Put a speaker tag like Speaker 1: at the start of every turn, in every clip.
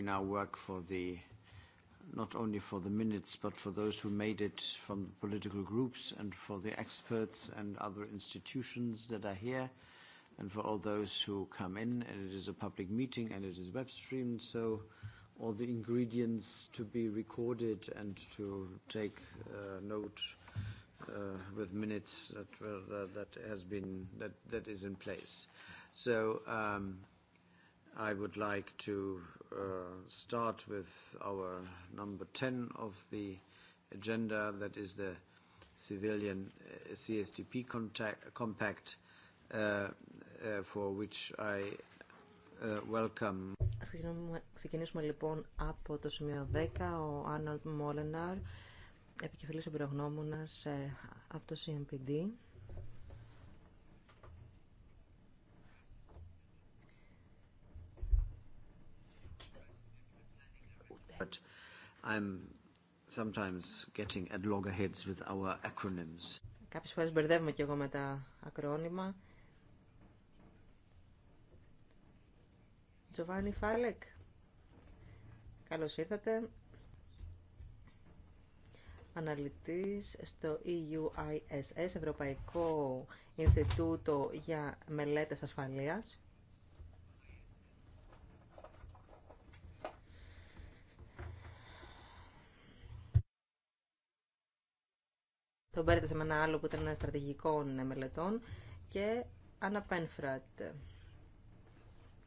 Speaker 1: we now work for the, not only for the minutes, but for those who made it from the political groups and for the experts and other institutions that are here and for all those who come in. And it is a public meeting and it is web streamed, so all the ingredients to be recorded and to take uh, note uh, with minutes that, uh, that has been that, that is in place. So um, I would like to start with our number 10 of the agenda, that is the civilian CSDP compact, for which I welcome.
Speaker 2: Ξεκινήσουμε λοιπόν από το σημείο 10, ο Άρνολτ Μόλεναρ, επικεφαλής εμπειρογνώμονας από το CMPD.
Speaker 1: but I'm sometimes getting at loggerheads with our acronyms.
Speaker 2: Κάποιες φορές μπερδεύομαι και εγώ με τα ακρόνυμα. Τζοβάνι Φάλεκ, καλώς ήρθατε. Αναλυτής στο EUISS, Ευρωπαϊκό Ινστιτούτο για Μελέτες Ασφαλείας. τον πέρατο σε ένα άλλο που ήταν στρατηγικών μελετών και αναπένφρατ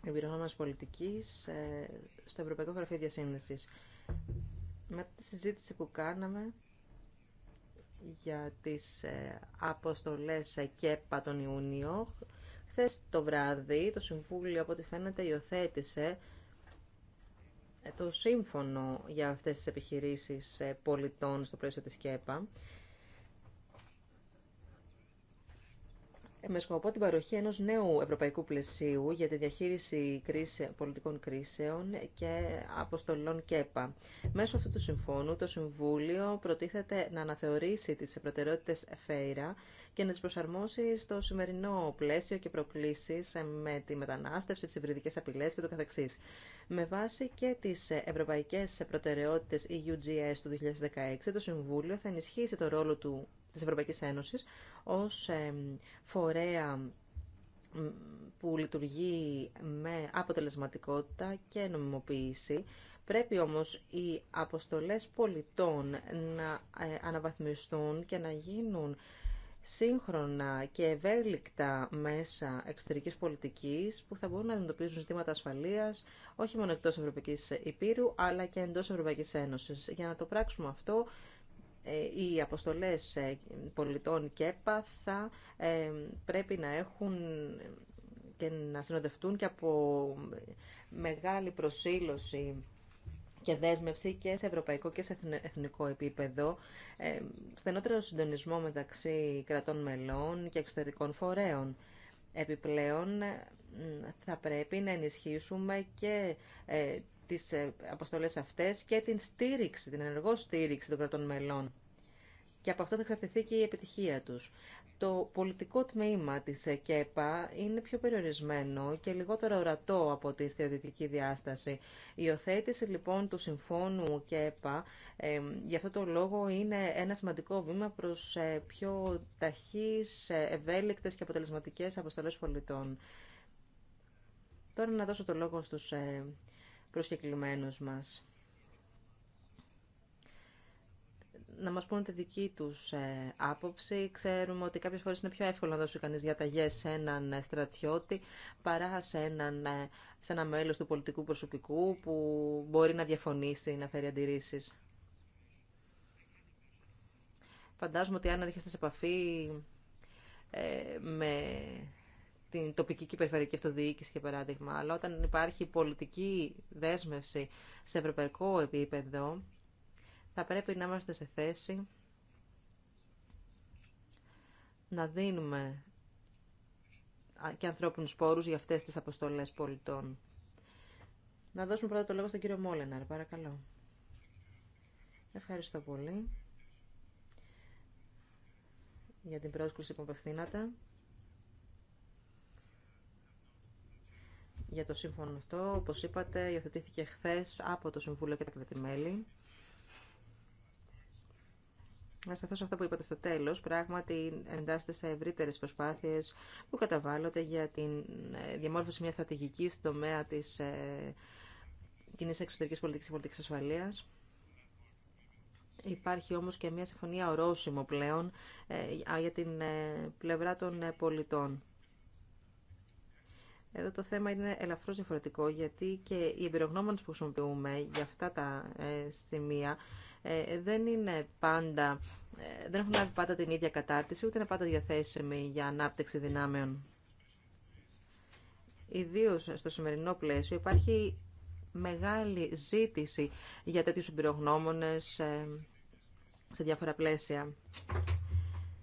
Speaker 2: εμπειρογνώμας πολιτικής ε, στο Ευρωπαϊκό Γραφείο Διασύνδεσης. με τη συζήτηση που κάναμε για τις ε, αποστολές ΚΕΠΑ τον Ιούνιο, χθε το βράδυ το Συμβούλιο από ό,τι φαίνεται υιοθέτησε ε, το σύμφωνο για αυτές τις επιχειρήσεις πολιτών στο πλαίσιο της ΚΕΠΑ με σκοπό την παροχή ενός νέου ευρωπαϊκού πλαισίου για τη διαχείριση πολιτικών κρίσεων και αποστολών ΚΕΠΑ. Μέσω αυτού του συμφώνου, το Συμβούλιο προτίθεται να αναθεωρήσει τις προτεραιότητες ΦΕΙΡΑ και να τις προσαρμόσει στο σημερινό πλαίσιο και προκλήσεις με τη μετανάστευση, τις υβριδικές απειλές και το καθεξής. Με βάση και τις ευρωπαϊκές προτεραιότητες EUGS του 2016, το Συμβούλιο θα ενισχύσει το ρόλο του της Ευρωπαϊκής Ένωσης ως ε, φορέα που λειτουργεί με αποτελεσματικότητα και νομιμοποίηση. Πρέπει όμως οι αποστολές πολιτών να ε, αναβαθμιστούν και να γίνουν σύγχρονα και ευέλικτα μέσα εξωτερικής πολιτικής που θα μπορούν να αντιμετωπίζουν ζητήματα ασφαλείας όχι μόνο εκτός Ευρωπαϊκής Υπήρου αλλά και εντός Ευρωπαϊκής Ένωσης. Για να το πράξουμε αυτό ε, οι αποστολές ε, πολιτών ΚΕΠΑ θα ε, πρέπει να έχουν και να συνοδευτούν και από μεγάλη προσήλωση και δέσμευση και σε ευρωπαϊκό και σε εθνικό επίπεδο, στενότερο συντονισμό μεταξύ κρατών μελών και εξωτερικών φορέων. Επιπλέον, θα πρέπει να ενισχύσουμε και τις ε, αποστολές αυτές και την στήριξη, την ενεργό στήριξη των κρατών μελών. Και από αυτό θα εξαρτηθεί και η επιτυχία τους. Το πολιτικό τμήμα της ΚΕΠΑ είναι πιο περιορισμένο και λιγότερο ορατό από τη θεωρητική διάσταση. Η οθέτηση λοιπόν του συμφώνου ΚΕΠΑ ε, για αυτό το λόγο είναι ένα σημαντικό βήμα προς ε, πιο ε, ευέλικτες και αποτελεσματικές αποστολές πολιτών. Τώρα να δώσω το λόγο στους ε, προσκεκλημένους μας. Να μας πούνε τη δική τους ε, άποψη. Ξέρουμε ότι κάποιες φορές είναι πιο εύκολο να δώσει κανείς διαταγές σε έναν ε, στρατιώτη παρά σε, έναν, ε, σε ένα μέλος του πολιτικού προσωπικού που μπορεί να διαφωνήσει, να φέρει αντιρρήσεις. Φαντάζομαι ότι αν έρχεστε σε επαφή με την τοπική και περιφερειακή αυτοδιοίκηση, για παράδειγμα, αλλά όταν υπάρχει πολιτική δέσμευση σε ευρωπαϊκό επίπεδο, θα πρέπει να είμαστε σε θέση να δίνουμε και ανθρώπινους πόρους για αυτές τις αποστολές πολιτών. Να δώσουμε πρώτα το λόγο στον κύριο Μόλεναρ, παρακαλώ. Ευχαριστώ πολύ για την πρόσκληση που απευθύνατε. για το σύμφωνο αυτό. Όπως είπατε, υιοθετήθηκε χθε από το Συμβούλιο και τα κρατημέλη. Να σταθώ σε αυτό που είπατε στο τέλος. Πράγματι, εντάσσεται σε ευρύτερες προσπάθειες που καταβάλλονται για τη ε, διαμόρφωση μιας στρατηγικής στον τομέα της ε, κοινής εξωτερικής πολιτικής και πολιτικής ασφαλείας. Υπάρχει όμως και μια συμφωνία ορόσημο πλέον ε, για την πλευρά των πολιτών. Εδώ το θέμα είναι ελαφρώς διαφορετικό, γιατί και οι εμπειρογνώμονε που χρησιμοποιούμε για αυτά τα ε, σημεία ε, δεν είναι πάντα, ε, δεν έχουν λάβει πάντα την ίδια κατάρτιση, ούτε είναι πάντα διαθέσιμοι για ανάπτυξη δυνάμεων. Ιδίω στο σημερινό πλαίσιο υπάρχει μεγάλη ζήτηση για τέτοιους εμπειρογνώμονες σε διάφορα πλαίσια.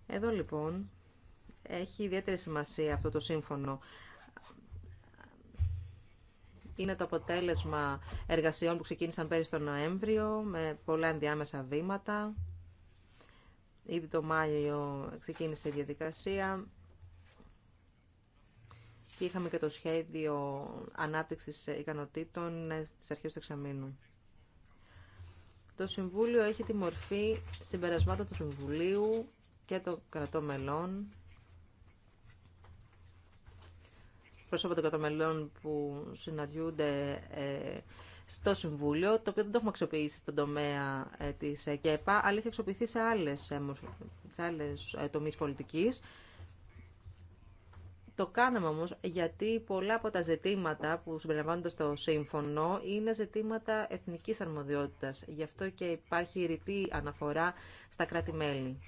Speaker 2: Εδώ λοιπόν έχει ιδιαίτερη σημασία αυτό το σύμφωνο είναι το αποτέλεσμα εργασιών που ξεκίνησαν πέρυσι τον Νοέμβριο με πολλά ενδιάμεσα βήματα. Ήδη το Μάιο ξεκίνησε η διαδικασία και είχαμε και το σχέδιο ανάπτυξης ικανοτήτων ε, στις αρχές του εξαμήνου. Το Συμβούλιο έχει τη μορφή συμπερασμάτων του Συμβουλίου και των κρατών μελών πρόσωπα των κατομελών που συναντιούνται ε, στο Συμβούλιο, το οποίο δεν το έχουμε αξιοποιήσει στον τομέα ε, της ε, ΚΕΠΑ, αλλά έχει αξιοποιηθεί σε άλλες, σε άλλες τομείς πολιτικής. Το κάναμε όμω γιατί πολλά από τα ζητήματα που συμπεριλαμβάνονται στο σύμφωνο είναι ζητήματα εθνικής αρμοδιότητας. Γι' αυτό και υπάρχει ρητή αναφορά στα κράτη-μέλη.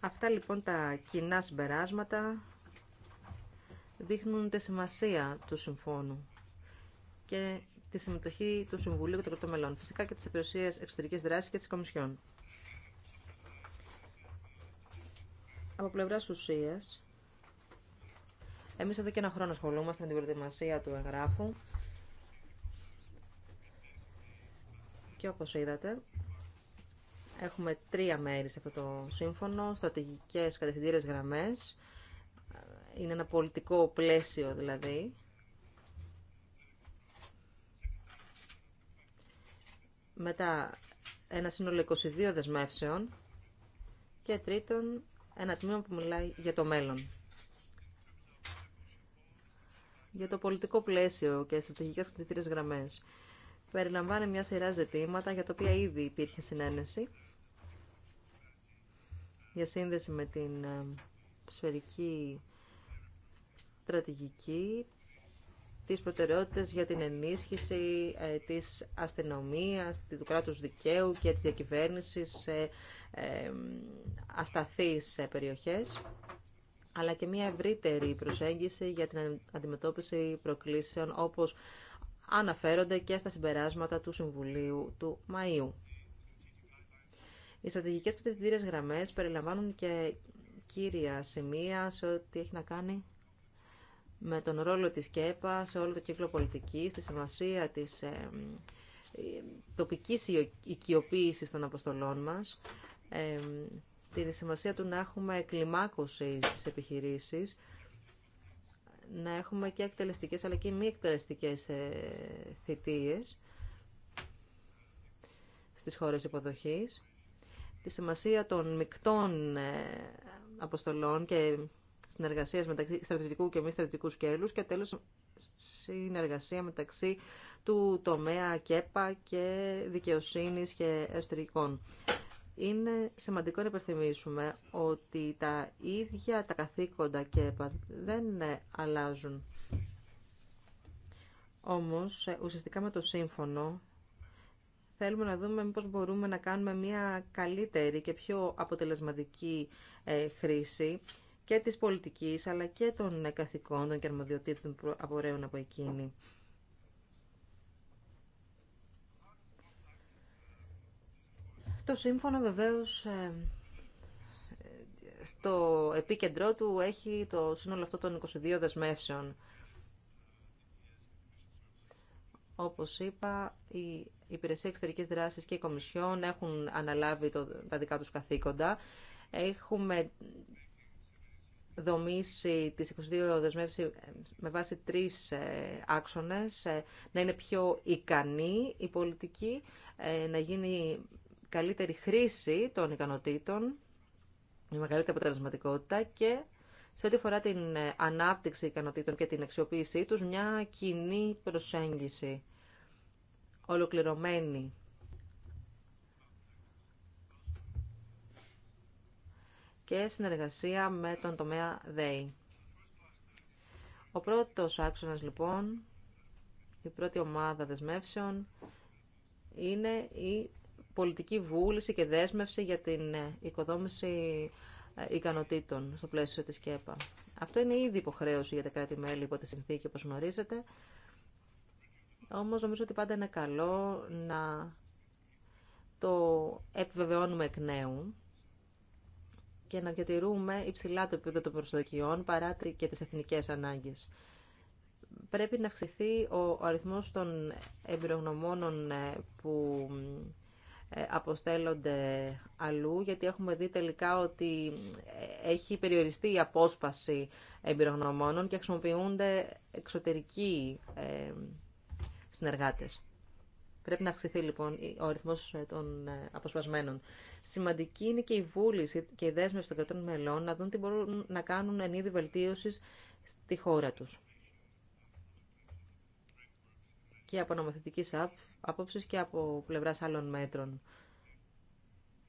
Speaker 2: Αυτά λοιπόν τα κοινά συμπεράσματα δείχνουν τη σημασία του συμφώνου και τη συμμετοχή του Συμβουλίου και των Κρατομελών, φυσικά και τις υπηρεσίες εξωτερικής δράσης και της Κομισιόν. Από πλευράς ουσίας, εμείς εδώ και ένα χρόνο ασχολούμαστε με την προετοιμασία του εγγράφου και όπως είδατε, Έχουμε τρία μέρη σε αυτό το σύμφωνο, στρατηγικές κατευθυντήρες γραμμές. Είναι ένα πολιτικό πλαίσιο δηλαδή. Μετά ένα σύνολο 22 δεσμεύσεων. Και τρίτον, ένα τμήμα που μιλάει για το μέλλον. Για το πολιτικό πλαίσιο και στρατηγικές κατευθυντήρες γραμμές περιλαμβάνει μια σειρά ζητήματα για τα οποία ήδη υπήρχε συνένεση για σύνδεση με την ε, σφαιρική στρατηγική, τις προτεραιότητες για την ενίσχυση ε, της αστυνομίας, του κράτους δικαίου και της διακυβέρνησης σε ε, ασταθείς περιοχές, αλλά και μια ευρύτερη προσέγγιση για την αντιμετώπιση προκλήσεων όπως αναφέρονται και στα συμπεράσματα του Συμβουλίου του Μαΐου. Οι στρατηγικές κατευθυντήριες γραμμές περιλαμβάνουν και κύρια σημεία σε ό,τι έχει να κάνει με τον ρόλο της ΚΕΠΑ σε όλο το κύκλο πολιτικής, τη σημασία της ε, ε τοπικής οικειοποίησης των αποστολών μας, ε, τη σημασία του να έχουμε κλιμάκωση στις επιχειρήσεις, να έχουμε και εκτελεστικές αλλά και μη εκτελεστικές ε, θητείες στις χώρες υποδοχής τη σημασία των μεικτών ε, αποστολών και συνεργασίας μεταξύ στρατιωτικού και μη στρατιωτικού σκέλους και τέλος συνεργασία μεταξύ του τομέα ΚΕΠΑ και δικαιοσύνης και εσωτερικών. Είναι σημαντικό να υπερθυμίσουμε ότι τα ίδια τα καθήκοντα ΚΕΠΑ δεν ε, αλλάζουν. Όμως, ε, ουσιαστικά με το σύμφωνο, θέλουμε να δούμε μήπως μπορούμε να κάνουμε μια καλύτερη και πιο αποτελεσματική ε, χρήση και της πολιτικής αλλά και των ε, καθηκόντων των αρμοδιοτήτων που απορρέουν από εκείνη. Το σύμφωνο βεβαίως ε, στο επίκεντρό του έχει το σύνολο αυτό των 22 δεσμεύσεων. Όπως είπα, η η Υπηρεσία Εξωτερικής Δράσης και οι Κομισιόν έχουν αναλάβει το, τα δικά τους καθήκοντα. Έχουμε δομήσει τις 22 δεσμεύσεις με βάση τρεις ε, άξονες, ε, να είναι πιο ικανή η πολιτική, ε, να γίνει καλύτερη χρήση των ικανοτήτων, η μεγαλύτερη αποτελεσματικότητα και σε ό,τι φορά την ανάπτυξη ικανοτήτων και την αξιοποίησή τους, μια κοινή προσέγγιση ολοκληρωμένη και συνεργασία με τον τομέα ΔΕΗ. Ο πρώτος άξονας λοιπόν, η πρώτη ομάδα δεσμεύσεων, είναι η πολιτική βούληση και δέσμευση για την ε, οικοδόμηση ε, ικανοτήτων στο πλαίσιο της ΚΕΠΑ. Αυτό είναι ήδη υποχρέωση για τα κράτη-μέλη υπό τη συνθήκη, όπως γνωρίζετε, όμως νομίζω ότι πάντα είναι καλό να το επιβεβαιώνουμε εκ νέου και να διατηρούμε υψηλά το επίπεδο των προσδοκιών παρά και τις εθνικές ανάγκες. Πρέπει να αυξηθεί ο αριθμός των εμπειρογνωμόνων ε, που ε, αποστέλλονται αλλού, γιατί έχουμε δει τελικά ότι ε, έχει περιοριστεί η απόσπαση εμπειρογνωμόνων και χρησιμοποιούνται εξωτερικοί συνεργάτες. Πρέπει να αυξηθεί λοιπόν ο αριθμό ε, των ε, αποσπασμένων. Σημαντική είναι και η βούληση και η δέσμευση των κρατών μελών να δουν τι μπορούν να κάνουν εν είδη βελτίωση στη χώρα του. Και από νομοθετική άποψη και από πλευρά άλλων μέτρων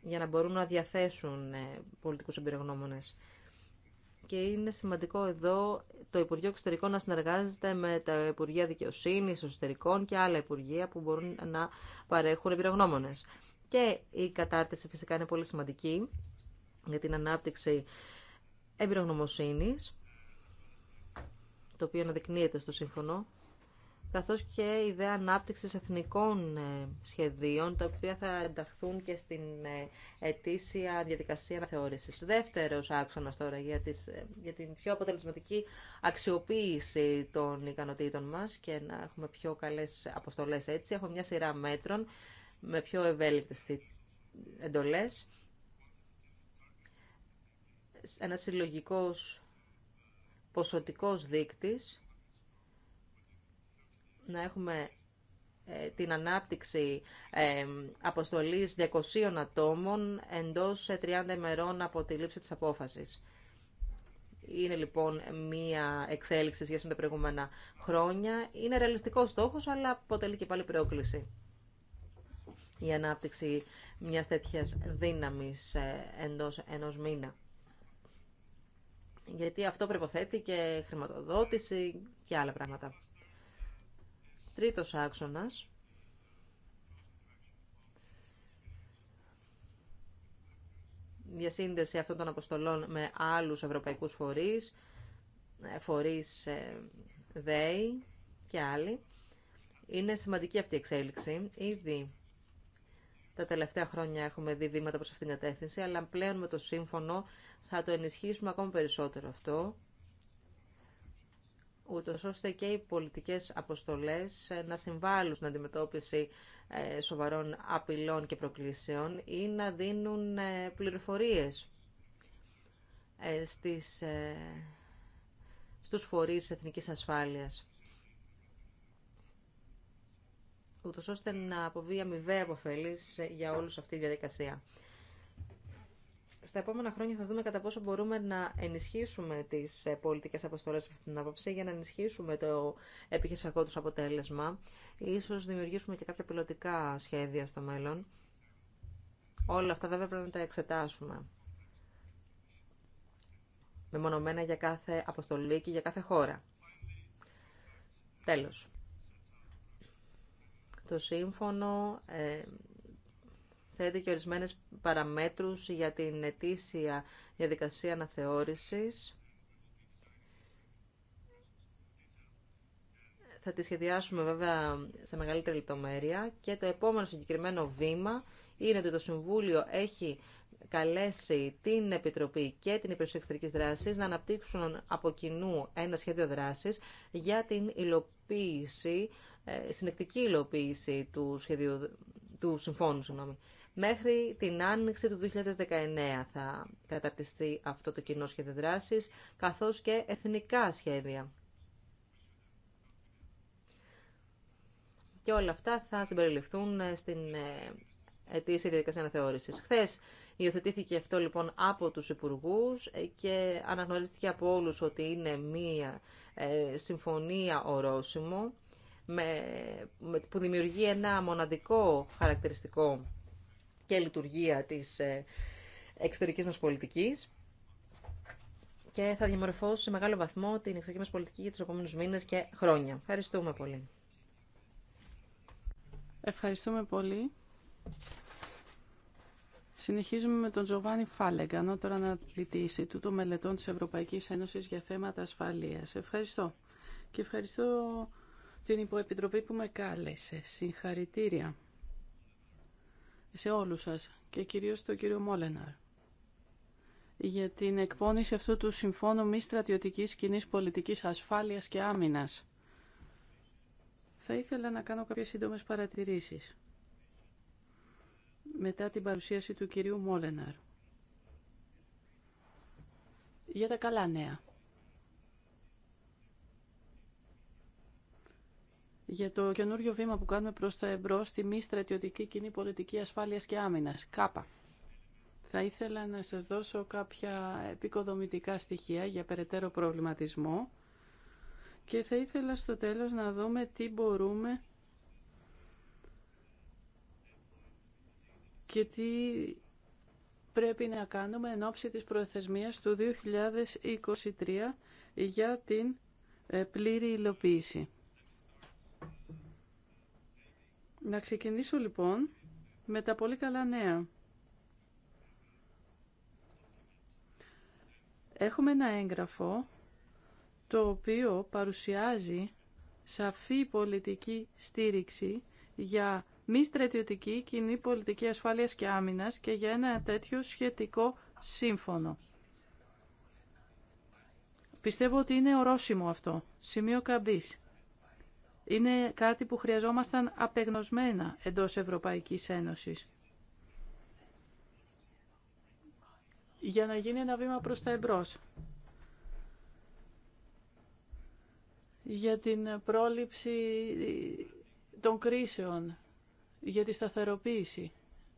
Speaker 2: για να μπορούν να διαθέσουν ε, πολιτικούς εμπειρογνώμονες. Και είναι σημαντικό εδώ το Υπουργείο Εξωτερικών να συνεργάζεται με τα Υπουργεία Δικαιοσύνη, Εσωτερικών και άλλα Υπουργεία που μπορούν να παρέχουν εμπειρογνώμονε. Και η κατάρτιση φυσικά είναι πολύ σημαντική για την ανάπτυξη εμπειρογνωμοσύνη, το οποίο αναδεικνύεται στο σύμφωνο καθώς και η ιδέα ανάπτυξης εθνικών ε, σχεδίων, τα οποία θα ενταχθούν και στην ε, ετήσια διαδικασία αναθεώρησης. Δεύτερος άξονας τώρα για, τις, ε, για την πιο αποτελεσματική αξιοποίηση των ικανοτήτων μας και να έχουμε πιο καλές αποστολές έτσι. Έχουμε μια σειρά μέτρων με πιο ευέλικτες εντολές. Ένα συλλογικός ποσοτικός δείκτης να έχουμε ε, την ανάπτυξη ε, αποστολής 200 ατόμων εντός 30 ε, ημερών από τη λήψη της απόφασης. Είναι λοιπόν μία εξέλιξη σχέση με τα προηγούμενα χρόνια. Είναι ρεαλιστικό στόχος, αλλά αποτελεί και πάλι πρόκληση η ανάπτυξη μιας τέτοιας δύναμης εντός ενός μήνα. Γιατί αυτό προποθέτει και χρηματοδότηση και άλλα πράγματα. Τρίτος άξονας. διασύνδεση αυτών των αποστολών με άλλους ευρωπαϊκούς φορείς, ε, φορείς ε, ΔΕΗ και άλλοι. Είναι σημαντική αυτή η εξέλιξη. Ήδη τα τελευταία χρόνια έχουμε δει βήματα προς αυτήν την κατεύθυνση, αλλά πλέον με το σύμφωνο θα το ενισχύσουμε ακόμα περισσότερο αυτό ούτως ώστε και οι πολιτικέ αποστολέ ε, να συμβάλλουν στην αντιμετώπιση ε, σοβαρών απειλών και προκλήσεων ή να δίνουν ε, πληροφορίες στις, στους φορείς εθνικής ασφάλειας. Ούτως ώστε να αποβεί αμοιβαία αποφέλη για όλους αυτή τη διαδικασία στα επόμενα χρόνια θα δούμε κατά πόσο μπορούμε να ενισχύσουμε τις ε, πολιτικές αποστολέ αυτή αυτήν την άποψη για να ενισχύσουμε το επιχειρησιακό του αποτέλεσμα. Ίσως δημιουργήσουμε και κάποια πιλωτικά σχέδια στο μέλλον. Όλα αυτά βέβαια πρέπει να τα εξετάσουμε. Μεμονωμένα για κάθε αποστολή και για κάθε χώρα. Τέλος. Το σύμφωνο ε, θέτει και ορισμένες παραμέτρους για την ετήσια διαδικασία αναθεώρησης. Θα τη σχεδιάσουμε βέβαια σε μεγαλύτερη λεπτομέρεια και το επόμενο συγκεκριμένο βήμα είναι ότι το Συμβούλιο έχει καλέσει την Επιτροπή και την Υπηρεσία Εξωτερική Δράσης να αναπτύξουν από κοινού ένα σχέδιο δράσης για την υλοποίηση, ε, συνεκτική υλοποίηση του, σχεδίου, του συμφώνου. Μέχρι την άνοιξη του 2019 θα καταρτιστεί αυτό το κοινό σχέδιο δράσης, καθώς και εθνικά σχέδια. Και όλα αυτά θα συμπεριληφθούν ε, στην ε, ετήσια διαδικασία αναθεώρηση. Χθες Υιοθετήθηκε αυτό λοιπόν από τους υπουργούς ε, και αναγνωρίστηκε από όλους ότι είναι μία συμφωνία ορόσημο που δημιουργεί ένα μοναδικό χαρακτηριστικό και λειτουργία της ε, εξωτερικής μας πολιτικής και θα διαμορφώσει σε μεγάλο βαθμό την εξωτερική μας πολιτική για τους επόμενους μήνες και χρόνια. Ευχαριστούμε πολύ. Ευχαριστούμε πολύ.
Speaker 3: Συνεχίζουμε με τον Τζοβάνι Φάλεγκα, ανώτερο αναλυτή Ινστιτούτου Μελετών της Ευρωπαϊκής Ένωσης για θέματα ασφαλείας. Ευχαριστώ. Και ευχαριστώ την Υποεπιτροπή που με κάλεσε. Συγχαρητήρια σε όλους σας και κυρίως στον κύριο Μόλεναρ για την εκπόνηση αυτού του Συμφώνου Μη Στρατιωτικής Κοινής Πολιτικής Ασφάλειας και Άμυνας. Θα ήθελα να κάνω κάποιες σύντομες παρατηρήσεις μετά την παρουσίαση του κυρίου Μόλεναρ. Για τα καλά νέα. για το καινούριο βήμα που κάνουμε προς τα εμπρό στη μη στρατιωτική κοινή πολιτική ασφάλειας και άμυνας, ΚΑΠΑ. Θα ήθελα να σας δώσω κάποια επικοδομητικά στοιχεία για περαιτέρω προβληματισμό και θα ήθελα στο τέλος να δούμε τι μπορούμε και τι πρέπει να κάνουμε εν ώψη της προθεσμίας του 2023 για την ε, πλήρη υλοποίηση. Να ξεκινήσω λοιπόν με τα πολύ καλά νέα. Έχουμε ένα έγγραφο το οποίο παρουσιάζει σαφή πολιτική στήριξη για μη στρατιωτική κοινή πολιτική ασφάλειας και άμυνας και για ένα τέτοιο σχετικό σύμφωνο. Πιστεύω ότι είναι ορόσημο αυτό, σημείο καμπής είναι κάτι που χρειαζόμασταν απεγνωσμένα εντός Ευρωπαϊκής Ένωσης. Για να γίνει ένα βήμα προς τα εμπρός. Για την πρόληψη των κρίσεων, για τη σταθεροποίηση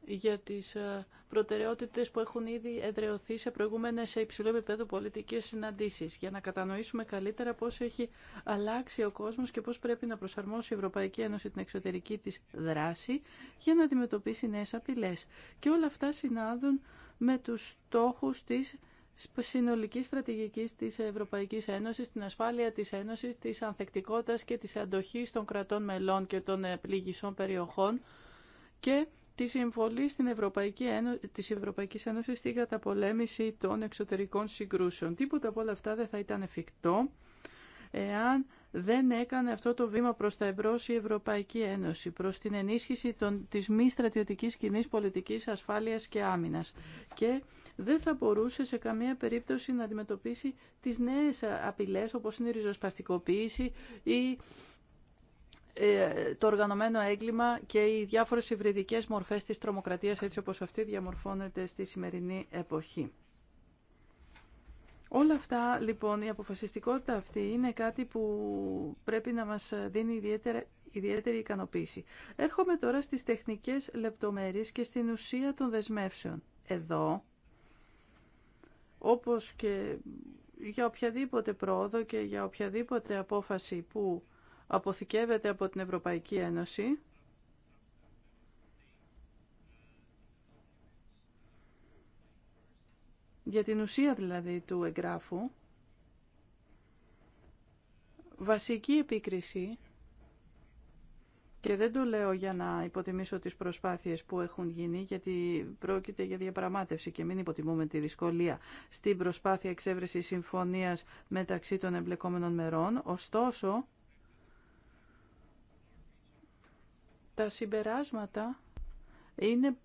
Speaker 3: για τις ε, προτεραιότητες που έχουν ήδη εδρεωθεί σε προηγούμενες σε υψηλό επίπεδο πολιτικές συναντήσεις, για να κατανοήσουμε καλύτερα πώς έχει αλλάξει ο κόσμος και πώς πρέπει να προσαρμόσει η Ευρωπαϊκή Ένωση την εξωτερική της δράση για να αντιμετωπίσει νέες απειλές. Και όλα αυτά συνάδουν με τους στόχους της συνολική στρατηγική τη Ευρωπαϊκή Ένωση, την ασφάλεια τη Ένωση, τη ανθεκτικότητα και τη αντοχής των κρατών μελών και των ε, πληγισών περιοχών και τη συμβολή στην Ευρωπαϊκή Ένω... της Ευρωπαϊκής Ένωσης στην καταπολέμηση των εξωτερικών συγκρούσεων. Τίποτα από όλα αυτά δεν θα ήταν εφικτό εάν δεν έκανε αυτό το βήμα προς τα εμπρός η Ευρωπαϊκή Ένωση, προς την ενίσχυση των, της μη στρατιωτικής κοινή πολιτικής ασφάλειας και άμυνας. Και δεν θα μπορούσε σε καμία περίπτωση να αντιμετωπίσει τις νέες απειλές, όπως είναι η ριζοσπαστικοποίηση ή ε, το οργανωμένο έγκλημα και οι διάφορες υβριδικές μορφές της τρομοκρατίας έτσι όπως αυτή διαμορφώνεται στη σημερινή εποχή. Όλα αυτά, λοιπόν, η αποφασιστικότητα αυτή είναι κάτι που πρέπει να μας δίνει ιδιαίτερη ικανοποίηση. Έρχομαι τώρα στις τεχνικές λεπτομέρειες και στην ουσία των δεσμεύσεων. Εδώ, όπως και για οποιαδήποτε πρόοδο και για οποιαδήποτε απόφαση που αποθηκεύεται από την Ευρωπαϊκή Ένωση για την ουσία δηλαδή του εγγράφου βασική επίκριση και δεν το λέω για να υποτιμήσω τις προσπάθειες που έχουν γίνει, γιατί πρόκειται για διαπραγμάτευση και μην υποτιμούμε τη δυσκολία στην προσπάθεια εξέβρεση συμφωνίας μεταξύ των εμπλεκόμενων μερών. Ωστόσο, τα συμπεράσματα είναι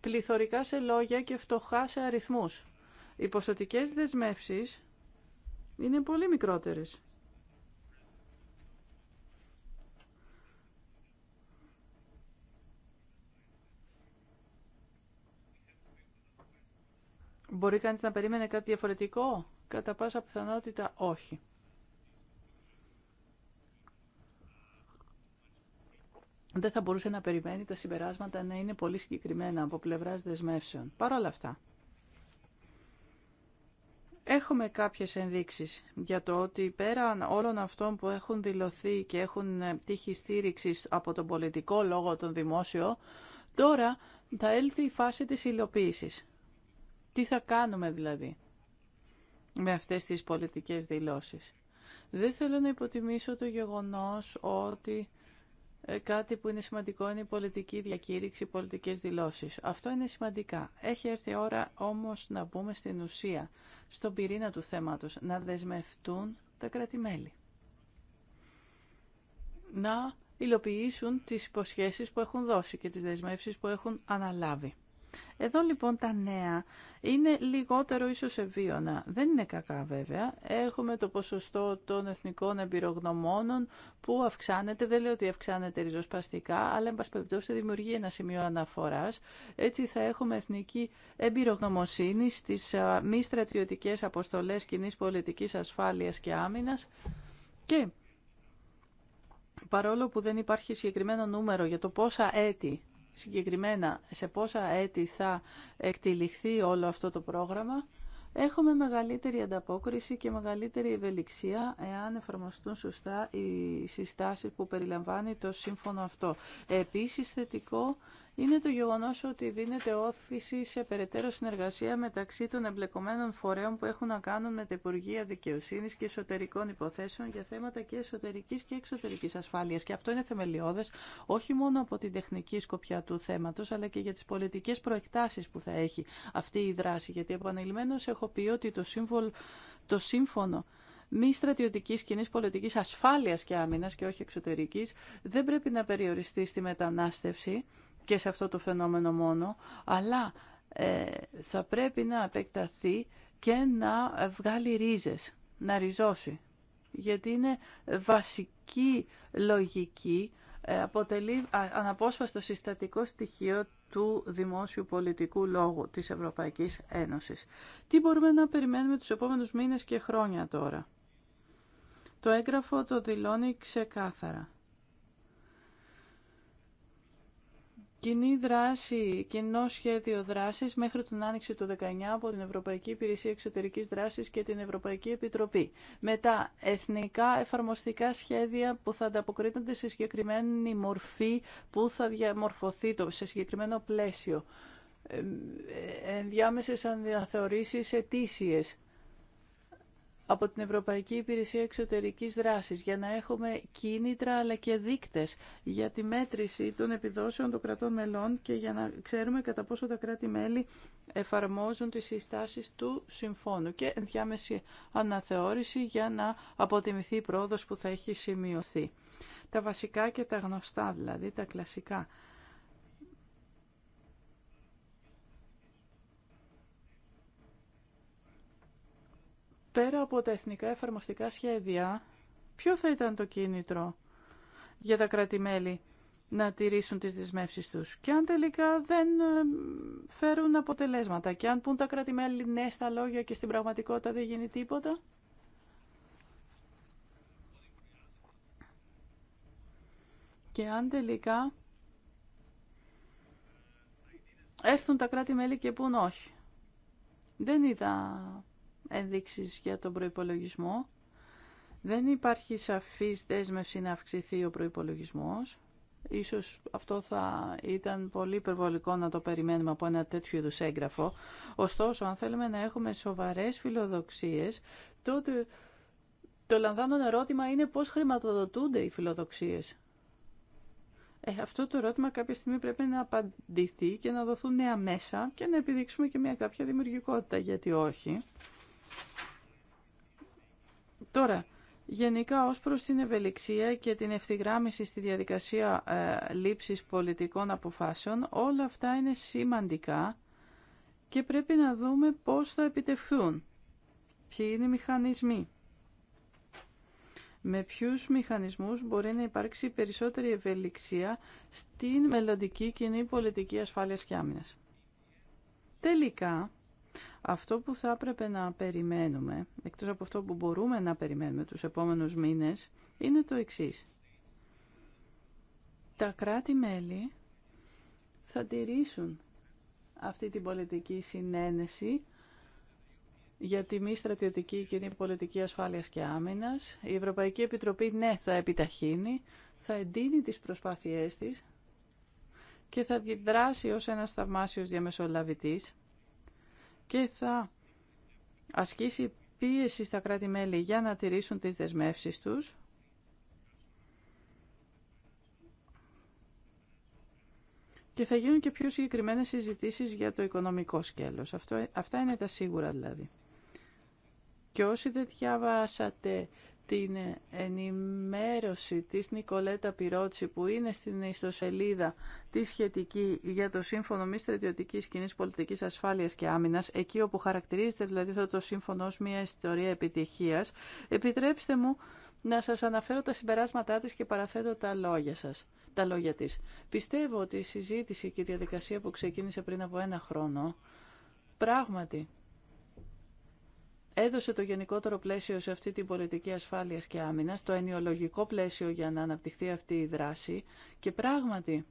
Speaker 3: πληθωρικά σε λόγια και φτωχά σε αριθμούς. Οι ποσοτικές δεσμεύσεις είναι πολύ μικρότερες. Μπορεί κανείς να περίμενε κάτι διαφορετικό. Κατά πάσα πιθανότητα όχι. δεν θα μπορούσε να περιμένει τα συμπεράσματα να είναι πολύ συγκεκριμένα από πλευράς δεσμεύσεων. Παρ' όλα αυτά, έχουμε κάποιες ενδείξεις για το ότι πέραν όλων αυτών που έχουν δηλωθεί και έχουν τύχει στήριξη από τον πολιτικό λόγο, τον δημόσιο, τώρα θα έλθει η φάση της υλοποίησης. Τι θα κάνουμε δηλαδή με αυτές τις πολιτικές δηλώσεις. Δεν θέλω να υποτιμήσω το γεγονός ότι ε, κάτι που είναι σημαντικό είναι η πολιτική διακήρυξη, οι πολιτικές δηλώσεις. Αυτό είναι σημαντικά. Έχει έρθει ώρα όμως να μπούμε στην ουσία, στον πυρήνα του θέματος, να δεσμευτούν τα κράτη-μέλη. Να υλοποιήσουν τις υποσχέσεις που έχουν δώσει και τις δεσμεύσεις που έχουν αναλάβει. Εδώ λοιπόν τα νέα είναι λιγότερο ίσως ευβίωνα. Δεν είναι κακά βέβαια. Έχουμε το ποσοστό των εθνικών εμπειρογνωμόνων που αυξάνεται. Δεν λέω ότι αυξάνεται ριζοσπαστικά, αλλά εν πάση περιπτώσει δημιουργεί ένα σημείο αναφοράς. Έτσι θα έχουμε εθνική εμπειρογνωμοσύνη στις μη στρατιωτικέ αποστολέ κοινή πολιτική ασφάλεια και Άμυνα. Και παρόλο που δεν υπάρχει συγκεκριμένο νούμερο για το πόσα έτη συγκεκριμένα σε πόσα έτη θα εκτυλιχθεί όλο αυτό το πρόγραμμα, έχουμε μεγαλύτερη ανταπόκριση και μεγαλύτερη ευελιξία εάν εφαρμοστούν σωστά οι συστάσεις που περιλαμβάνει το σύμφωνο αυτό. Επίσης θετικό είναι το γεγονός ότι δίνεται όθηση σε περαιτέρω συνεργασία μεταξύ των εμπλεκομένων φορέων που έχουν να κάνουν με τα Υπουργεία Δικαιοσύνης και Εσωτερικών Υποθέσεων για θέματα και εσωτερικής και εξωτερικής ασφάλειας. Και αυτό είναι θεμελιώδες όχι μόνο από την τεχνική σκοπιά του θέματος, αλλά και για τις πολιτικές προεκτάσεις που θα έχει αυτή η δράση. Γιατί επανειλημμένως έχω πει ότι το, το σύμφωνο μη στρατιωτική κοινή πολιτική ασφάλεια και άμυνα και όχι εξωτερική, δεν πρέπει να περιοριστεί στη μετανάστευση και σε αυτό το φαινόμενο μόνο, αλλά ε, θα πρέπει να επεκταθεί και να βγάλει ρίζες, να ριζώσει. Γιατί είναι βασική λογική, ε, αποτελεί αναπόσπαστο συστατικό στοιχείο του δημόσιου πολιτικού λόγου της Ευρωπαϊκής Ένωσης. Τι μπορούμε να περιμένουμε τους επόμενους μήνες και χρόνια τώρα. Το έγγραφο το δηλώνει ξεκάθαρα. Κοινή δράση, κοινό σχέδιο δράσης μέχρι την άνοιξη του 19 από την Ευρωπαϊκή Υπηρεσία Εξωτερικής Δράσης και την Ευρωπαϊκή Επιτροπή. Μετά, εθνικά εφαρμοστικά σχέδια που θα ανταποκρίνονται σε συγκεκριμένη μορφή που θα διαμορφωθεί το, σε συγκεκριμένο πλαίσιο. Ε, ε, ενδιάμεσες αναθεωρήσεις αιτήσιες από την Ευρωπαϊκή Υπηρεσία Εξωτερικής Δράσης για να έχουμε κίνητρα αλλά και δείκτες για τη μέτρηση των επιδόσεων των κρατών μελών και για να ξέρουμε κατά πόσο τα κράτη-μέλη εφαρμόζουν τις συστάσεις του συμφώνου και ενδιάμεση αναθεώρηση για να αποτιμηθεί η πρόοδος που θα έχει σημειωθεί. Τα βασικά και τα γνωστά δηλαδή, τα κλασικά πέρα από τα εθνικά εφαρμοστικά σχέδια, ποιο θα ήταν το κίνητρο για τα κρατη να τηρήσουν τις δεσμεύσεις τους. Και αν τελικά δεν ε, φέρουν αποτελέσματα και αν πούν τα κράτη-μέλη ναι στα λόγια και στην πραγματικότητα δεν γίνει τίποτα. Και αν τελικά έρθουν τα κράτη-μέλη και πούν όχι. Δεν είδα ενδείξεις για τον προϋπολογισμό. Δεν υπάρχει σαφής δέσμευση να αυξηθεί ο προϋπολογισμός. Ίσως αυτό θα ήταν πολύ υπερβολικό να το περιμένουμε από ένα τέτοιο είδους έγγραφο. Ωστόσο, αν θέλουμε να έχουμε σοβαρές φιλοδοξίες, τότε το λανθάνον ερώτημα είναι πώς χρηματοδοτούνται οι φιλοδοξίες. Ε, αυτό το ερώτημα κάποια στιγμή πρέπει να απαντηθεί και να δοθούν νέα μέσα και να επιδείξουμε και μια κάποια δημιουργικότητα, γιατί όχι. Τώρα, γενικά ως προς την ευελιξία και την ευθυγράμμιση στη διαδικασία ε, λήψης πολιτικών αποφάσεων, όλα αυτά είναι σημαντικά και πρέπει να δούμε πώς θα επιτευχθούν. Ποιοι είναι οι μηχανισμοί. Με ποιους μηχανισμούς μπορεί να υπάρξει περισσότερη ευελιξία στην μελλοντική κοινή πολιτική ασφάλειας και άμυνας. Τελικά, αυτό που θα έπρεπε να περιμένουμε, εκτός από αυτό που μπορούμε να περιμένουμε τους επόμενους μήνες, είναι το εξής. Τα κράτη-μέλη θα τηρήσουν αυτή την πολιτική συνένεση για τη μη στρατιωτική κοινή πολιτική ασφάλειας και άμυνας. Η Ευρωπαϊκή Επιτροπή, ναι, θα επιταχύνει, θα εντείνει τις προσπάθειές της και θα δράσει ως ένας θαυμάσιος διαμεσολαβητής και θα ασκήσει πίεση στα κράτη-μέλη για να τηρήσουν τις δεσμεύσεις τους και θα γίνουν και πιο συγκεκριμένες συζητήσεις για το οικονομικό σκέλος. Αυτό, αυτά είναι τα σίγουρα δηλαδή. Και όσοι δεν διάβασατε την ενημέρωση της Νικολέτα Πυρότση που είναι στην ιστοσελίδα τη σχετική για το Σύμφωνο Μη Στρατιωτική Κοινή Πολιτική Ασφάλεια και Άμυνα, εκεί όπου χαρακτηρίζεται δηλαδή αυτό το σύμφωνο ω μια ιστορία επιτυχία, επιτρέψτε μου να σας αναφέρω τα συμπεράσματά της και παραθέτω τα λόγια σας, τα λόγια της. Πιστεύω ότι η συζήτηση και η διαδικασία που ξεκίνησε πριν από ένα χρόνο, πράγματι έδωσε το γενικότερο πλαίσιο σε αυτή την πολιτική ασφάλειας και άμυνα, το ενιολογικό πλαίσιο για να αναπτυχθεί αυτή η δράση και πράγματι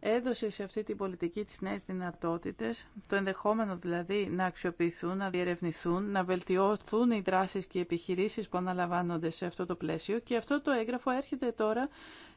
Speaker 3: έδωσε σε αυτή την πολιτική τις νέες δυνατότητες, το ενδεχόμενο δηλαδή να αξιοποιηθούν, να διερευνηθούν, να βελτιωθούν οι δράσεις και οι επιχειρήσεις που αναλαμβάνονται σε αυτό το πλαίσιο και αυτό το έγγραφο έρχεται τώρα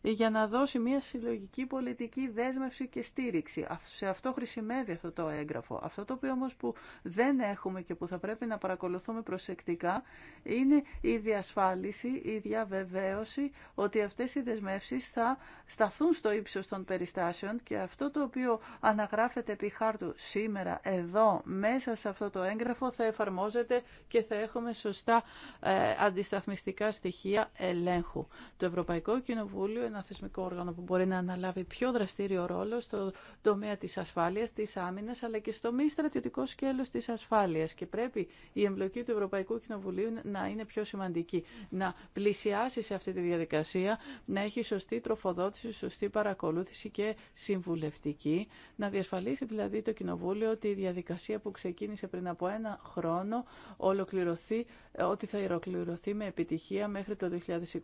Speaker 3: για να δώσει μια συλλογική πολιτική δέσμευση και στήριξη. Σε αυτό χρησιμεύει αυτό το έγγραφο. Αυτό το οποίο όμως που δεν έχουμε και που θα πρέπει να παρακολουθούμε προσεκτικά είναι η διασφάλιση, η διαβεβαίωση ότι αυτές οι δεσμεύσεις θα σταθούν στο ύψος των περιστάσεων και αυτό το οποίο αναγράφεται επί χάρτου σήμερα εδώ μέσα σε αυτό το έγγραφο θα εφαρμόζεται και θα έχουμε σωστά ε, αντισταθμιστικά στοιχεία ελέγχου. Το Ευρωπαϊκό Κοινοβούλιο ένα θεσμικό όργανο που μπορεί να αναλάβει πιο δραστήριο ρόλο στο τομέα της ασφάλειας, της άμυνας, αλλά και στο μη στρατιωτικό σκέλος της ασφάλειας. Και πρέπει η εμπλοκή του Ευρωπαϊκού Κοινοβουλίου να είναι πιο σημαντική, να πλησιάσει σε αυτή τη διαδικασία, να έχει σωστή τροφοδότηση, σωστή παρακολούθηση και συμβουλευτική, να διασφαλίσει δηλαδή το Κοινοβούλιο ότι η διαδικασία που ξεκίνησε πριν από ένα χρόνο ολοκληρωθεί, ε, ότι θα ολοκληρωθεί με επιτυχία μέχρι το 2023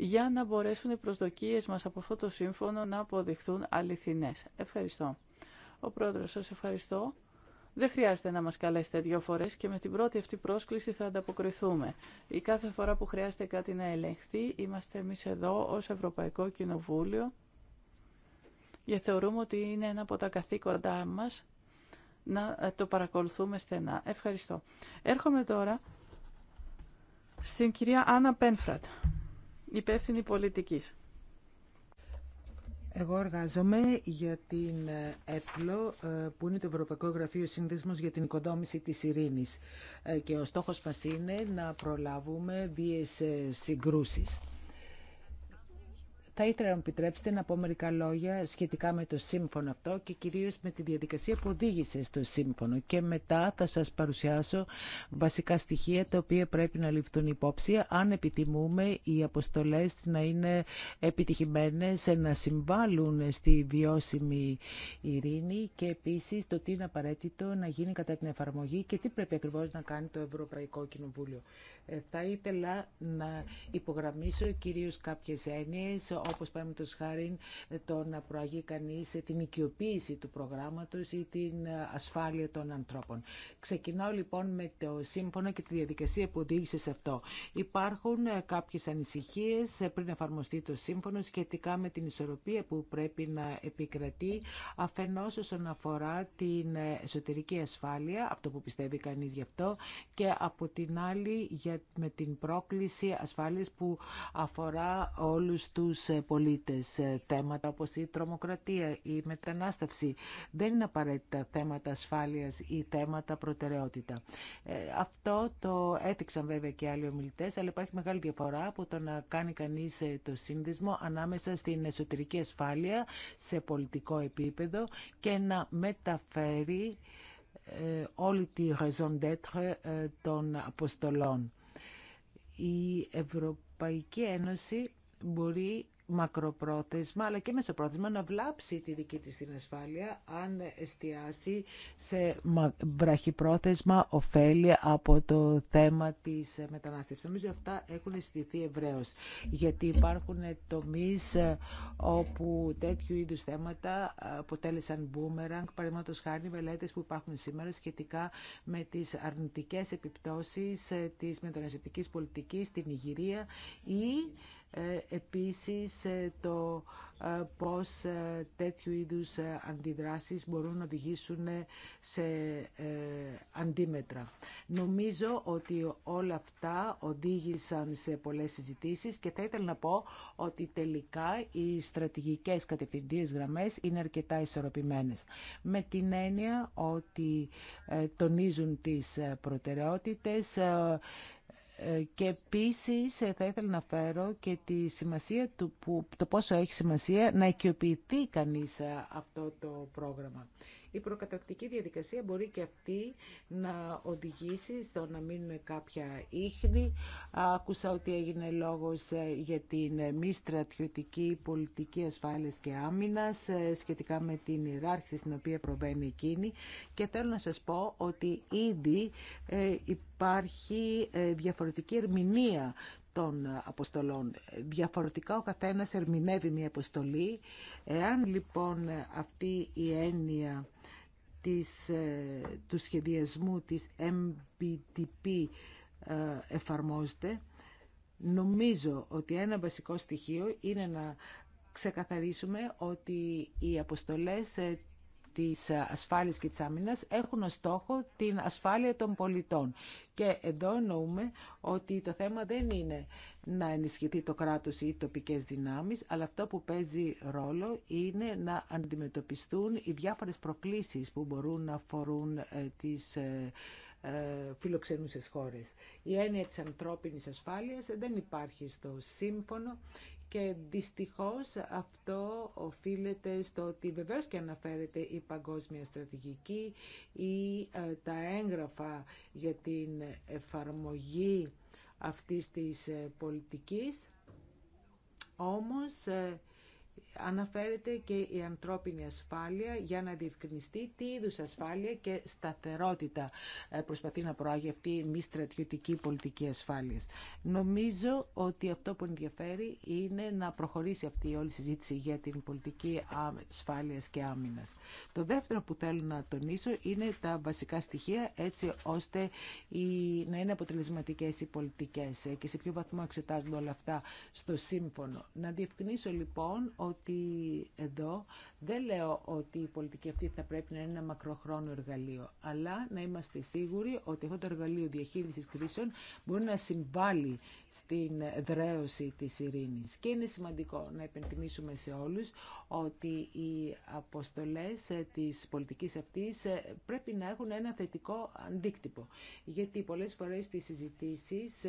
Speaker 3: για να μπορέσουν οι προσδοκίες μας από αυτό το σύμφωνο να αποδειχθούν αληθινές. Ευχαριστώ. Ο Πρόεδρος, σας ευχαριστώ. Δεν χρειάζεται να μας καλέσετε δύο φορές και με την πρώτη αυτή πρόσκληση θα ανταποκριθούμε. Η κάθε φορά που χρειάζεται κάτι να ελεγχθεί, είμαστε εμείς εδώ ως Ευρωπαϊκό Κοινοβούλιο και θεωρούμε ότι είναι ένα από τα καθήκοντά μας να ε, το παρακολουθούμε στενά. Ευχαριστώ. Έρχομαι τώρα στην κυρία Άννα Πένφρατ υπεύθυνη πολιτικής. Εγώ εργάζομαι για
Speaker 4: την ΕΠΛΟ, ε, που είναι το Ευρωπαϊκό Γραφείο Σύνδεσμος για την Οικοδόμηση της Ειρήνης. Ε, και ο στόχος μας είναι να προλάβουμε βίες ε, συγκρούσεις. Θα ήθελα να μου επιτρέψετε να πω μερικά λόγια σχετικά με το σύμφωνο αυτό και κυρίως με τη διαδικασία που οδήγησε στο σύμφωνο. Και μετά θα σας παρουσιάσω βασικά στοιχεία τα οποία πρέπει να ληφθούν υπόψη αν επιτιμούμε οι αποστολές να είναι επιτυχημένες, να συμβάλλουν στη βιώσιμη ειρήνη και επίσης το τι είναι απαραίτητο να γίνει κατά την εφαρμογή και τι πρέπει ακριβώς να κάνει το Ευρωπαϊκό Κοινοβούλιο. Ε, θα ήθελα να υπογραμμίσω κυρίως κάποιες έννοιες όπως πάμε το χάρη ε, το να προαγεί κανείς την οικειοποίηση του προγράμματος ή την ε, ασφάλεια των ανθρώπων. Ξεκινάω λοιπόν με το σύμφωνο και τη διαδικασία που οδήγησε σε αυτό. Υπάρχουν ε, κάποιες ανησυχίες πριν εφαρμοστεί το σύμφωνο σχετικά με την ισορροπία που πρέπει να επικρατεί αφενός όσον αφορά την εσωτερική ασφάλεια, αυτό που πιστεύει κανείς γι' αυτό, και από την άλλη με την πρόκληση ασφάλειας που αφορά όλους τους πολίτες, ε, θέματα όπως η τρομοκρατία, η μετανάστευση. Δεν είναι απαραίτητα θέματα ασφάλειας ή θέματα προτεραιότητα. Ε, αυτό το έδειξαν βέβαια και άλλοι ομιλητές, αλλά υπάρχει μεγάλη διαφορά από το να κάνει κανείς ε, το σύνδεσμο ανάμεσα στην εσωτερική ασφάλεια σε πολιτικό επίπεδο και να μεταφέρει όλη τη raison d'être των αποστολών. Η Ευρωπαϊκή Ένωση μπορεί μακροπρόθεσμα αλλά και μεσοπρόθεσμα να βλάψει τη δική της την ασφάλεια αν εστιάσει σε βραχυπρόθεσμα ωφέλη από το θέμα της μετανάστευσης. Νομίζω αυτά έχουν συζητηθεί ευρέω, γιατί υπάρχουν τομείς ε, όπου τέτοιου είδους θέματα αποτέλεσαν boomerang, παραδείγματος χάρη μελέτες που υπάρχουν σήμερα σχετικά με τις αρνητικές επιπτώσεις ε, της μεταναστευτικής πολιτικής στην Ιγυρία ή ε, επίσης ε, το ε, πώς τέτοιου είδους αντιδράσεις μπορούν να οδηγήσουν σε αντίμετρα. Νομίζω ότι όλα αυτά οδήγησαν σε πολλές συζητήσεις και θα ήθελα να πω ότι τελικά οι στρατηγικές κατευθυντίες γραμμές είναι αρκετά ισορροπημένες. Με την έννοια ότι τονίζουν τις προτεραιότητες, και επίσης ε, θα ήθελα να φέρω και τη σημασία του το πόσο έχει σημασία να οικειοποιηθεί κανείς ε, αυτό το πρόγραμμα η προκαταρκτική διαδικασία μπορεί και αυτή να οδηγήσει στο να μείνουν κάποια ίχνη. Άκουσα ότι έγινε λόγος ε, για την ε, μη στρατιωτική πολιτική ασφάλειας και άμυνας ε, σχετικά με την ιεράρχηση στην οποία προβαίνει εκείνη και θέλω να σας πω ότι ήδη υπάρχει διαφορετική ερμηνεία των αποστολών. Διαφορετικά ο καθένας ερμηνεύει μια αποστολή. Εάν λοιπόν αυτή η έννοια της, ε, του σχεδιασμού της MBTP ε, εφαρμόζεται. Νομίζω ότι ένα βασικό στοιχείο είναι να ξεκαθαρίσουμε ότι οι αποστολές ε, της ασφάλειας και της άμυνας έχουν ως στόχο την ασφάλεια των πολιτών. Και εδώ εννοούμε ότι το θέμα δεν είναι να ενισχυθεί το κράτος ή οι τοπικές δυνάμεις, αλλά αυτό που παίζει ρόλο είναι να αντιμετωπιστούν οι διάφορες προκλήσεις που μπορούν να αφορούν ε, τις ε, ε, φιλοξενούσες χώρες. Η έννοια της ανθρώπινης ασφάλειας δεν υπάρχει στο σύμφωνο και δυστυχώς αυτό οφείλεται στο ότι βεβαίως και αναφέρεται η παγκόσμια στρατηγική ή ε, τα έγγραφα για την εφαρμογή αυτής της ε, πολιτικής. Όμως ε, αναφέρεται και η ανθρώπινη ασφάλεια για να διευκρινιστεί τι είδους ασφάλεια και σταθερότητα ε, προσπαθεί να προάγει αυτή η μη στρατιωτική πολιτική ασφάλειας. Νομίζω ότι αυτό που ενδιαφέρει είναι να προχωρήσει αυτή η όλη συζήτηση για την πολιτική ασφάλειας και άμυνας. Το δεύτερο που θέλω να τονίσω είναι τα βασικά στοιχεία έτσι ώστε να είναι αποτελεσματικές οι πολιτικές ε, και σε ποιο βαθμό εξετάζονται όλα αυτά στο σύμφωνο. Να λοιπόν ότι εδώ δεν λέω ότι η πολιτική αυτή θα πρέπει να είναι ένα μακροχρόνιο εργαλείο, αλλά να είμαστε σίγουροι ότι αυτό το εργαλείο διαχείρισης κρίσεων μπορεί να συμβάλλει στην δρέωση της ειρήνης. Και είναι σημαντικό να επενθυμίσουμε σε όλους ότι οι αποστολές της πολιτικής αυτής πρέπει να έχουν ένα θετικό αντίκτυπο. Γιατί πολλές φορές τις συζητήσεις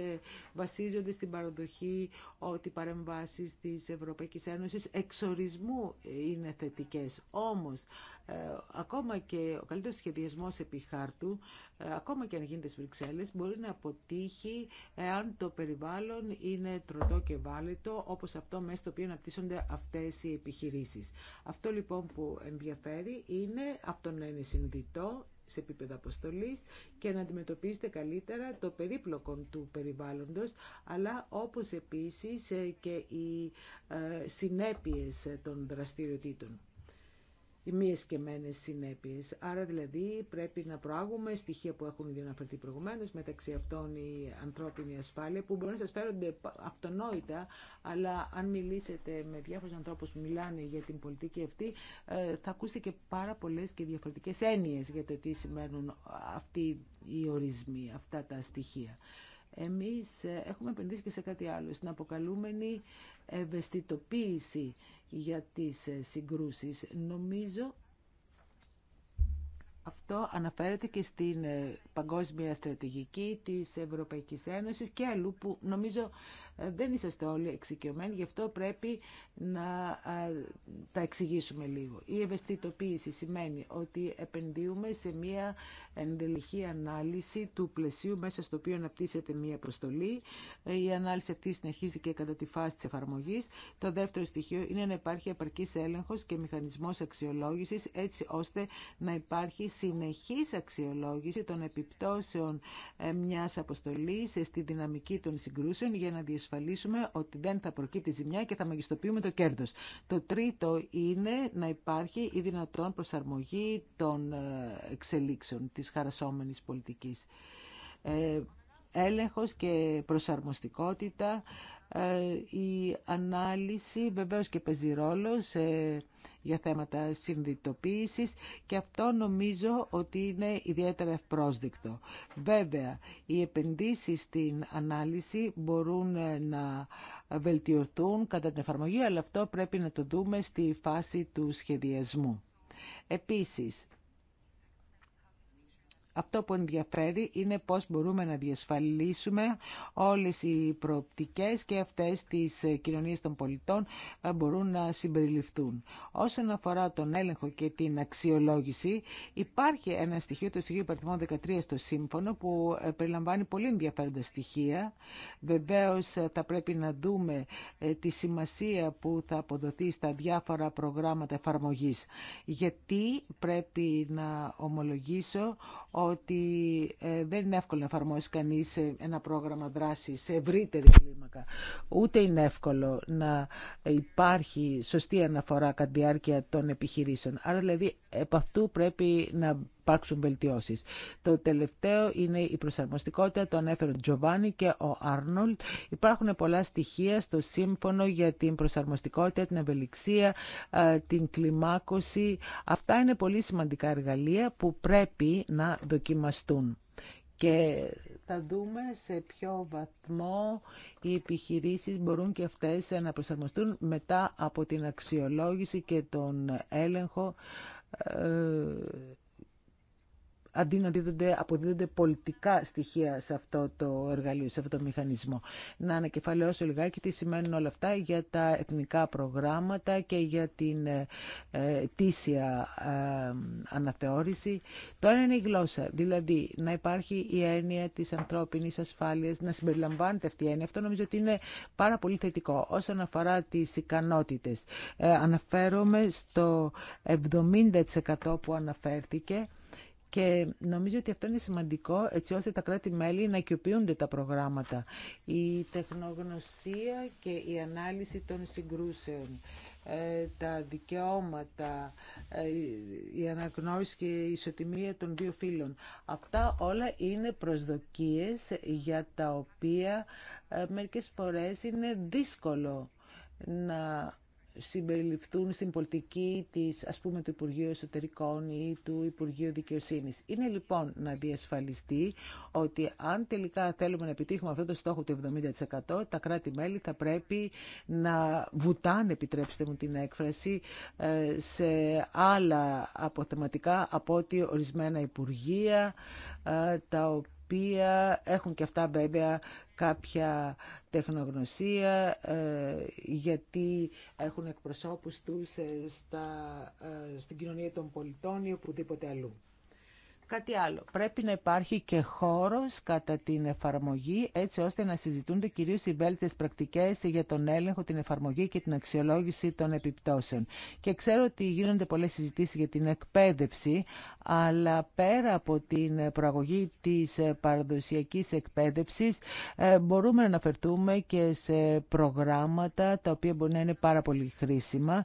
Speaker 4: βασίζονται στην παραδοχή ότι οι παρεμβάσεις της Ευρωπαϊκής Ένωσης εξορισμού είναι θετικές. Όμως, ε, ακόμα και ο καλύτερος σχεδιασμός επί χάρτου, ε, ακόμα και αν γίνεται στις Βρυξέλλες, μπορεί να αποτύχει εάν το περιβάλλον είναι τροτό και βάλιτο, όπως αυτό μέσα στο οποίο αναπτύσσονται αυτές οι επιχειρήσεις. Αυτό λοιπόν που ενδιαφέρει είναι από το να σε επίπεδο αποστολής και να αντιμετωπίσετε καλύτερα το περίπλοκο του περιβάλλοντος, αλλά όπως επίσης ε, και οι ε, συνέπειες των δραστηριοτήτων και εσκεμμένες συνέπειες. Άρα δηλαδή πρέπει να προάγουμε στοιχεία που έχουν ήδη αναφερθεί προηγουμένω, μεταξύ αυτών η ανθρώπινη ασφάλεια που μπορεί να σας φέρονται αυτονόητα, αλλά αν μιλήσετε με διάφορους ανθρώπους που μιλάνε για την πολιτική αυτή, ε, θα ακούσετε και πάρα πολλές και διαφορετικές έννοιες για το τι σημαίνουν αυτοί οι ορισμοί, αυτά τα στοιχεία. Εμείς ε, έχουμε επενδύσει και σε κάτι άλλο, στην αποκαλούμενη ευαισθητοποίηση για τις ε, συγκρούσεις. Νομίζω αυτό αναφέρεται και στην ε, παγκόσμια στρατηγική της Ευρωπαϊκής Ένωσης και αλλού που νομίζω ε, δεν είσαστε όλοι εξοικειωμένοι, γι' αυτό πρέπει να ε, τα εξηγήσουμε λίγο. Η ευαισθητοποίηση σημαίνει ότι επενδύουμε σε μια ενδελεχή ανάλυση του πλαισίου μέσα στο οποίο αναπτύσσεται μια προστολή. Ε, η ανάλυση αυτή συνεχίζει και κατά τη φάση της εφαρμογής. Το δεύτερο στοιχείο είναι να υπάρχει επαρκής έλεγχος και μηχανισμός αξιολόγησης έτσι ώστε να υπάρχει συνεχής αξιολόγηση των επιπτώσεων μιας αποστολής στη δυναμική των συγκρούσεων για να διασφαλίσουμε ότι δεν θα προκύπτει ζημιά και θα μαγιστοποιούμε το κέρδος. Το τρίτο είναι να υπάρχει η δυνατόν προσαρμογή των ε, εξελίξεων της χαρασόμενης πολιτικής. Ε, έλεγχος και προσαρμοστικότητα, ε, η ανάλυση βεβαίως και παίζει ρόλο για θέματα συνδυτοποίησης και αυτό νομίζω ότι είναι ιδιαίτερα ευπρόσδεκτο. Βέβαια, οι επενδύσεις στην ανάλυση μπορούν ε, να βελτιωθούν κατά την εφαρμογή, αλλά αυτό πρέπει να το δούμε στη φάση του σχεδιασμού. Επίσης, αυτό που ενδιαφέρει είναι πώς μπορούμε να διασφαλίσουμε όλες οι προοπτικές και αυτές τις ε, κοινωνίες των πολιτών ε, μπορούν να συμπεριληφθούν. Όσον αφορά τον έλεγχο και την αξιολόγηση, υπάρχει ένα στοιχείο, το στοιχείο υπαριθμών 13 στο σύμφωνο, που ε, περιλαμβάνει πολύ ενδιαφέροντα στοιχεία. Βεβαίως θα πρέπει να δούμε τη σημασία που θα αποδοθεί στα διάφορα προγράμματα εφαρμογής. Γιατί πρέπει να ομολογήσω ότι ότι ε, δεν είναι εύκολο να εφαρμόσει κανείς ε, ένα πρόγραμμα δράσης σε ευρύτερη κλίμακα. Ούτε είναι εύκολο να υπάρχει σωστή αναφορά κατά τη διάρκεια των επιχειρήσεων. Άρα δηλαδή επ' αυτού πρέπει να υπάρξουν Το τελευταίο είναι η προσαρμοστικότητα, το ανέφερε ο Τζοβάνι και ο Άρνολτ. Υπάρχουν πολλά στοιχεία στο σύμφωνο για την προσαρμοστικότητα, την ευελιξία, την κλιμάκωση. Αυτά είναι πολύ σημαντικά εργαλεία που πρέπει να δοκιμαστούν. Και θα δούμε σε ποιο βαθμό οι επιχειρήσεις μπορούν και αυτές να προσαρμοστούν μετά από την αξιολόγηση και τον έλεγχο ε, αντί να δίδονται, αποδίδονται πολιτικά στοιχεία σε αυτό το εργαλείο, σε αυτό το μηχανισμό. Να ανακεφαλαιώσω λιγάκι τι σημαίνουν όλα αυτά για τα εθνικά προγράμματα και για την ε, ε, τήσια ε, αναθεώρηση. Το ένα είναι η γλώσσα, δηλαδή να υπάρχει η έννοια της ανθρώπινης ασφάλειας, να συμπεριλαμβάνεται αυτή η έννοια. Αυτό νομίζω ότι είναι πάρα πολύ θετικό. Όσον αφορά τις ικανότητες, αναφέρομαι στο 70% που αναφέρθηκε και νομίζω ότι αυτό είναι σημαντικό έτσι ώστε τα κράτη-μέλη να οικειοποιούνται τα προγράμματα. Η τεχνογνωσία και η ανάλυση των συγκρούσεων, ε, τα δικαιώματα, ε, η αναγνώριση και η ισοτιμία των δύο φύλων. Αυτά όλα είναι προσδοκίες για τα οποία ε, μερικές φορές είναι δύσκολο να συμπεριληφθούν στην πολιτική της, ας πούμε, του Υπουργείου Εσωτερικών ή του Υπουργείου Δικαιοσύνης. Είναι λοιπόν να διασφαλιστεί ότι αν τελικά θέλουμε να επιτύχουμε αυτό το στόχο του 70%, τα κράτη-μέλη θα πρέπει να βουτάνε, επιτρέψτε μου την έκφραση, ε, σε άλλα αποθεματικά από ότι ορισμένα υπουργεία, ε, τα οποία οποία έχουν και αυτά βέβαια κάποια τεχνογνωσία ε, γιατί έχουν εκπροσώπους τους ε, στα, ε, στην κοινωνία των πολιτών ή οπουδήποτε αλλού. Κάτι άλλο. Πρέπει να υπάρχει και χώρος κατά την εφαρμογή, έτσι ώστε να συζητούνται κυρίως οι βέλτιες πρακτικές για τον έλεγχο, την εφαρμογή και την αξιολόγηση των επιπτώσεων. Και ξέρω ότι γίνονται πολλές συζητήσεις για την εκπαίδευση, αλλά πέρα από την προαγωγή της παραδοσιακής εκπαίδευσης, ε, μπορούμε να αναφερθούμε και σε προγράμματα τα οποία μπορεί να είναι πάρα πολύ χρήσιμα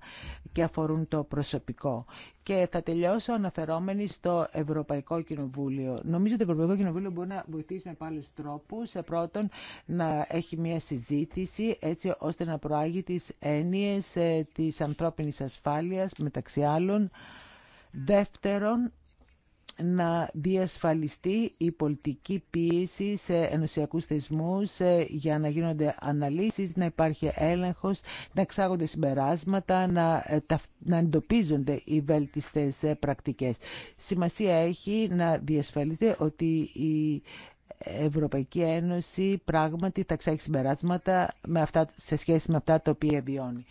Speaker 4: και αφορούν το προσωπικό. Και θα τελειώσω αναφερόμενοι στο Ευρωπαϊκό Κοινοβούλιο. Νομίζω ότι το Ευρωπαϊκό Κοινοβούλιο μπορεί να βοηθήσει με πάλους τρόπους. Ε, πρώτον, να έχει μια συζήτηση έτσι ώστε να προάγει τι έννοιες ε, τη ανθρώπινη ασφάλειας μεταξύ άλλων. Δεύτερον, να διασφαλιστεί η πολιτική πίεση σε ενωσιακούς θεσμούς για να γίνονται αναλύσεις, να υπάρχει έλεγχος, να εξάγονται συμπεράσματα, να, ε, να εντοπίζονται οι βέλτιστες ε, πρακτικές. Σημασία έχει να διασφαλίζεται ότι η Ευρωπαϊκή Ένωση πράγματι θα εξάγει συμπεράσματα με αυτά, σε σχέση με αυτά τα οποία βιώνει.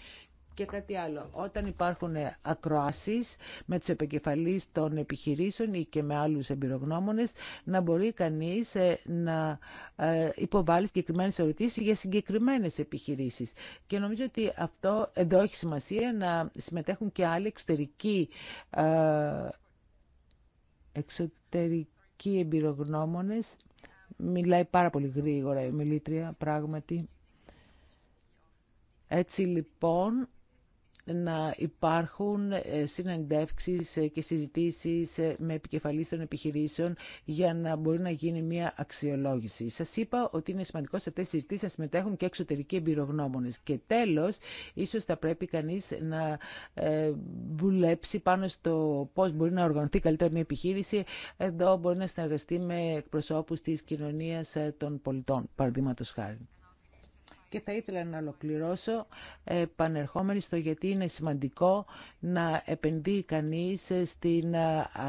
Speaker 4: Και κάτι άλλο, όταν υπάρχουν ακροάσεις με τους επικεφαλείς των επιχειρήσεων ή και με άλλους εμπειρογνώμονες, να μπορεί κανείς ε, να ε, υποβάλει συγκεκριμένες ερωτήσεις για συγκεκριμένες επιχειρήσεις. Και νομίζω ότι αυτό εδώ έχει σημασία να συμμετέχουν και άλλοι εξωτερικοί, ε, εξωτερικοί εμπειρογνώμονες. Μιλάει πάρα πολύ γρήγορα η μιλήτρια, πράγματι. Έτσι λοιπόν να υπάρχουν ε, συναντεύξεις ε, και συζητήσεις ε, με επικεφαλής των επιχειρήσεων για να μπορεί να γίνει μια αξιολόγηση. Σας είπα ότι είναι σημαντικό σε αυτές τις συζητήσεις να συμμετέχουν και εξωτερικοί εμπειρογνώμονες. Και τέλος, ίσως θα πρέπει κανείς να βουλέψει πάνω στο πώς μπορεί να οργανωθεί καλύτερα μια επιχείρηση. Εδώ μπορεί να συνεργαστεί με εκπροσώπους της κοινωνίας των πολιτών, παραδείγματος χάρη. Και θα ήθελα να ολοκληρώσω επανερχόμενοι στο γιατί είναι σημαντικό να επενδύει κανείς στην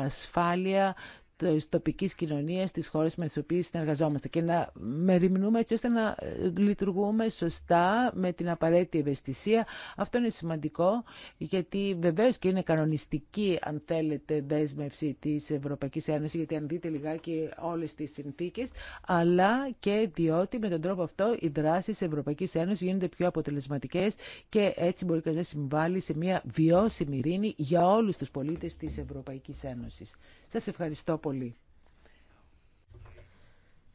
Speaker 4: ασφάλεια, τη τοπική κοινωνία στις χώρε με τι οποίε συνεργαζόμαστε και να μεριμνούμε έτσι ώστε να ε, λειτουργούμε σωστά με την απαραίτητη ευαισθησία. Αυτό είναι σημαντικό γιατί βεβαίω και είναι κανονιστική αν θέλετε δέσμευση τη Ευρωπαϊκή Ένωση, γιατί αν δείτε λιγάκι όλε τι συνθήκε, αλλά και διότι με τον τρόπο αυτό οι δράσει τη Ευρωπαϊκή Ένωση γίνονται πιο αποτελεσματικέ και έτσι μπορεί κανεί να συμβάλλει σε μια βιώσιμη ειρήνη για όλου του πολίτε τη Ευρωπαϊκή Ένωση. Σας ευχαριστώ πολύ.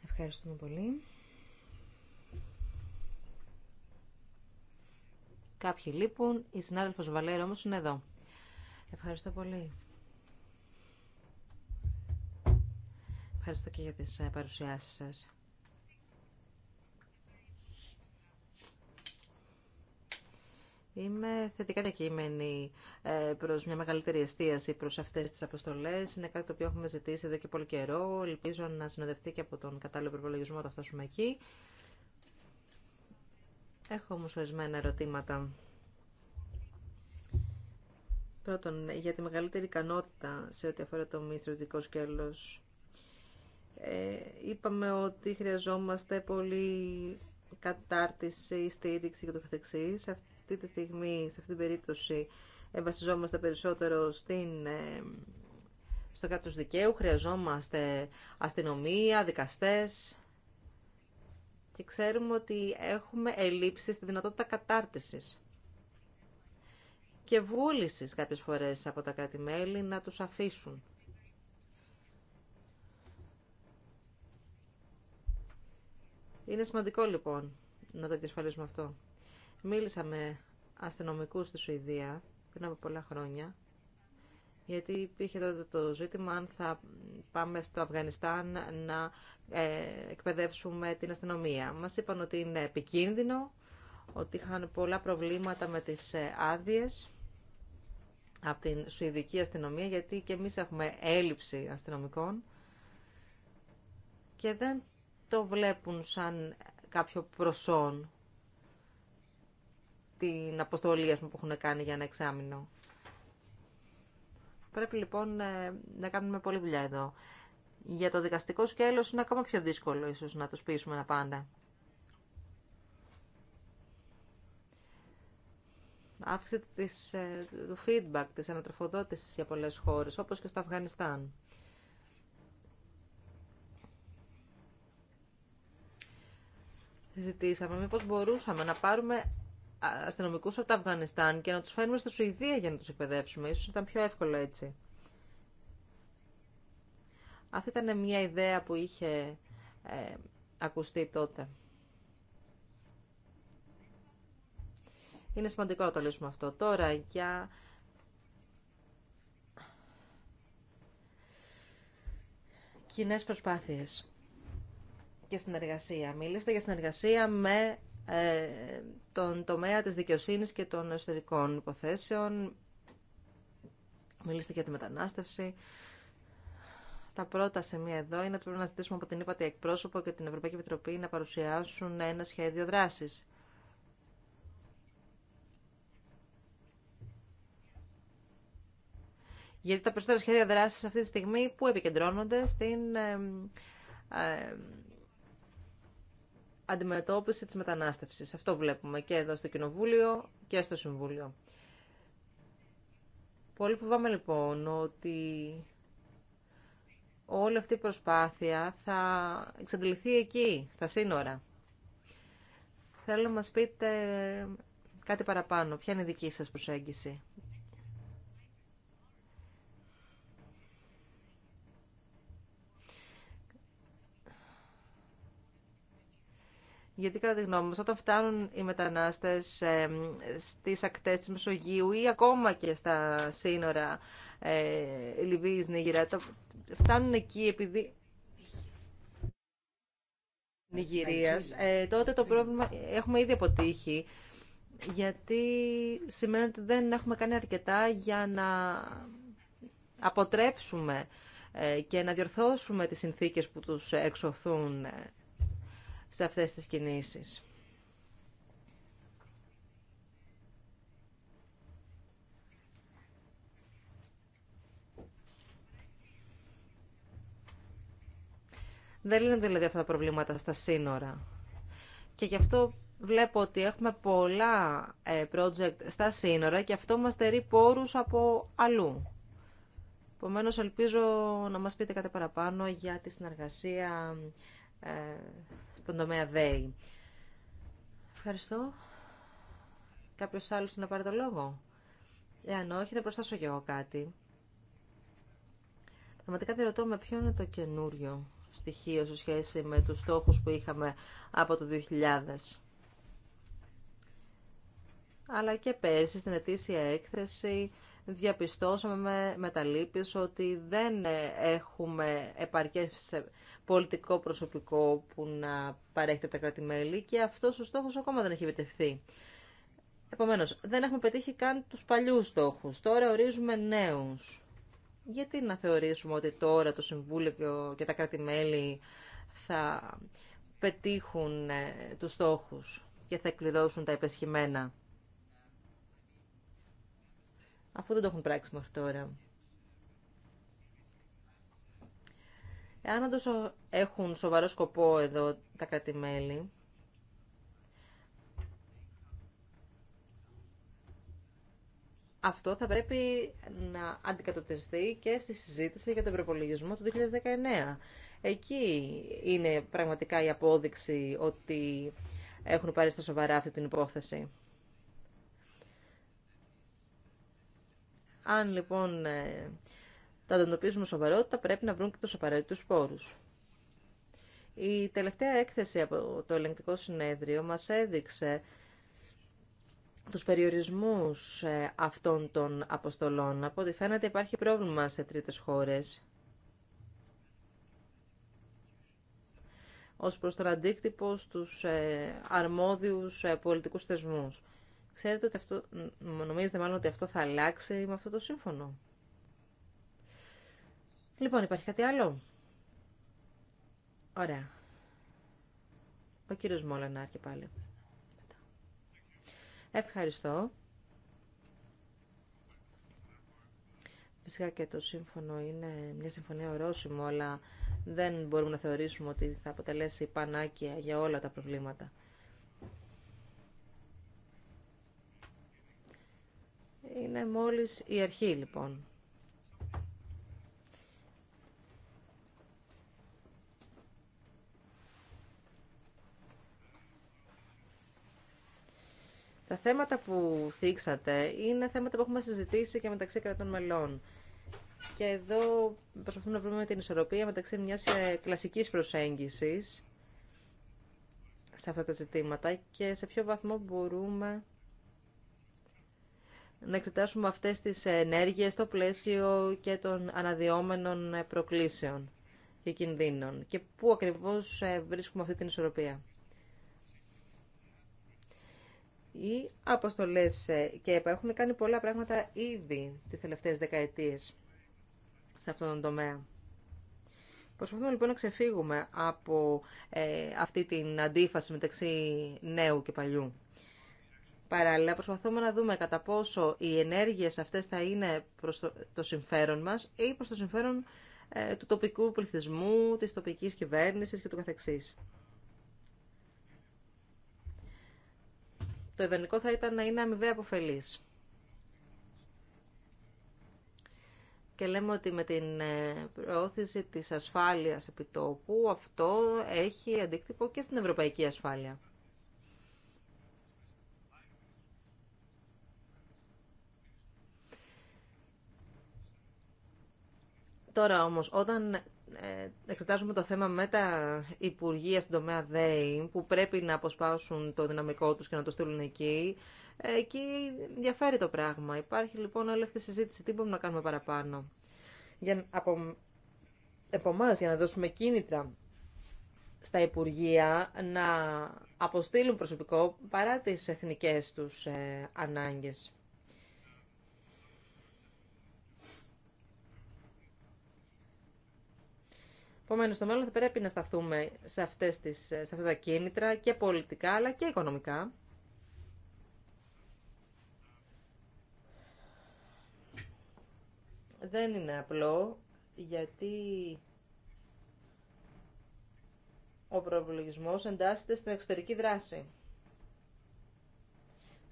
Speaker 2: Ευχαριστούμε πολύ. Κάποιοι λείπουν, η συνάδελφος Βαλέρη όμως είναι εδώ. Ευχαριστώ πολύ. Ευχαριστώ και για τις ε, παρουσιάσεις σας. Είμαι θετικά διακείμενη ε, προ μια μεγαλύτερη εστίαση προ αυτέ τι αποστολέ. Είναι κάτι το οποίο έχουμε ζητήσει εδώ και πολύ καιρό. Ελπίζω να συνοδευτεί και από τον κατάλληλο προπολογισμό όταν φτάσουμε εκεί. Έχω όμω ορισμένα ερωτήματα. Πρώτον, για τη μεγαλύτερη ικανότητα σε ό,τι αφορά το μη στρατιωτικό σκέλο. Ε, είπαμε ότι χρειαζόμαστε πολύ κατάρτιση, στήριξη και το καθεξής αυτή τη στιγμή, σε αυτή την περίπτωση, βασιζόμαστε περισσότερο στην, ε, στο κράτος δικαίου. Χρειαζόμαστε αστυνομία, δικαστές και ξέρουμε ότι έχουμε ελλείψεις στη δυνατότητα κατάρτισης και βούλησης κάποιες φορές από τα κράτη-μέλη να τους αφήσουν. Είναι σημαντικό λοιπόν να το εξασφαλίσουμε αυτό. Μίλησα με αστυνομικού στη Σουηδία πριν από πολλά χρόνια, γιατί υπήρχε τότε το ζήτημα αν θα πάμε στο Αφγανιστάν να ε, εκπαιδεύσουμε την αστυνομία. Μας είπαν ότι είναι επικίνδυνο, ότι είχαν πολλά προβλήματα με τις ε, άδειε από την Σουηδική αστυνομία, γιατί και εμείς έχουμε έλλειψη αστυνομικών και δεν το βλέπουν σαν κάποιο προσόν την αποστολή που έχουν κάνει για ένα εξάμεινο. Πρέπει λοιπόν ε, να κάνουμε πολλή δουλειά εδώ. Για το δικαστικό σκέλος είναι ακόμα πιο δύσκολο ίσως να τους πείσουμε να πάνε. Αύξηση της, ε, του feedback, της ανατροφοδότησης για πολλές χώρες, όπως και στο Αφγανιστάν. Ζητήσαμε μήπως μπορούσαμε να πάρουμε αστυνομικού από το Αφγανιστάν και να του φέρνουμε στη Σουηδία για να του εκπαιδεύσουμε. Ίσως ήταν πιο εύκολο έτσι. Αυτή ήταν μια ιδέα που είχε ε, ακουστεί τότε. Είναι σημαντικό να το λύσουμε αυτό. Τώρα για... Κοινέ προσπάθειες και συνεργασία. Μιλήστε για συνεργασία με ε, τον τομέα της δικαιοσύνης και των εσωτερικών υποθέσεων. Μιλήστε για τη μετανάστευση. Τα πρώτα σημεία εδώ είναι ότι πρέπει να ζητήσουμε από την ΥΠΑΤΗ εκπρόσωπο και την Ευρωπαϊκή Επιτροπή να παρουσιάσουν ένα σχέδιο δράσης. Γιατί τα περισσότερα σχέδια δράσης αυτή τη στιγμή που επικεντρώνονται στην ε, ε, αντιμετώπιση της μετανάστευσης. Αυτό βλέπουμε και εδώ στο Κοινοβούλιο και στο Συμβούλιο. Πολύ φοβάμαι λοιπόν ότι όλη αυτή η προσπάθεια θα εξαντληθεί εκεί, στα σύνορα. Θέλω να μας πείτε κάτι παραπάνω. Ποια είναι η δική σας προσέγγιση Γιατί κατά τη γνώμη μας, όταν φτάνουν οι μετανάστες ε, στις ακτές της Μεσογείου ή ακόμα και στα σύνορα ε, Λιβύης, Νιγηρά, φτάνουν εκεί επειδή... Νιγηρίας, ε, τότε το πρόβλημα έχουμε ήδη αποτύχει, γιατί σημαίνει ότι δεν έχουμε κάνει αρκετά για να αποτρέψουμε ε, και να διορθώσουμε τις συνθήκες που τους εξωθούν σε αυτές τις κινήσεις. Δεν λύνονται δηλαδή αυτά τα προβλήματα στα σύνορα. Και γι' αυτό βλέπω ότι έχουμε πολλά ε, project στα σύνορα και αυτό μας στερεί πόρους από αλλού. Επομένω, ελπίζω να μας πείτε κάτι παραπάνω για τη συνεργασία ε, στον τομέα ΔΕΗ. Ευχαριστώ. Κάποιος άλλος να πάρει το λόγο. Εάν όχι, να προστάσω κι εγώ κάτι. Πραγματικά δεν ρωτώ με ποιο είναι το καινούριο στοιχείο σε σχέση με τους στόχους που είχαμε από το 2000. Αλλά και πέρσι στην ετήσια έκθεση διαπιστώσαμε με, με τα ότι δεν έχουμε επαρκές πολιτικό προσωπικό που να παρέχεται τα κράτη-μέλη και αυτός ο στόχος ακόμα δεν έχει επιτευχθεί. Επομένως, δεν έχουμε πετύχει καν τους παλιούς στόχους. Τώρα ορίζουμε νέους. Γιατί να θεωρήσουμε ότι τώρα το Συμβούλιο και τα κράτη-μέλη θα πετύχουν ε, τους στόχους και θα εκπληρώσουν τα υπεσχημένα. Αφού δεν το έχουν πράξει μέχρι τώρα. Εάν όντως έχουν σοβαρό σκοπό εδώ τα κρατη Αυτό θα πρέπει να αντικατοπτριστεί και στη συζήτηση για τον προπολογισμό του 2019. Εκεί είναι πραγματικά η απόδειξη ότι έχουν πάρει στα σοβαρά αυτή την υπόθεση. Αν λοιπόν ε, τα αντιμετωπίζουμε σοβαρότητα, πρέπει να βρουν και τους απαραίτητους πόρους. Η τελευταία έκθεση από το ελεγκτικό συνέδριο μας έδειξε τους περιορισμούς ε, αυτών των αποστολών. Από ό,τι φαίνεται υπάρχει πρόβλημα σε τρίτες χώρες. ως προς τον αντίκτυπο στους ε, αρμόδιους ε, πολιτικούς θεσμούς. Ξέρετε ότι αυτό, νομίζετε μάλλον ότι αυτό θα αλλάξει με αυτό το σύμφωνο. Λοιπόν, υπάρχει κάτι άλλο. Ωραία. Ο κύριος να και πάλι. Ευχαριστώ. Φυσικά και το σύμφωνο είναι μια συμφωνία ορόσημο, αλλά δεν μπορούμε να θεωρήσουμε ότι θα αποτελέσει πανάκια για όλα τα προβλήματα. Είναι μόλις η αρχή, λοιπόν. Τα θέματα που θίξατε είναι θέματα που έχουμε συζητήσει και μεταξύ κρατών μελών. Και εδώ προσπαθούμε να βρούμε την ισορροπία μεταξύ μια ε, κλασικής προσέγγιση σε αυτά τα ζητήματα και σε ποιο βαθμό μπορούμε να εξετάσουμε αυτές τις ενέργειες στο πλαίσιο και των αναδυόμενων προκλήσεων και κινδύνων και πού ακριβώς ε, βρίσκουμε αυτή την ισορροπία ή αποστολές ε, και ΕΠΑ. Έχουμε κάνει πολλά πράγματα ήδη τις τελευταίες δεκαετίες σε αυτόν τον τομέα. Προσπαθούμε λοιπόν να ξεφύγουμε από ε, αυτή την αντίφαση μεταξύ νέου και παλιού. Παράλληλα, προσπαθούμε να δούμε κατά πόσο οι ενέργειες αυτές θα είναι προς το, συμφέρον μας ή προς το συμφέρον ε, του τοπικού πληθυσμού, της τοπικής κυβέρνησης και του καθεξής. Το ιδανικό θα ήταν να είναι αμοιβαία αποφελής. Και λέμε ότι με την ε, προώθηση της ασφάλειας επιτόπου αυτό έχει αντίκτυπο και στην ευρωπαϊκή ασφάλεια. Τώρα όμως, όταν ε, εξετάζουμε το θέμα με τα Υπουργεία στην τομέα ΔΕΗ που πρέπει να αποσπάσουν το δυναμικό τους και να το στείλουν εκεί. Ε, εκεί διαφέρει το πράγμα. Υπάρχει λοιπόν όλη αυτή η συζήτηση. Τι μπορούμε να κάνουμε παραπάνω. Για, από, για να δώσουμε κίνητρα στα Υπουργεία να αποστείλουν προσωπικό παρά τις εθνικές τους ε, ανάγκες. Επομένω, στο μέλλον θα πρέπει να σταθούμε σε, αυτές τις, σε αυτά τα κίνητρα και πολιτικά αλλά και οικονομικά. Δεν είναι απλό γιατί ο προπολογισμό εντάσσεται στην εξωτερική δράση.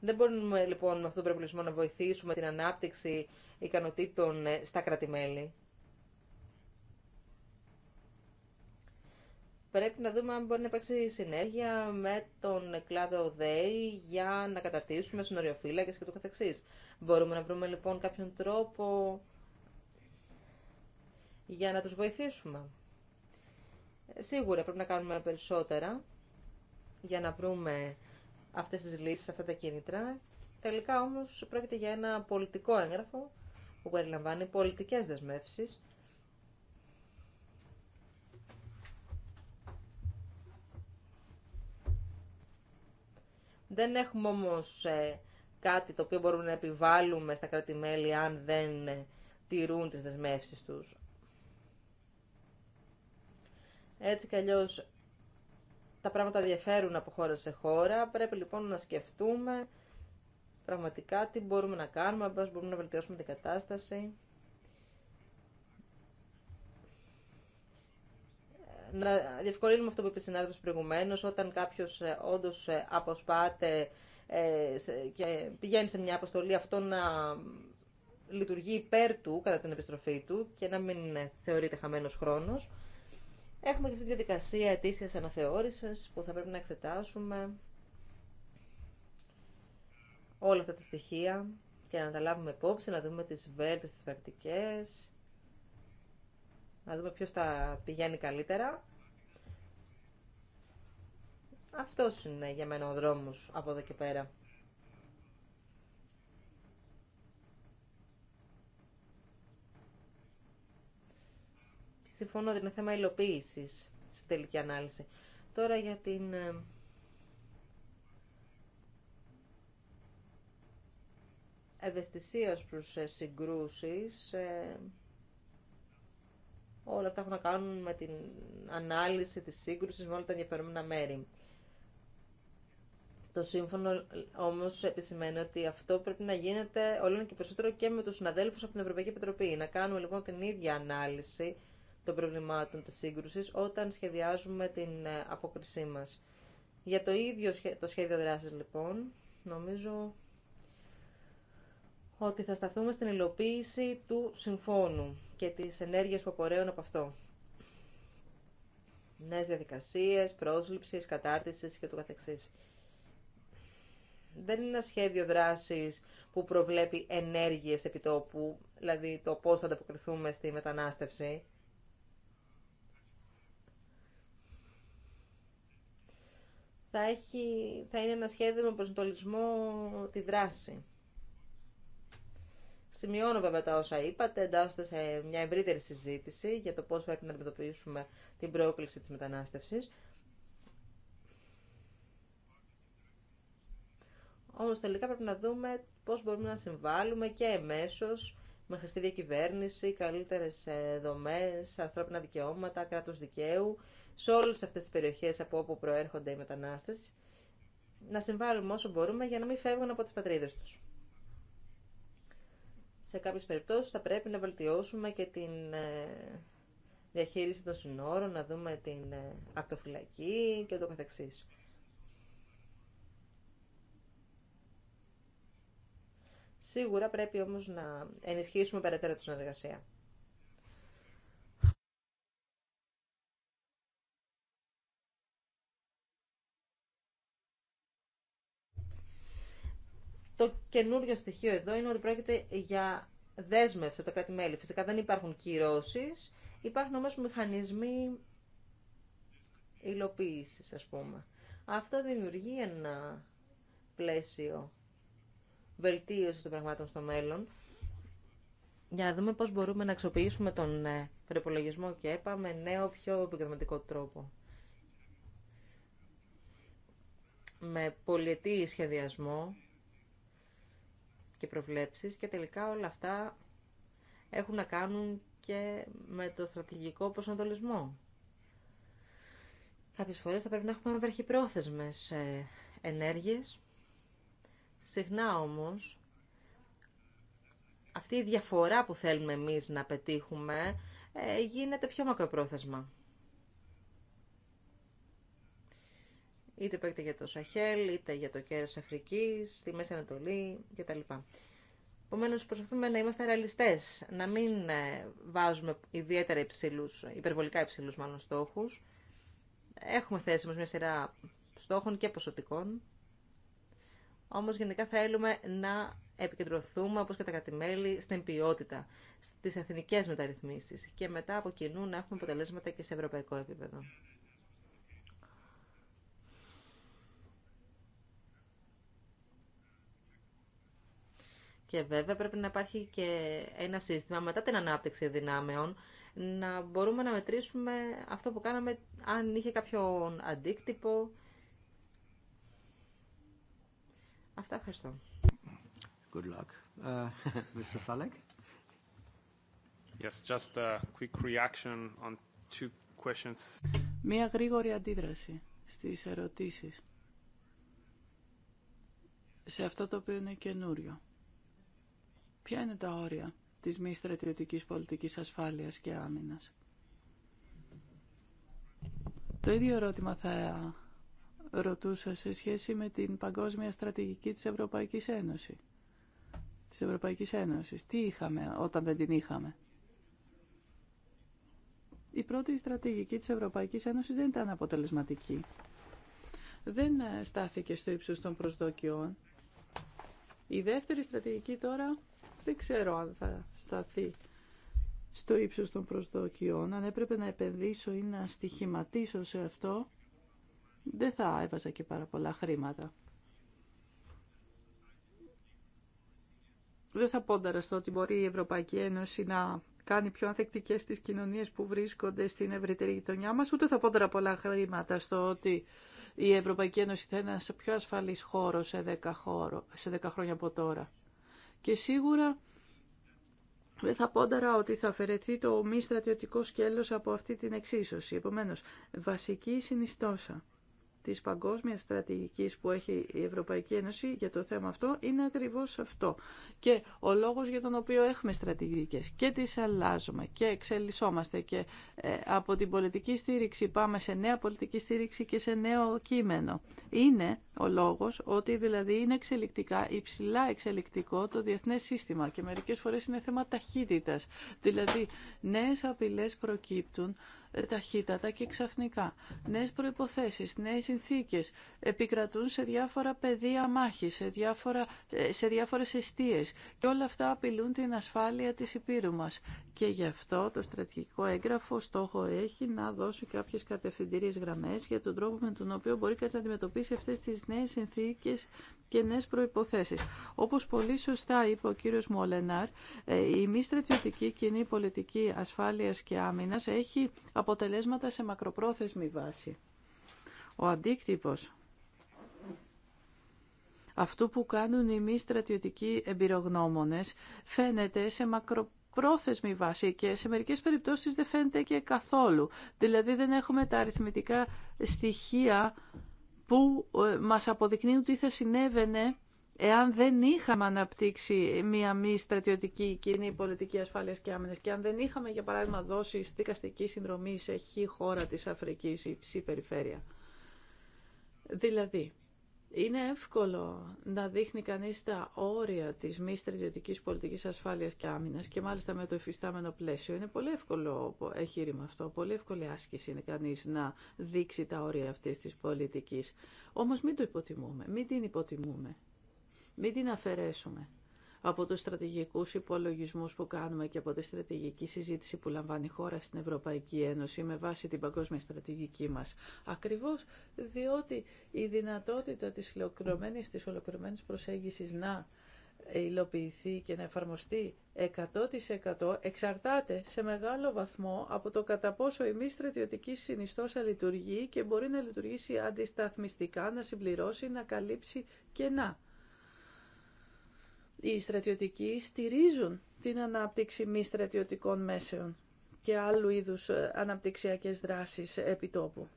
Speaker 2: Δεν μπορούμε λοιπόν με αυτόν τον προπολογισμό να βοηθήσουμε την ανάπτυξη ικανοτήτων ε, στα κρατη Πρέπει να δούμε αν μπορεί να υπάρξει συνέργεια με τον κλάδο ΔΕΗ για να καταρτήσουμε συνοριοφύλακες και το καθεξής. Μπορούμε να βρούμε λοιπόν κάποιον τρόπο για να τους βοηθήσουμε. Ε, σίγουρα πρέπει να κάνουμε περισσότερα για να βρούμε αυτές τις λύσεις, αυτά τα κίνητρα. Τελικά όμως πρόκειται για ένα πολιτικό έγγραφο που περιλαμβάνει πολιτικές δεσμεύσεις Δεν έχουμε όμως ε, κάτι το οποίο μπορούμε να επιβάλλουμε στα κράτη-μέλη αν δεν ε, τηρούν τις δεσμεύσεις τους. Έτσι κι αλλιώς, τα πράγματα διαφέρουν από χώρα σε χώρα. Πρέπει λοιπόν να σκεφτούμε πραγματικά τι μπορούμε να κάνουμε, πώς μπορούμε να βελτιώσουμε την κατάσταση. να διευκολύνουμε αυτό που είπε η προηγουμένω όταν κάποιο ε, όντω ε, αποσπάται ε, και πηγαίνει σε μια αποστολή αυτό να λειτουργεί υπέρ του κατά την επιστροφή του και να μην θεωρείται χαμένο χρόνο. Έχουμε και αυτή τη διαδικασία ετήσια αναθεώρησης που θα πρέπει να εξετάσουμε όλα αυτά τα στοιχεία και να τα λάβουμε υπόψη, να δούμε τις βέλτες, τις πρακτικές να δούμε ποιος τα πηγαίνει καλύτερα. Αυτός είναι για μένα ο δρόμος από εδώ και πέρα. Συμφωνώ ότι είναι θέμα υλοποίηση στη τελική ανάλυση. Τώρα για την... Ε, Ευαισθησίας προς ε, συγκρούσεις, ε, Όλα αυτά έχουν να κάνουν με την ανάλυση της σύγκρουσης με όλα τα ενδιαφερόμενα μέρη. Το σύμφωνο όμως επισημαίνει ότι αυτό πρέπει να γίνεται όλο και περισσότερο και με τους συναδέλφους από την Ευρωπαϊκή Επιτροπή. Να κάνουμε λοιπόν την ίδια ανάλυση των προβλημάτων της σύγκρουσης όταν σχεδιάζουμε την ε, απόκρισή μας. Για το ίδιο το σχέδιο δράσης λοιπόν, νομίζω ότι θα σταθούμε στην υλοποίηση του συμφώνου και της ενέργειες που απορρέουν από αυτό. Νέες διαδικασίε, πρόσληψης, κατάρτισης και το καθεξής. Δεν είναι ένα σχέδιο δράσης που προβλέπει ενέργειες επιτόπου, δηλαδή το πώς θα ανταποκριθούμε στη μετανάστευση. Θα, έχει, θα είναι ένα σχέδιο με προσδοτολισμό τη δράση. Σημειώνω βέβαια τα όσα είπατε, εντάσσονται σε μια ευρύτερη συζήτηση για το πώς πρέπει να αντιμετωπίσουμε την πρόκληση της μετανάστευσης. Όμως τελικά πρέπει να δούμε πώς μπορούμε να συμβάλλουμε και εμέσως με χρηστή διακυβέρνηση, καλύτερες ε, δομές, ανθρώπινα δικαιώματα, κράτος δικαίου, σε όλες αυτές τις περιοχές από όπου προέρχονται οι μετανάστες, να συμβάλλουμε όσο μπορούμε για να μην φεύγουν από τις πατρίδες τους σε κάποιες περιπτώσεις θα πρέπει να βελτιώσουμε και την ε, διαχείριση των συνόρων, να δούμε την ε, ακτοφυλακή και το καθεξής. Σίγουρα πρέπει όμως να ενισχύσουμε περαιτέρω τη συνεργασία. Το καινούριο στοιχείο εδώ είναι ότι πρόκειται για δέσμευση από τα κράτη-μέλη. Φυσικά δεν υπάρχουν κυρώσεις, υπάρχουν όμως μηχανισμοί υλοποίηση, ας πούμε. Αυτό δημιουργεί ένα πλαίσιο βελτίωση των πραγμάτων στο μέλλον. Για να δούμε πώς μπορούμε να αξιοποιήσουμε τον ε, προπολογισμό και έπαμε με νέο πιο επικοινωνικό τρόπο. Με πολιετή σχεδιασμό και προβλέψεις και τελικά όλα αυτά έχουν να κάνουν και με το στρατηγικό προσανατολισμό. Κάποιες φορές θα πρέπει να έχουμε βραχυπρόθεσμες ε, ενέργειες. Συχνά όμως, αυτή η διαφορά που θέλουμε εμείς να πετύχουμε ε, γίνεται πιο μακροπρόθεσμα. είτε πρόκειται για το Σαχέλ, είτε για το κέρας Αφρικής, στη Μέση Ανατολή κτλ. Επομένω, προσπαθούμε να είμαστε ρεαλιστέ, να μην ε, βάζουμε ιδιαίτερα υψηλού, υπερβολικά υψηλού μάλλον στόχου. Έχουμε θέσει μα μια σειρά στόχων και ποσοτικών. Όμω, γενικά θέλουμε να επικεντρωθούμε, όπω και τα κατημέλη, στην ποιότητα, στι εθνικέ μεταρρυθμίσει και μετά από κοινού να έχουμε αποτελέσματα και σε ευρωπαϊκό επίπεδο. Και βέβαια πρέπει να υπάρχει και ένα σύστημα μετά την ανάπτυξη δυνάμεων να μπορούμε να μετρήσουμε αυτό που κάναμε αν είχε κάποιον αντίκτυπο. Αυτά ευχαριστώ.
Speaker 1: Good luck. Uh, Mr. Falek? Yes, just a quick reaction on two questions.
Speaker 3: Μία γρήγορη αντίδραση στις ερωτήσεις. Σε αυτό το οποίο είναι καινούριο. Ποια είναι τα όρια της μη στρατιωτικής πολιτικής ασφάλειας και άμυνας. Το ίδιο ερώτημα θα ρωτούσα σε σχέση με την παγκόσμια στρατηγική της Ευρωπαϊκής Ένωσης. Της Ευρωπαϊκής Ένωσης. Τι είχαμε όταν δεν την είχαμε. Η πρώτη στρατηγική της Ευρωπαϊκής Ένωσης δεν ήταν αποτελεσματική. Δεν ε, στάθηκε στο ύψος των προσδοκιών. Η δεύτερη στρατηγική τώρα δεν ξέρω αν θα σταθεί στο ύψος των προσδοκιών. Αν έπρεπε να επενδύσω ή να στοιχηματίσω σε αυτό, δεν θα έβαζα και πάρα πολλά χρήματα. Δεν θα πόνταρα στο ότι μπορεί η Ευρωπαϊκή Ένωση να κάνει πιο ανθεκτικές τις κοινωνίες που βρίσκονται στην ευρύτερη γειτονιά μας, ούτε θα πόνταρα πολλά χρήματα στο ότι η Ευρωπαϊκή Ένωση θα είναι ένας πιο ασφαλής σε χώρο, σε 10 χρόνια από τώρα. Και σίγουρα δεν θα πόνταρα ότι θα αφαιρεθεί το μη στρατιωτικό σκέλος από αυτή την εξίσωση. Επομένως, βασική συνιστόσα της παγκόσμιας στρατηγικής που έχει η Ευρωπαϊκή Ένωση για το θέμα αυτό είναι ακριβώς αυτό. Και ο λόγος για τον οποίο έχουμε στρατηγικές και τις αλλάζουμε και εξελισσόμαστε και ε, από την πολιτική στήριξη πάμε σε νέα πολιτική στήριξη και σε νέο κείμενο. Είναι ο λόγος ότι δηλαδή είναι εξελικτικά, υψηλά εξελικτικό το διεθνές σύστημα και μερικές φορές είναι θέμα ταχύτητας. Δηλαδή νέες απειλές προκύπτουν ταχύτατα και ξαφνικά. Νέες προϋποθέσεις, νέες συνθήκες επικρατούν σε διάφορα πεδία μάχης, σε, διάφορα, ε, σε διάφορες αιστείες και όλα αυτά απειλούν την ασφάλεια της Υπήρου μας. Και γι' αυτό το στρατηγικό έγγραφο στόχο έχει να δώσει κάποιες κατευθυντήριες γραμμές για τον τρόπο με τον οποίο μπορεί κανείς να αντιμετωπίσει αυτές τις νέες συνθήκες και νέες προϋποθέσεις. Όπως πολύ σωστά είπε ο κύριος Μολενάρ, ε, η μη στρατιωτική κοινή πολιτική ασφάλειας και άμυνας έχει αποτελέσματα σε μακροπρόθεσμη βάση. Ο αντίκτυπος αυτού που κάνουν οι μη στρατιωτικοί εμπειρογνώμονες φαίνεται σε μακροπρόθεσμη βάση και σε μερικές περιπτώσεις δεν φαίνεται και καθόλου. Δηλαδή δεν έχουμε τα αριθμητικά στοιχεία που ε, μας αποδεικνύουν τι θα συνέβαινε εάν δεν είχαμε αναπτύξει μία μη στρατιωτική κοινή πολιτική ασφάλεια και άμυνα και αν δεν είχαμε, για παράδειγμα, δώσει δικαστική συνδρομή σε χ χώρα τη Αφρική ή ψη περιφέρεια. Δηλαδή, είναι εύκολο να δείχνει κανεί τα όρια τη μη στρατιωτική πολιτική ασφάλεια και άμυνα, και μάλιστα με το εφιστάμενο πλαίσιο. Είναι πολύ εύκολο εγχείρημα αυτό, πολύ εύκολη άσκηση είναι κανεί να δείξει τα όρια αυτή τη πολιτική. Όμω μην το υποτιμούμε, μην την υποτιμούμε. Μην την αφαιρέσουμε από τους στρατηγικούς υπολογισμούς που κάνουμε και από τη στρατηγική συζήτηση που λαμβάνει η χώρα στην Ευρωπαϊκή Ένωση με βάση την παγκόσμια στρατηγική μας. Ακριβώς διότι η δυνατότητα της ολοκληρωμένης, της ολοκληρωμένης προσέγγισης να υλοποιηθεί και να εφαρμοστεί 100% εξαρτάται σε μεγάλο βαθμό από το κατά πόσο η μη στρατιωτική συνιστόσα λειτουργεί και μπορεί να λειτουργήσει αντισταθμιστικά, να συμπληρώσει, να καλύψει κενά οι στρατιωτικοί στηρίζουν την ανάπτυξη μη στρατιωτικών μέσεων και άλλου είδους ε, αναπτυξιακές δράσεις επιτόπου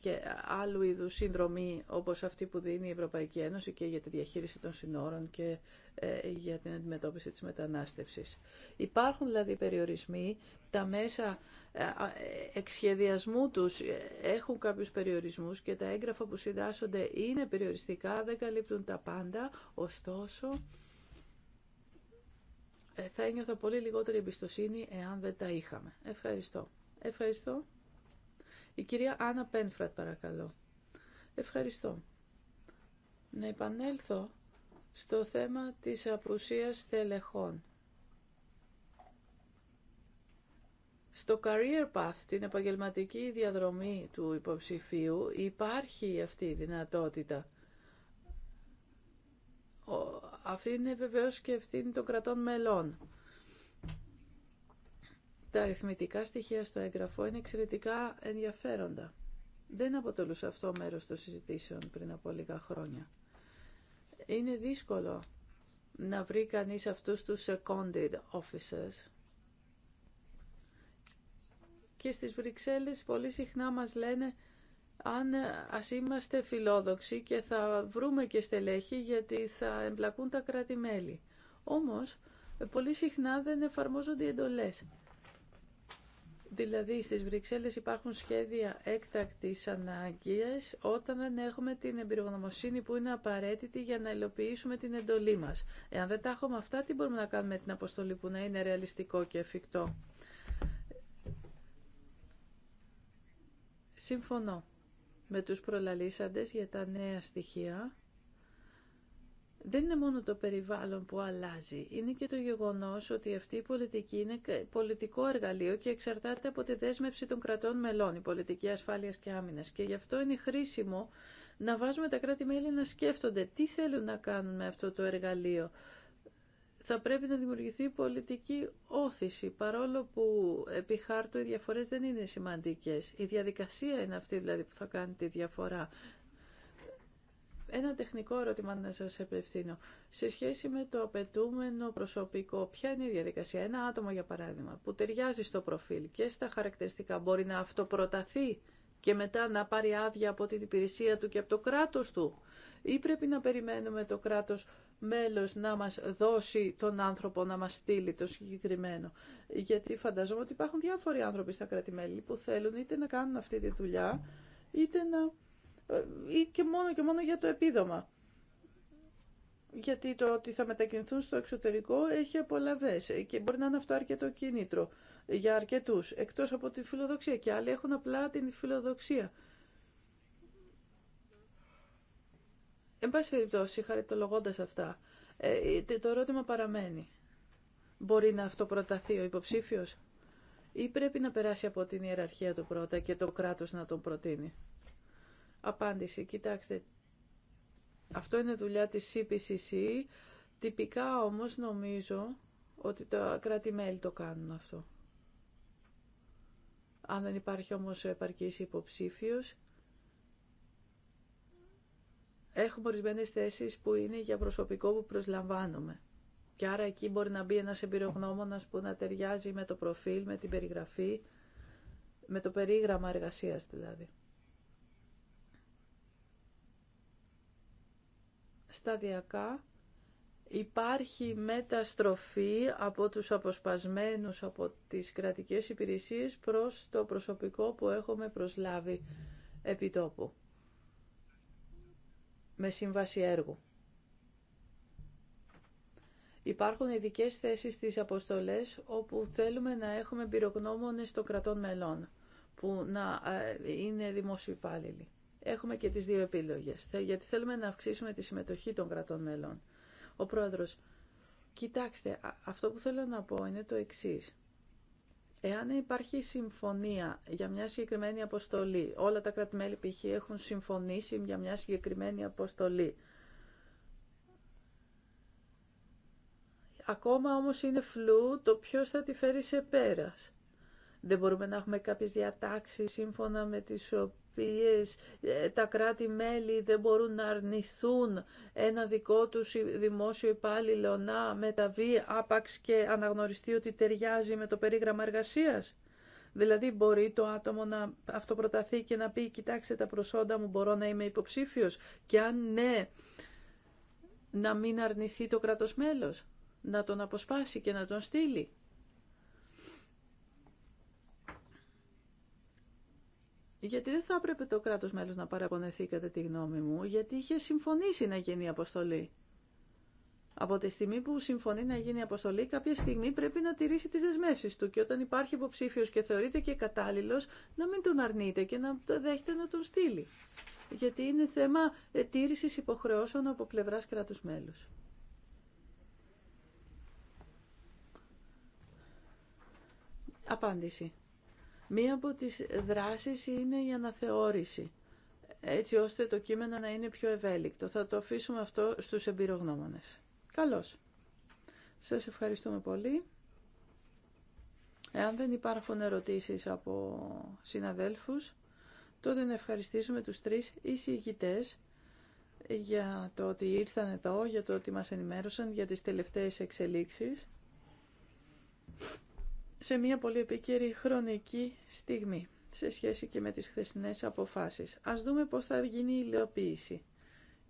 Speaker 3: και άλλου είδους συνδρομή όπως αυτή που δίνει η Ευρωπαϊκή Ένωση και για τη διαχείριση των συνόρων και ε, για την αντιμετώπιση της μετανάστευσης. Υπάρχουν δηλαδή περιορισμοί, τα μέσα ε, εξχεδιασμού τους έχουν κάποιους περιορισμούς και τα έγγραφα που συντάσσονται είναι περιοριστικά, δεν καλύπτουν τα πάντα, ωστόσο ε, θα ένιωθα πολύ λιγότερη εμπιστοσύνη εάν δεν τα είχαμε. Ευχαριστώ. Ευχαριστώ. Η κυρία Άννα Πένφρατ παρακαλώ. Ευχαριστώ. Να επανέλθω στο θέμα της απουσίας τελεχών. Στο career path, την επαγγελματική διαδρομή του υποψηφίου, υπάρχει αυτή η δυνατότητα αυτή είναι βεβαίως και ευθύνη των κρατών μελών. Τα αριθμητικά στοιχεία στο έγγραφο είναι εξαιρετικά ενδιαφέροντα. Δεν αποτελούσε αυτό μέρος των συζητήσεων πριν από λίγα χρόνια. Είναι δύσκολο να βρει κανείς αυτούς τους seconded officers. Και στις Βρυξέλλες πολύ συχνά μας λένε αν ας είμαστε φιλόδοξοι και θα βρούμε και στελέχη γιατί θα εμπλακούν τα κράτη-μέλη. Όμως, πολύ συχνά δεν εφαρμόζονται οι εντολές. Δηλαδή, στις Βρυξέλλες υπάρχουν σχέδια έκτακτης ανάγκης όταν δεν έχουμε την εμπειρογνωμοσύνη που είναι απαραίτητη για να υλοποιήσουμε την εντολή μας. Εάν δεν τα έχουμε αυτά, τι μπορούμε να κάνουμε την αποστολή που να είναι ρεαλιστικό και εφικτό. Συμφωνώ με τους προλαλήσαντες για τα νέα στοιχεία. Δεν είναι μόνο το περιβάλλον που αλλάζει, είναι και το γεγονός ότι αυτή η πολιτική είναι πολιτικό εργαλείο και εξαρτάται από τη δέσμευση των κρατών μελών, η πολιτική ασφάλειας και άμυνας. Και γι' αυτό είναι χρήσιμο να βάζουμε τα κράτη-μέλη να σκέφτονται τι θέλουν να κάνουν με αυτό το εργαλείο θα πρέπει να δημιουργηθεί πολιτική όθηση, παρόλο που επί χάρτου οι διαφορές δεν είναι σημαντικές. Η διαδικασία είναι αυτή δηλαδή που θα κάνει τη διαφορά. Ένα τεχνικό ερώτημα να σας επευθύνω. Σε σχέση με το απαιτούμενο προσωπικό, ποια είναι η διαδικασία. Ένα άτομο, για παράδειγμα, που ταιριάζει στο προφίλ και στα χαρακτηριστικά, μπορεί να αυτοπροταθεί και μετά να πάρει άδεια από την υπηρεσία του και από το κράτος του. Ή πρέπει να περιμένουμε το κράτος μέλος να μας δώσει τον άνθρωπο να μας στείλει το συγκεκριμένο. Γιατί φανταζόμαι ότι υπάρχουν διάφοροι άνθρωποι στα κρατημέλη που θέλουν είτε να κάνουν αυτή τη δουλειά, είτε να... Ε, ή και μόνο και μόνο για το επίδομα. Γιατί το ότι θα μετακινηθούν στο εξωτερικό έχει απολαβές και μπορεί να είναι αυτό αρκετό κίνητρο για αρκετούς, εκτός από τη φιλοδοξία. Και άλλοι έχουν απλά την φιλοδοξία Εν πάση περιπτώσει, χαριτολογώντας αυτά, ε, το ερώτημα παραμένει. Μπορεί να αυτοπροταθεί ο υποψήφιος ή πρέπει να περάσει από την ιεραρχία του πρώτα και το κράτος να τον προτείνει. Απάντηση. Κοιτάξτε, αυτό είναι δουλειά της CPCC. Τυπικά όμως νομίζω ότι τα κράτη-μέλη το κάνουν αυτό. Αν δεν υπάρχει όμως επαρκής υποψήφιος, έχουμε ορισμένε θέσει που είναι για προσωπικό που προσλαμβάνουμε. Και άρα εκεί μπορεί να μπει ένας εμπειρογνώμονα που να ταιριάζει με το προφίλ, με την περιγραφή, με το περίγραμμα εργασίας δηλαδή. Σταδιακά υπάρχει μεταστροφή από τους αποσπασμένους από τις κρατικές υπηρεσίες προς το προσωπικό που έχουμε προσλάβει επιτόπου με σύμβαση έργου. Υπάρχουν ειδικέ θέσεις στις αποστολές όπου θέλουμε να έχουμε εμπειρογνώμονες των κρατών μελών που να ε, είναι δημοσιοπάλληλοι. Έχουμε και τις δύο επιλογές, γιατί θέλουμε να αυξήσουμε τη συμμετοχή των κρατών μελών. Ο πρόεδρος, κοιτάξτε, αυτό που θέλω να πω είναι το εξής. Εάν υπάρχει συμφωνία για μια συγκεκριμένη αποστολή, όλα τα κρατημέλη π.χ. έχουν συμφωνήσει για μια συγκεκριμένη αποστολή, Ακόμα όμως είναι φλού το ποιος θα τη φέρει σε πέρας. Δεν μπορούμε να έχουμε κάποιες διατάξεις σύμφωνα με τις πιες ε, τα κράτη-μέλη δεν μπορούν να αρνηθούν ένα δικό τους δημόσιο υπάλληλο να μεταβεί άπαξ και αναγνωριστεί ότι ταιριάζει με το περίγραμμα εργασίας. Δηλαδή μπορεί το άτομο να αυτοπροταθεί και να πει «Κοιτάξτε τα προσόντα μου, μπορώ να είμαι υποψήφιος» και αν ναι, να μην αρνηθεί το κράτος μέλος, να τον αποσπάσει και να τον στείλει. Γιατί δεν θα έπρεπε το κράτος μέλος να παραπονεθεί κατά τη γνώμη μου, γιατί είχε συμφωνήσει να γίνει αποστολή. Από τη στιγμή που συμφωνεί να γίνει η αποστολή, κάποια στιγμή πρέπει να τηρήσει τις δεσμεύσεις του και όταν υπάρχει υποψήφιο και θεωρείται και κατάλληλο να μην τον αρνείται και να δέχεται να τον στείλει. Γιατί είναι θέμα ε, τήρησης υποχρεώσεων από πλευράς κράτους μέλους. Απάντηση. Μία από τις δράσεις είναι η αναθεώρηση, έτσι ώστε το κείμενο να είναι πιο ευέλικτο. Θα το αφήσουμε αυτό στους εμπειρογνώμονες. Καλώς. Σας ευχαριστούμε πολύ. Εάν δεν υπάρχουν ερωτήσεις από συναδέλφους, τότε να ευχαριστήσουμε τους τρεις εισηγητές για το ότι ήρθαν εδώ, για το ότι μας ενημέρωσαν για τις τελευταίες εξελίξεις σε μια πολύ επίκαιρη χρονική στιγμή σε σχέση και με τις χθεσινές αποφάσεις. Ας δούμε πώς θα γίνει η υλοποίηση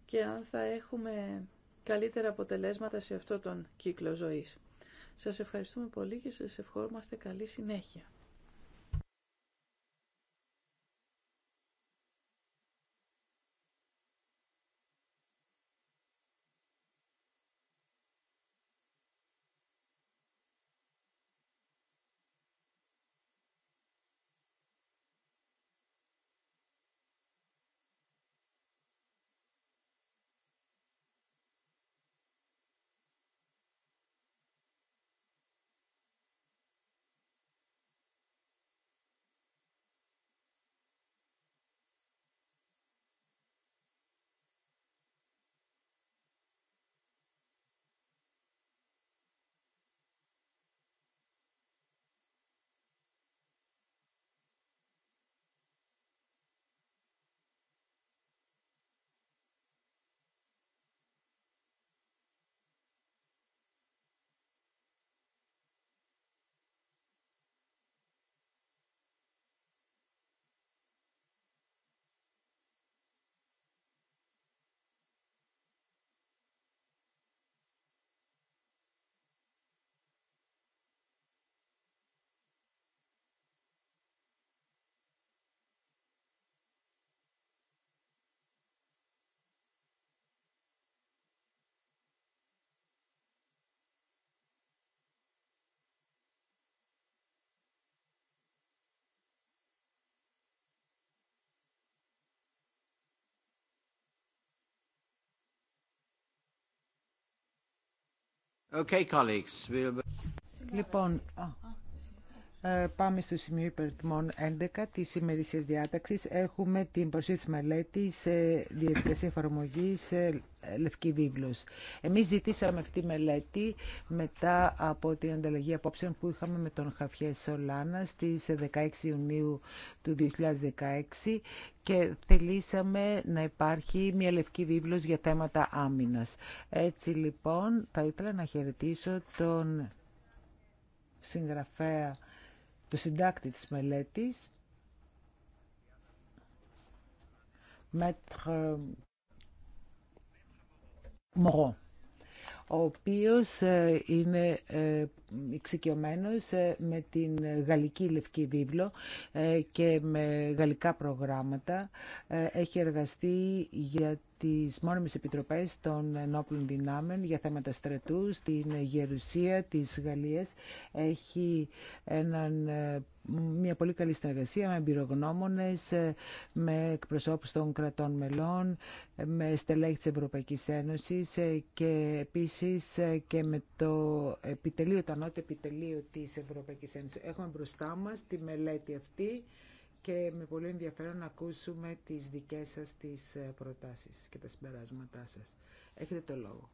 Speaker 3: και αν θα έχουμε καλύτερα αποτελέσματα σε αυτό τον κύκλο ζωής. Σας ευχαριστούμε πολύ και σας ευχόμαστε καλή συνέχεια.
Speaker 4: Λοιπόν. Ε, πάμε στο σημείο υπερτιμών 11 της ημερήσιας διάταξης. Έχουμε την προσθέτηση μελέτη σε διαδικασία εφαρμογή σε Λευκή Βίβλος. Εμείς ζητήσαμε αυτή τη μελέτη μετά από την ανταλλαγή απόψεων που είχαμε με τον Χαφιέ Σολάνα στις 16 Ιουνίου του 2016 και θελήσαμε να υπάρχει μια Λευκή Βίβλος για θέματα άμυνας. Έτσι λοιπόν θα ήθελα να χαιρετήσω τον συγγραφέα το συντάκτη της μελέτης, Μέτρ Μωρό, ο οποίος ε, είναι ε, Εξοικειωμένο, ε, με την γαλλική λευκή βίβλο ε, και με γαλλικά προγράμματα. Ε, έχει εργαστεί για τις μόνιμες επιτροπές των ενόπλων δυνάμεων για θέματα στρατού στην Γερουσία της Γαλλίας. Έχει έναν μια πολύ καλή συνεργασία με εμπειρογνώμονες, με εκπροσώπους των κρατών μελών, με στελέχη της Ευρωπαϊκής Ένωσης και επίσης και με το επιτελείο των το επιτελείο της Ευρωπαϊκή Ένωσης. Έχουμε μπροστά μας τη μελέτη αυτή και με πολύ ενδιαφέρον να ακούσουμε τις δικές σας τις προτάσεις και τα συμπεράσματά σας. Έχετε το λόγο.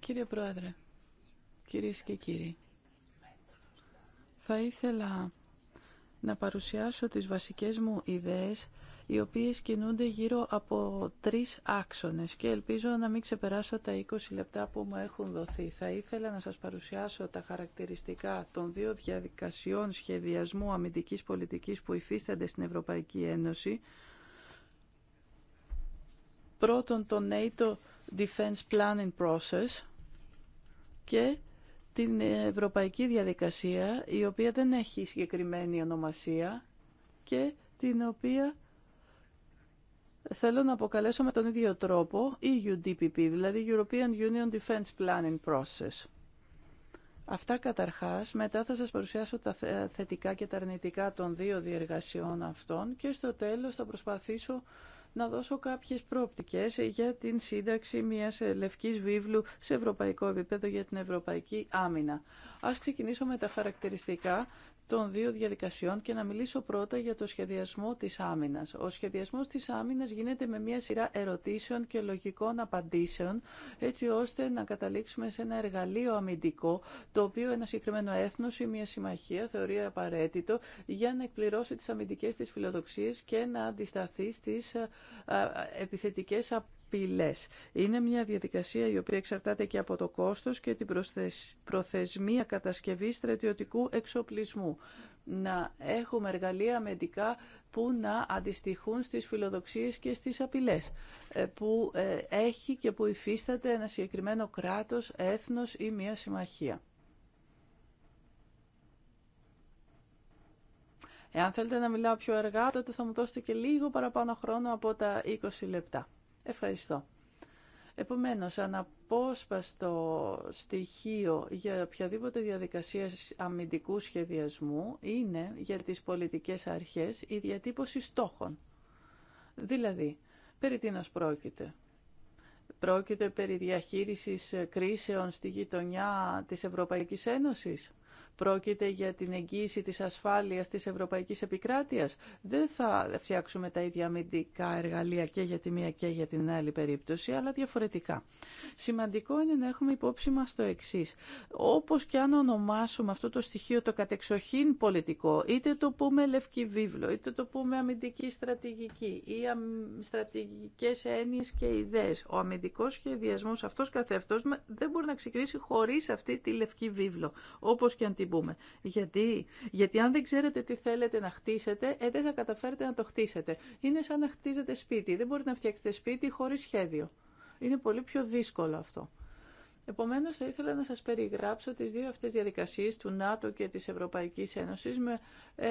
Speaker 3: Κύριε Πρόεδρε, κυρίες και κύριοι, θα ήθελα να παρουσιάσω τις βασικές μου ιδέες οι οποίες κινούνται γύρω από τρεις άξονες και ελπίζω να μην ξεπεράσω τα 20 λεπτά που μου έχουν δοθεί. Θα ήθελα να σας παρουσιάσω τα χαρακτηριστικά των δύο διαδικασιών σχεδιασμού αμυντικής πολιτικής που υφίστανται στην Ευρωπαϊκή Ένωση. Πρώτον, το NATO Defense Planning Process και την Ευρωπαϊκή Διαδικασία, η οποία δεν έχει συγκεκριμένη ονομασία και την οποία θέλω να αποκαλέσω με τον ίδιο τρόπο EUDPP, δηλαδή European Union Defense Planning Process. Αυτά καταρχάς, μετά θα σας παρουσιάσω τα θετικά και τα αρνητικά των δύο διεργασιών αυτών και στο τέλος θα προσπαθήσω να δώσω κάποιες πρόπτικες για την σύνταξη μιας λευκής βίβλου σε ευρωπαϊκό επίπεδο για την ευρωπαϊκή άμυνα. Ας ξεκινήσω με τα χαρακτηριστικά των δύο διαδικασιών και να μιλήσω πρώτα για το σχεδιασμό της άμυνας. Ο σχεδιασμός της άμυνας γίνεται με μια σειρά ερωτήσεων και λογικών απαντήσεων, έτσι ώστε να καταλήξουμε σε ένα εργαλείο αμυντικό, το οποίο ένα συγκεκριμένο έθνος ή μια συμμαχία θεωρεί απαραίτητο για να εκπληρώσει τις αμυντικές της φιλοδοξίες και να αντισταθεί στις ε, ε, επιθετικές απαντήσεις είναι μια διαδικασία η οποία εξαρτάται και από το κόστος και την προθεσμία κατασκευή στρατιωτικού εξοπλισμού. Να έχουμε εργαλεία αμυντικά που να αντιστοιχούν στις φιλοδοξίες και στις απειλές ε, που ε, έχει και που υφίσταται ένα συγκεκριμένο κράτος, έθνος ή μια συμμαχία. Εάν θέλετε να μιλάω πιο αργά, τότε θα μου δώσετε και λίγο παραπάνω χρόνο από τα 20 λεπτά. Ευχαριστώ. Επομένως, αναπόσπαστο στοιχείο για οποιαδήποτε διαδικασία αμυντικού σχεδιασμού είναι για τις πολιτικές αρχές η διατύπωση στόχων. Δηλαδή, περί τίνος πρόκειται. Πρόκειται περί διαχείρισης κρίσεων στη γειτονιά της Ευρωπαϊκής Ένωσης. Πρόκειται για την εγγύηση της ασφάλειας της ευρωπαϊκής επικράτειας. Δεν θα φτιάξουμε τα ίδια αμυντικά εργαλεία και για τη μία και για την άλλη περίπτωση, αλλά διαφορετικά. Σημαντικό είναι να έχουμε υπόψη μας το εξή. Όπως και αν ονομάσουμε αυτό το στοιχείο το κατεξοχήν πολιτικό, είτε το πούμε λευκή βίβλο, είτε το πούμε αμυντική στρατηγική ή στρατηγικές έννοιες και ιδέες. Ο αμυντικός σχεδιασμός αυτό καθεαυτός δεν μπορεί να ξεκινήσει χωρί αυτή τη λευκή βίβλο, και αν γιατί, Γιατί αν δεν ξέρετε τι θέλετε να χτίσετε, ε, δεν θα καταφέρετε να το χτίσετε. Είναι σαν να χτίζετε σπίτι. Δεν μπορείτε να φτιάξετε σπίτι χωρίς σχέδιο. Είναι πολύ πιο δύσκολο αυτό. Επομένως, θα ήθελα να σας περιγράψω τις δύο αυτές διαδικασίες του ΝΑΤΟ και της Ευρωπαϊκής Ένωσης με ε,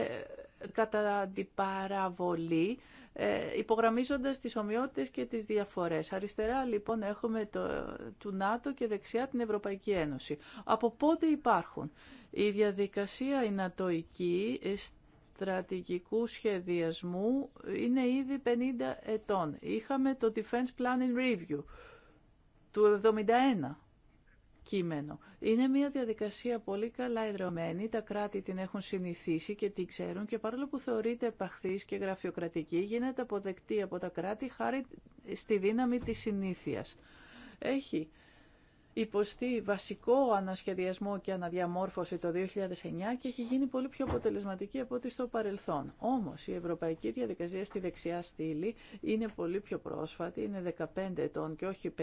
Speaker 3: κατά αντιπαραβολή, ε, υπογραμμίζοντας τις ομοιότητες και τις διαφορές. Αριστερά, λοιπόν, έχουμε το, του ΝΑΤΟ και δεξιά την Ευρωπαϊκή Ένωση. Από πότε υπάρχουν. Η διαδικασία η νατοϊκή ε, στρατηγικού σχεδιασμού είναι ήδη 50 ετών. Είχαμε το Defense Planning Review του 71 κείμενο. Είναι μια διαδικασία πολύ καλά εδρωμένη, τα κράτη την έχουν συνηθίσει και την ξέρουν και παρόλο που θεωρείται επαχθής και γραφειοκρατική, γίνεται αποδεκτή από τα κράτη χάρη στη δύναμη της συνήθειας. Έχει υποστεί βασικό ανασχεδιασμό και αναδιαμόρφωση το 2009 και έχει γίνει πολύ πιο αποτελεσματική από ό,τι στο παρελθόν. Όμως η ευρωπαϊκή διαδικασία στη δεξιά στήλη είναι πολύ πιο πρόσφατη, είναι 15 ετών και όχι 50,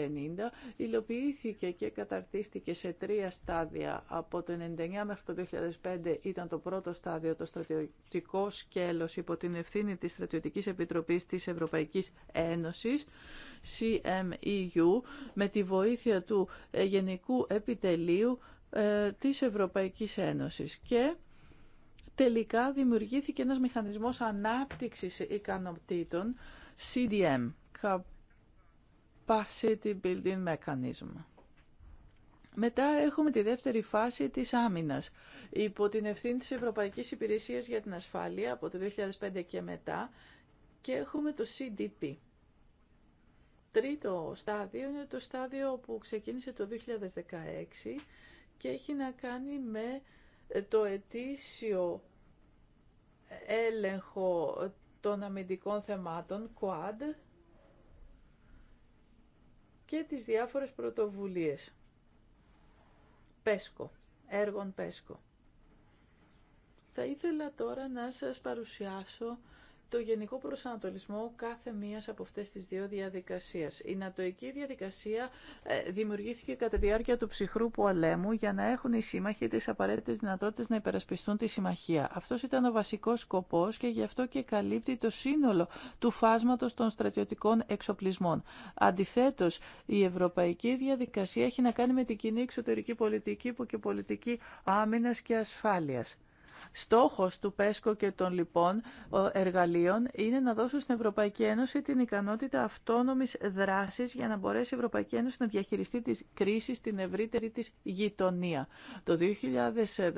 Speaker 3: υλοποιήθηκε και καταρτίστηκε σε τρία στάδια. Από το 1999 μέχρι το 2005 ήταν το πρώτο στάδιο, το στρατιωτικό σκέλος υπό την ευθύνη της Στρατιωτικής Επιτροπής της Ευρωπαϊκής Ένωσης CMEU με τη βοήθεια του ε, Γενικού Επιτελείου ε, της Ευρωπαϊκής Ένωσης. Και τελικά δημιουργήθηκε ένας μηχανισμός ανάπτυξης ικανοτήτων CDM, Capacity Building Mechanism. Μετά έχουμε τη δεύτερη φάση της άμυνας. Υπό την ευθύνη της Ευρωπαϊκής Υπηρεσίας για την Ασφάλεια από το 2005 και μετά και έχουμε το CDP, τρίτο στάδιο είναι το στάδιο που ξεκίνησε το 2016 και έχει να κάνει με ε, το ετήσιο έλεγχο των αμυντικών θεμάτων, QUAD, και τις διάφορες πρωτοβουλίες. Πέσκο, έργων Πέσκο. Θα ήθελα τώρα να σας παρουσιάσω το γενικό προσανατολισμό κάθε μίας από αυτές τις δύο διαδικασίες. Η νατοική διαδικασία ε, δημιουργήθηκε κατά τη διάρκεια του ψυχρού πολέμου για να έχουν οι σύμμαχοι τις απαραίτητες δυνατότητες να υπερασπιστούν τη συμμαχία. Αυτός ήταν ο βασικός σκοπός και γι' αυτό και καλύπτει το σύνολο του φάσματος των στρατιωτικών εξοπλισμών. Αντιθέτως, η ευρωπαϊκή διαδικασία έχει να κάνει με την κοινή εξωτερική πολιτική που και πολιτική άμυνας και ασφάλειας. Στόχος του ΠΕΣΚΟ και των λοιπόν εργαλείων είναι να δώσουν στην Ευρωπαϊκή Ένωση την ικανότητα αυτόνομης δράσης για να μπορέσει η Ευρωπαϊκή Ένωση να διαχειριστεί τις κρίσεις στην ευρύτερη της γειτονία. Το 2000 ε,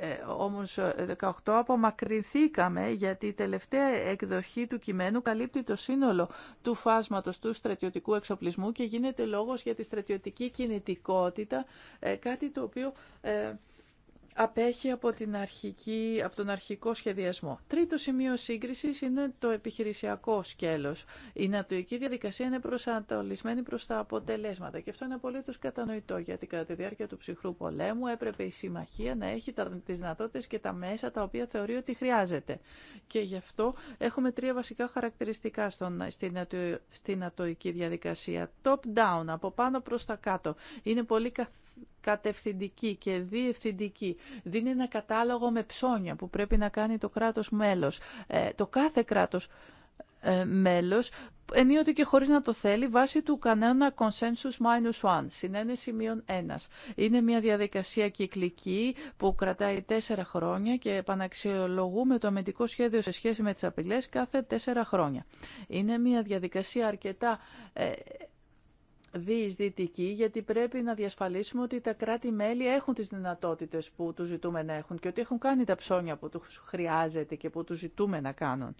Speaker 3: ε, όμως 18 απομακρυνθήκαμε γιατί η τελευταία εκδοχή του κειμένου καλύπτει το σύνολο του φάσματος του στρατιωτικού εξοπλισμού και γίνεται λόγος για τη στρατιωτική κινητικότητα, κάτι το οποίο απέχει από, την αρχική, από τον αρχικό σχεδιασμό. Τρίτο σημείο σύγκριση είναι το επιχειρησιακό σκέλο. Η νατοική διαδικασία είναι προσανατολισμένη προ τα αποτελέσματα και αυτό είναι απολύτω κατανοητό γιατί κατά τη διάρκεια του ψυχρού πολέμου έπρεπε η συμμαχία να έχει τι δυνατότητε και τα μέσα τα οποία θεωρεί ότι χρειάζεται. Και γι' αυτό έχουμε τρία βασικά χαρακτηριστικά στον, στην, στην νατοική διαδικασία. Top-down, από πάνω προ τα κάτω. Είναι πολύ καθ κατευθυντική και διευθυντική. Δίνει ένα κατάλογο με ψώνια που πρέπει να κάνει το κράτος μέλος. Ε, το κάθε κράτος ε, μέλος ενίοτε και χωρίς να το θέλει βάσει του κανένα consensus minus one, συνένεση μείον ένας. Είναι μια διαδικασία κυκλική που κρατάει τέσσερα χρόνια και επαναξιολογούμε το αμυντικό σχέδιο σε σχέση με τις απειλές κάθε τέσσερα χρόνια. Είναι μια διαδικασία αρκετά ε, διεισδυτική γιατί πρέπει να διασφαλίσουμε ότι τα κράτη-μέλη έχουν τις δυνατότητες που τους ζητούμε να έχουν και ότι έχουν κάνει τα ψώνια που τους χρειάζεται και που τους ζητούμε να κάνουν.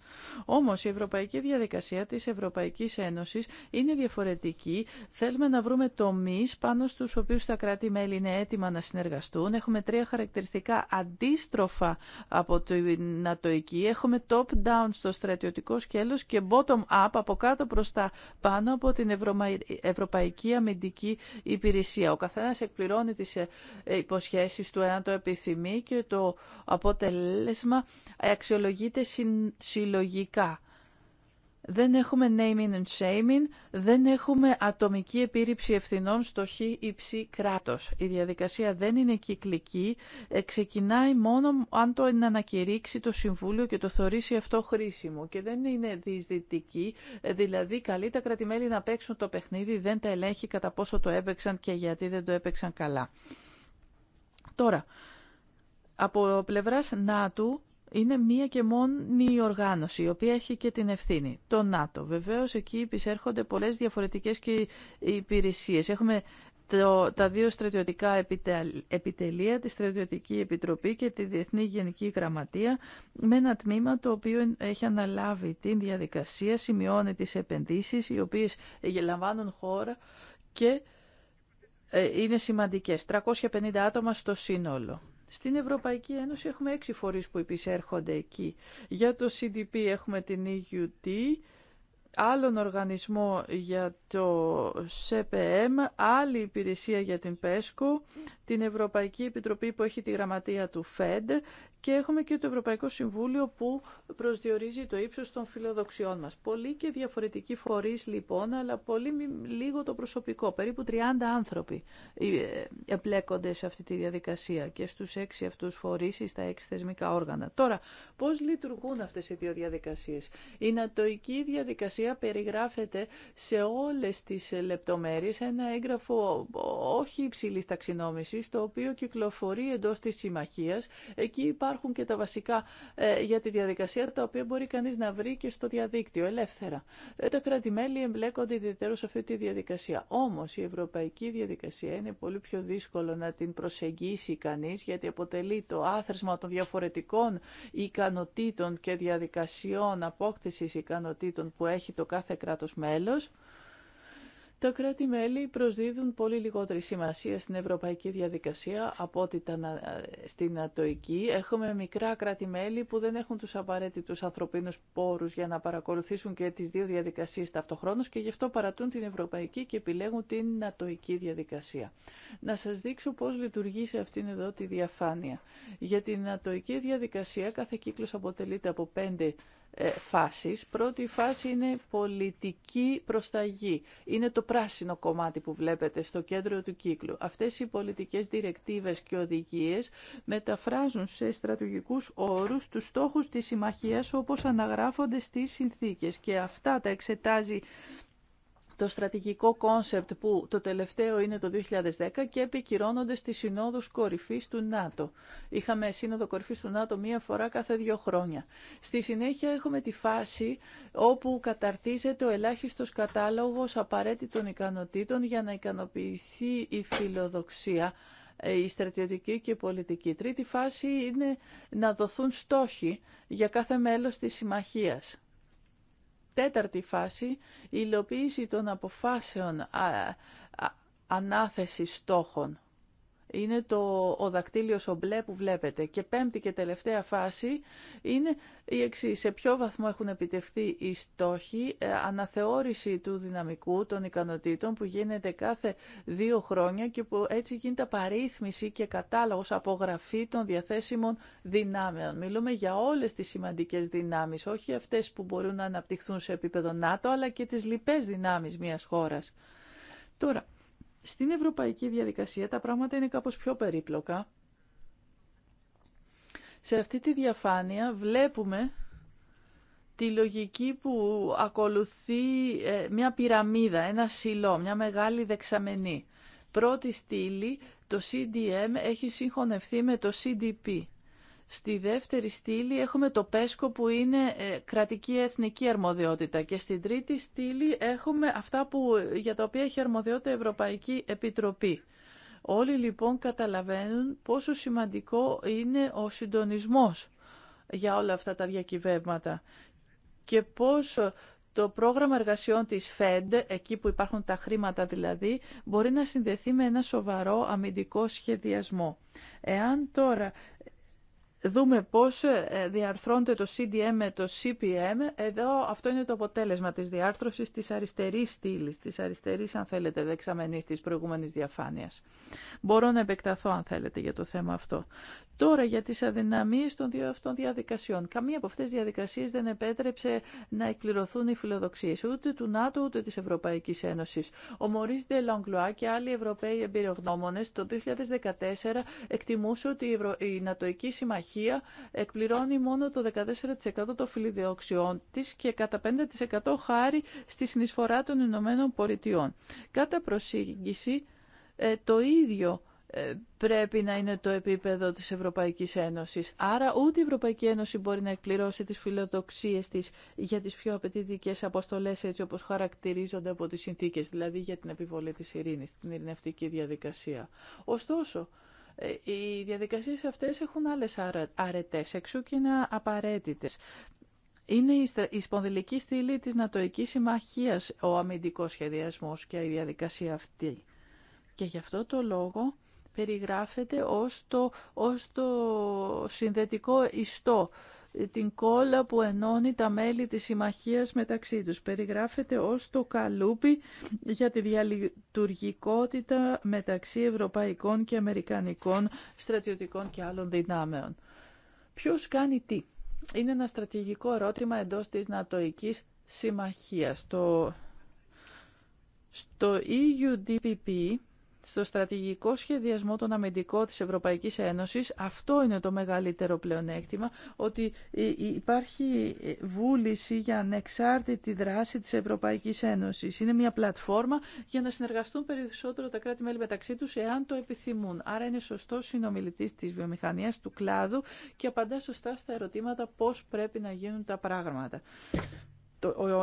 Speaker 3: Όμως η ευρωπαϊκή διαδικασία της Ευρωπαϊκής Ένωσης είναι διαφορετική. Θέλουμε να βρούμε τομεί πάνω στους οποίους τα κράτη-μέλη είναι έτοιμα να συνεργαστούν. Έχουμε τρία χαρακτηριστικά αντίστροφα από την ατοική. Έχουμε top-down στο στρατιωτικό σκέλος και bottom-up από κάτω προς τα πάνω από την Ευρωπαϊκή Ευρωπαϊκή Αμυντική Υπηρεσία. Ο καθένα εκπληρώνει τι ε, υποσχέσει του εάν το επιθυμεί και το αποτέλεσμα αξιολογείται συλλογικά δεν έχουμε naming and shaming, δεν έχουμε ατομική επίρρηψη ευθυνών στο χ υψη κράτος. Η διαδικασία δεν είναι κυκλική, ε, ξεκινάει μόνο αν το ανακηρύξει το Συμβούλιο και το θεωρήσει αυτό χρήσιμο και δεν είναι διεισδυτική, ε, δηλαδή καλεί τα κρατημέλη να παίξουν το παιχνίδι, δεν τα ελέγχει κατά πόσο το έπαιξαν και γιατί δεν το έπαιξαν καλά. Τώρα, από πλευράς ΝΑΤΟΥ είναι μία και μόνη οργάνωση, η οποία έχει και την ευθύνη. Το ΝΑΤΟ. Βεβαίως, εκεί επισέρχονται πολλές διαφορετικές και υπηρεσίες. Έχουμε τα δύο στρατιωτικά επιτελεία, τη Στρατιωτική Επιτροπή και τη Διεθνή Γενική Γραμματεία, με ένα τμήμα το οποίο έχει αναλάβει την διαδικασία, σημειώνει τις επενδύσεις, οι οποίες λαμβάνουν χώρα και ε, είναι σημαντικές. 350 άτομα στο σύνολο. Στην Ευρωπαϊκή Ένωση έχουμε έξι φορείς που επισέρχονται εκεί. Για το CDP έχουμε την EUT, άλλον οργανισμό για το CPM, άλλη υπηρεσία για την ΠΕΣΚΟ, την Ευρωπαϊκή Επιτροπή που έχει τη γραμματεία του ΦΕΔ, και έχουμε και το Ευρωπαϊκό Συμβούλιο που προσδιορίζει το ύψο των φιλοδοξιών μα. Πολλοί και διαφορετικοί φορεί λοιπόν, αλλά πολύ λίγο το προσωπικό. Περίπου 30 άνθρωποι ε, εμπλέκονται σε αυτή τη διαδικασία και στου έξι αυτούς φορείς ή στα αυτού φορεί Η νατοική πώ λειτουργουν αυτέ οι δυο διαδικασίε, η νατοικη διαδικασια περιγραφεται σε όλε τι λεπτομέρειε ένα έγγραφο όχι υψηλή ταξινόμηση, το οποίο κυκλοφορεί εντό τη συμμαχία. Εκεί υπάρχουν και τα βασικά ε, για τη διαδικασία τα οποία μπορεί κανείς να βρει και στο διαδίκτυο ελεύθερα. Ε, τα κράτη-μέλη εμπλέκονται ιδιαίτερα σε αυτή τη διαδικασία. Όμως η ευρωπαϊκή διαδικασία είναι πολύ πιο δύσκολο να την προσεγγίσει κανείς γιατί αποτελεί το άθροισμα των διαφορετικών ικανοτήτων και διαδικασιών απόκτησης ικανοτήτων που έχει το κάθε κράτος μέλος τα κράτη-μέλη προσδίδουν πολύ λιγότερη σημασία στην ευρωπαϊκή διαδικασία από ότι στην ατοική. Έχουμε μικρά κράτη-μέλη που δεν έχουν τους απαραίτητους ανθρωπίνους πόρους για να παρακολουθήσουν και τις δύο διαδικασίες ταυτοχρόνως και γι' αυτό παρατούν την ευρωπαϊκή και επιλέγουν την ατοική διαδικασία. Να σας δείξω πώς λειτουργεί σε αυτήν εδώ τη διαφάνεια. Για την ατοική διαδικασία κάθε κύκλος αποτελείται από πέντε ε, φάσεις. Πρώτη φάση είναι πολιτική προσταγή. Είναι το πράσινο κομμάτι που βλέπετε στο κέντρο του κύκλου. Αυτές οι πολιτικές διρεκτίβες και οδηγίες μεταφράζουν σε στρατηγικούς όρους τους στόχους της συμμαχίας όπως αναγράφονται στις συνθήκες και αυτά τα εξετάζει το στρατηγικό κόνσεπτ που το τελευταίο είναι το 2010 και επικυρώνονται στις συνόδους κορυφής του ΝΑΤΟ. Είχαμε σύνοδο κορυφής του ΝΑΤΟ μία φορά κάθε δύο χρόνια. Στη συνέχεια έχουμε τη φάση όπου καταρτίζεται ο ελάχιστος κατάλογος απαραίτητων ικανοτήτων για να ικανοποιηθεί η φιλοδοξία ε, η στρατιωτική και η πολιτική. Τρίτη φάση είναι να δοθούν στόχοι για κάθε μέλος της συμμαχίας. Τέταρτη φάση, υλοποίηση των αποφάσεων ανάθεση στόχων είναι το, ο δακτύλιος ο μπλε που βλέπετε. Και πέμπτη και τελευταία φάση είναι η εξή. Σε ποιο βαθμό έχουν επιτευχθεί οι στόχοι, ε, αναθεώρηση του δυναμικού των ικανοτήτων που γίνεται κάθε δύο χρόνια και που έτσι γίνεται παρήθμιση και κατάλογος απογραφή των διαθέσιμων δυνάμεων. Μιλούμε για όλες τις σημαντικές δυνάμεις, όχι αυτές που μπορούν να αναπτυχθούν σε επίπεδο ΝΑΤΟ, αλλά και τις λοιπές δυνάμεις μιας χώρας. Τώρα, στην ευρωπαϊκή διαδικασία τα πράγματα είναι κάπως πιο περίπλοκα. Σε αυτή τη διαφάνεια βλέπουμε τη λογική που ακολουθεί ε, μια πυραμίδα, ένα σιλό, μια μεγάλη δεξαμενή. Πρώτη στήλη, το CDM έχει συγχωνευτεί με το CDP. Στη δεύτερη στήλη έχουμε το ΠΕΣΚΟ που είναι ε, κρατική εθνική αρμοδιότητα και στην τρίτη στήλη έχουμε αυτά που, για τα οποία έχει αρμοδιότητα η Ευρωπαϊκή Επιτροπή. Όλοι λοιπόν καταλαβαίνουν πόσο σημαντικό είναι ο συντονισμός για όλα αυτά τα διακυβεύματα και πόσο το πρόγραμμα εργασιών της ΦΕΔ, εκεί που υπάρχουν τα χρήματα δηλαδή, μπορεί να συνδεθεί με ένα σοβαρό αμυντικό σχεδιασμό. Εάν τώρα δούμε πώς ε, διαρθρώνεται το CDM με το CPM, εδώ αυτό είναι το αποτέλεσμα της διάρθρωσης της αριστερής στήλη, της αριστερής αν θέλετε δεξαμενής της προηγούμενης διαφάνειας. Μπορώ να επεκταθώ αν θέλετε για το θέμα αυτό. Τώρα για τις αδυναμίες των δύο αυτών διαδικασιών. Καμία από αυτές τις διαδικασίες δεν επέτρεψε να εκπληρωθούν οι φιλοδοξίες ούτε του ΝΑΤΟ ούτε της Ευρωπαϊκής Ένωσης. Ο Μωρίς Λαγκλουά και άλλοι Ευρωπαίοι εμπειρογνώμονες το 2014 εκτιμούσε ότι η, Νατοϊκή Συμμαχία εκπληρώνει μόνο το 14% των φιλοδοξιών της και κατά 5% χάρη στη συνεισφορά των Ηνωμένων Πολιτειών. Κατά προσήγηση ε, το ίδιο ε, πρέπει να είναι το επίπεδο της Ευρωπαϊκής Ένωσης. Άρα ούτε η Ευρωπαϊκή Ένωση μπορεί να εκπληρώσει τις φιλοδοξίες της για τις πιο απαιτητικέ αποστολές έτσι όπως χαρακτηρίζονται από τις συνθήκες, δηλαδή για την επιβολή της ειρήνης, την ειρηνευτική διαδικασία. Ωστόσο, ε, οι διαδικασίες αυτές έχουν άλλες αρετές, εξού και είναι απαραίτητες. Είναι η σπονδυλική στήλη της Νατοικής Συμμαχίας ο αμυντικός σχεδιασμός και η διαδικασία αυτή. Και γι' αυτό το λόγο περιγράφεται ως το, ως το συνδετικό ιστό την κόλλα που ενώνει τα μέλη της συμμαχίας μεταξύ τους. Περιγράφεται ως το καλούπι για τη διαλειτουργικότητα μεταξύ ευρωπαϊκών και αμερικανικών στρατιωτικών και άλλων δυνάμεων. Ποιος κάνει τι. Είναι ένα στρατηγικό ερώτημα εντός της νατοικής συμμαχίας. Το... Στο EUDPP στο στρατηγικό σχεδιασμό των αμυντικών της Ευρωπαϊκής Ένωσης αυτό είναι το μεγαλύτερο πλεονέκτημα ότι υπάρχει βούληση για ανεξάρτητη δράση της Ευρωπαϊκής Ένωσης είναι μια πλατφόρμα για να συνεργαστούν περισσότερο τα κράτη-μέλη μεταξύ τους εάν το επιθυμούν άρα είναι σωστό συνομιλητής της βιομηχανίας του κλάδου και απαντά σωστά στα ερωτήματα πώς πρέπει να γίνουν τα πράγματα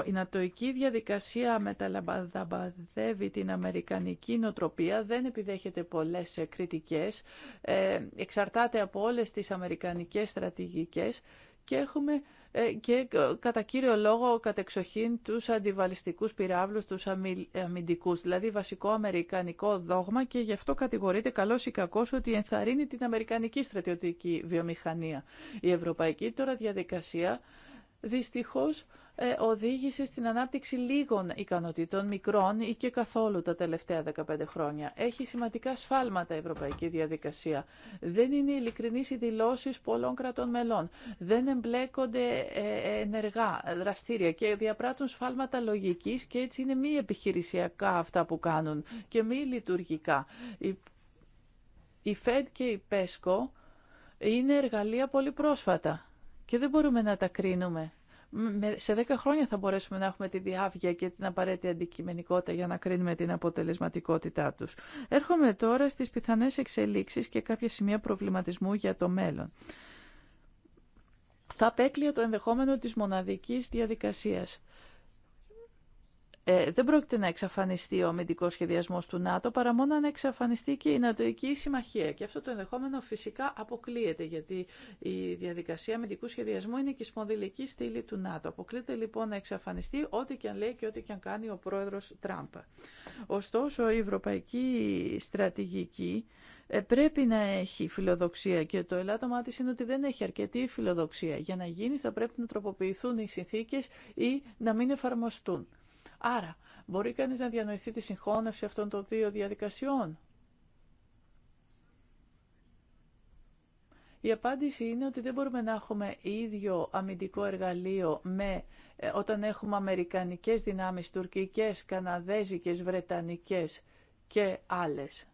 Speaker 3: η νατοική διαδικασία μεταλαμπαδεύει την αμερικανική νοτροπία, δεν επιδέχεται πολλές ε, κριτικές, ε, εξαρτάται από όλες τις αμερικανικές στρατηγικές και έχουμε ε, και κατά κύριο λόγο κατεξοχήν τους αντιβαλιστικούς πυράβλους, τους αμυντικούς, δηλαδή βασικό αμερικανικό δόγμα και γι' αυτό κατηγορείται καλός ή κακός ότι ενθαρρύνει την αμερικανική στρατιωτική βιομηχανία. Η ευρωπαϊκή τώρα διαδικασία δυστυχώς ε, οδήγησε στην ανάπτυξη λίγων ικανοτήτων, μικρών ή και καθόλου τα τελευταία 15 χρόνια. Έχει σημαντικά σφάλματα η ευρωπαϊκή διαδικασία. Δεν είναι ειλικρινείς οι δηλώσεις πολλών κρατών μελών. Δεν εμπλέκονται ε, ενεργά, δραστήρια και διαπράττουν η ευρωπαικη διαδικασια δεν ειναι ειλικρινη οι δηλώσει λογικής και έτσι είναι μη επιχειρησιακά αυτά που κάνουν και μη λειτουργικά. Η ΦΕΔ και η ΠΕΣΚΟ είναι εργαλεία πολύ πρόσφατα και δεν μπορούμε να τα κρίνουμε. Σε δέκα χρόνια θα μπορέσουμε να έχουμε τη διάβγεια και την απαραίτητη αντικειμενικότητα για να κρίνουμε την αποτελεσματικότητά τους. Έρχομαι τώρα στις πιθανές εξελίξεις και κάποια σημεία προβληματισμού για το μέλλον. Θα απέκλεια το ενδεχόμενο της μοναδικής διαδικασίας ε, δεν πρόκειται να εξαφανιστεί ο αμυντικός σχεδιασμός του ΝΑΤΟ παρά μόνο να εξαφανιστεί και η ΝΑΤΟϊκή συμμαχία. Και αυτό το ενδεχόμενο φυσικά αποκλείεται γιατί η διαδικασία αμυντικού σχεδιασμού είναι και η σπονδυλική στήλη του ΝΑΤΟ. Αποκλείεται λοιπόν να εξαφανιστεί ό,τι και αν λέει και ό,τι και αν κάνει ο πρόεδρος Τραμπ. Ωστόσο η ευρωπαϊκή στρατηγική ε, πρέπει να έχει φιλοδοξία και το ελάττωμά της είναι ότι δεν έχει αρκετή φιλοδοξία. Για να γίνει θα πρέπει να τροποποιηθούν οι συνθήκες ή να μην εφαρμοστούν. Άρα, μπορεί κανείς να διανοηθεί τη συγχώνευση αυτών των δύο διαδικασιών. Η απάντηση είναι ότι δεν μπορούμε να έχουμε ίδιο αμυντικό εργαλείο με, ε, όταν έχουμε αμερικανικές δυνάμεις, τουρκικές, καναδέζικες, βρετανικές και άλλες.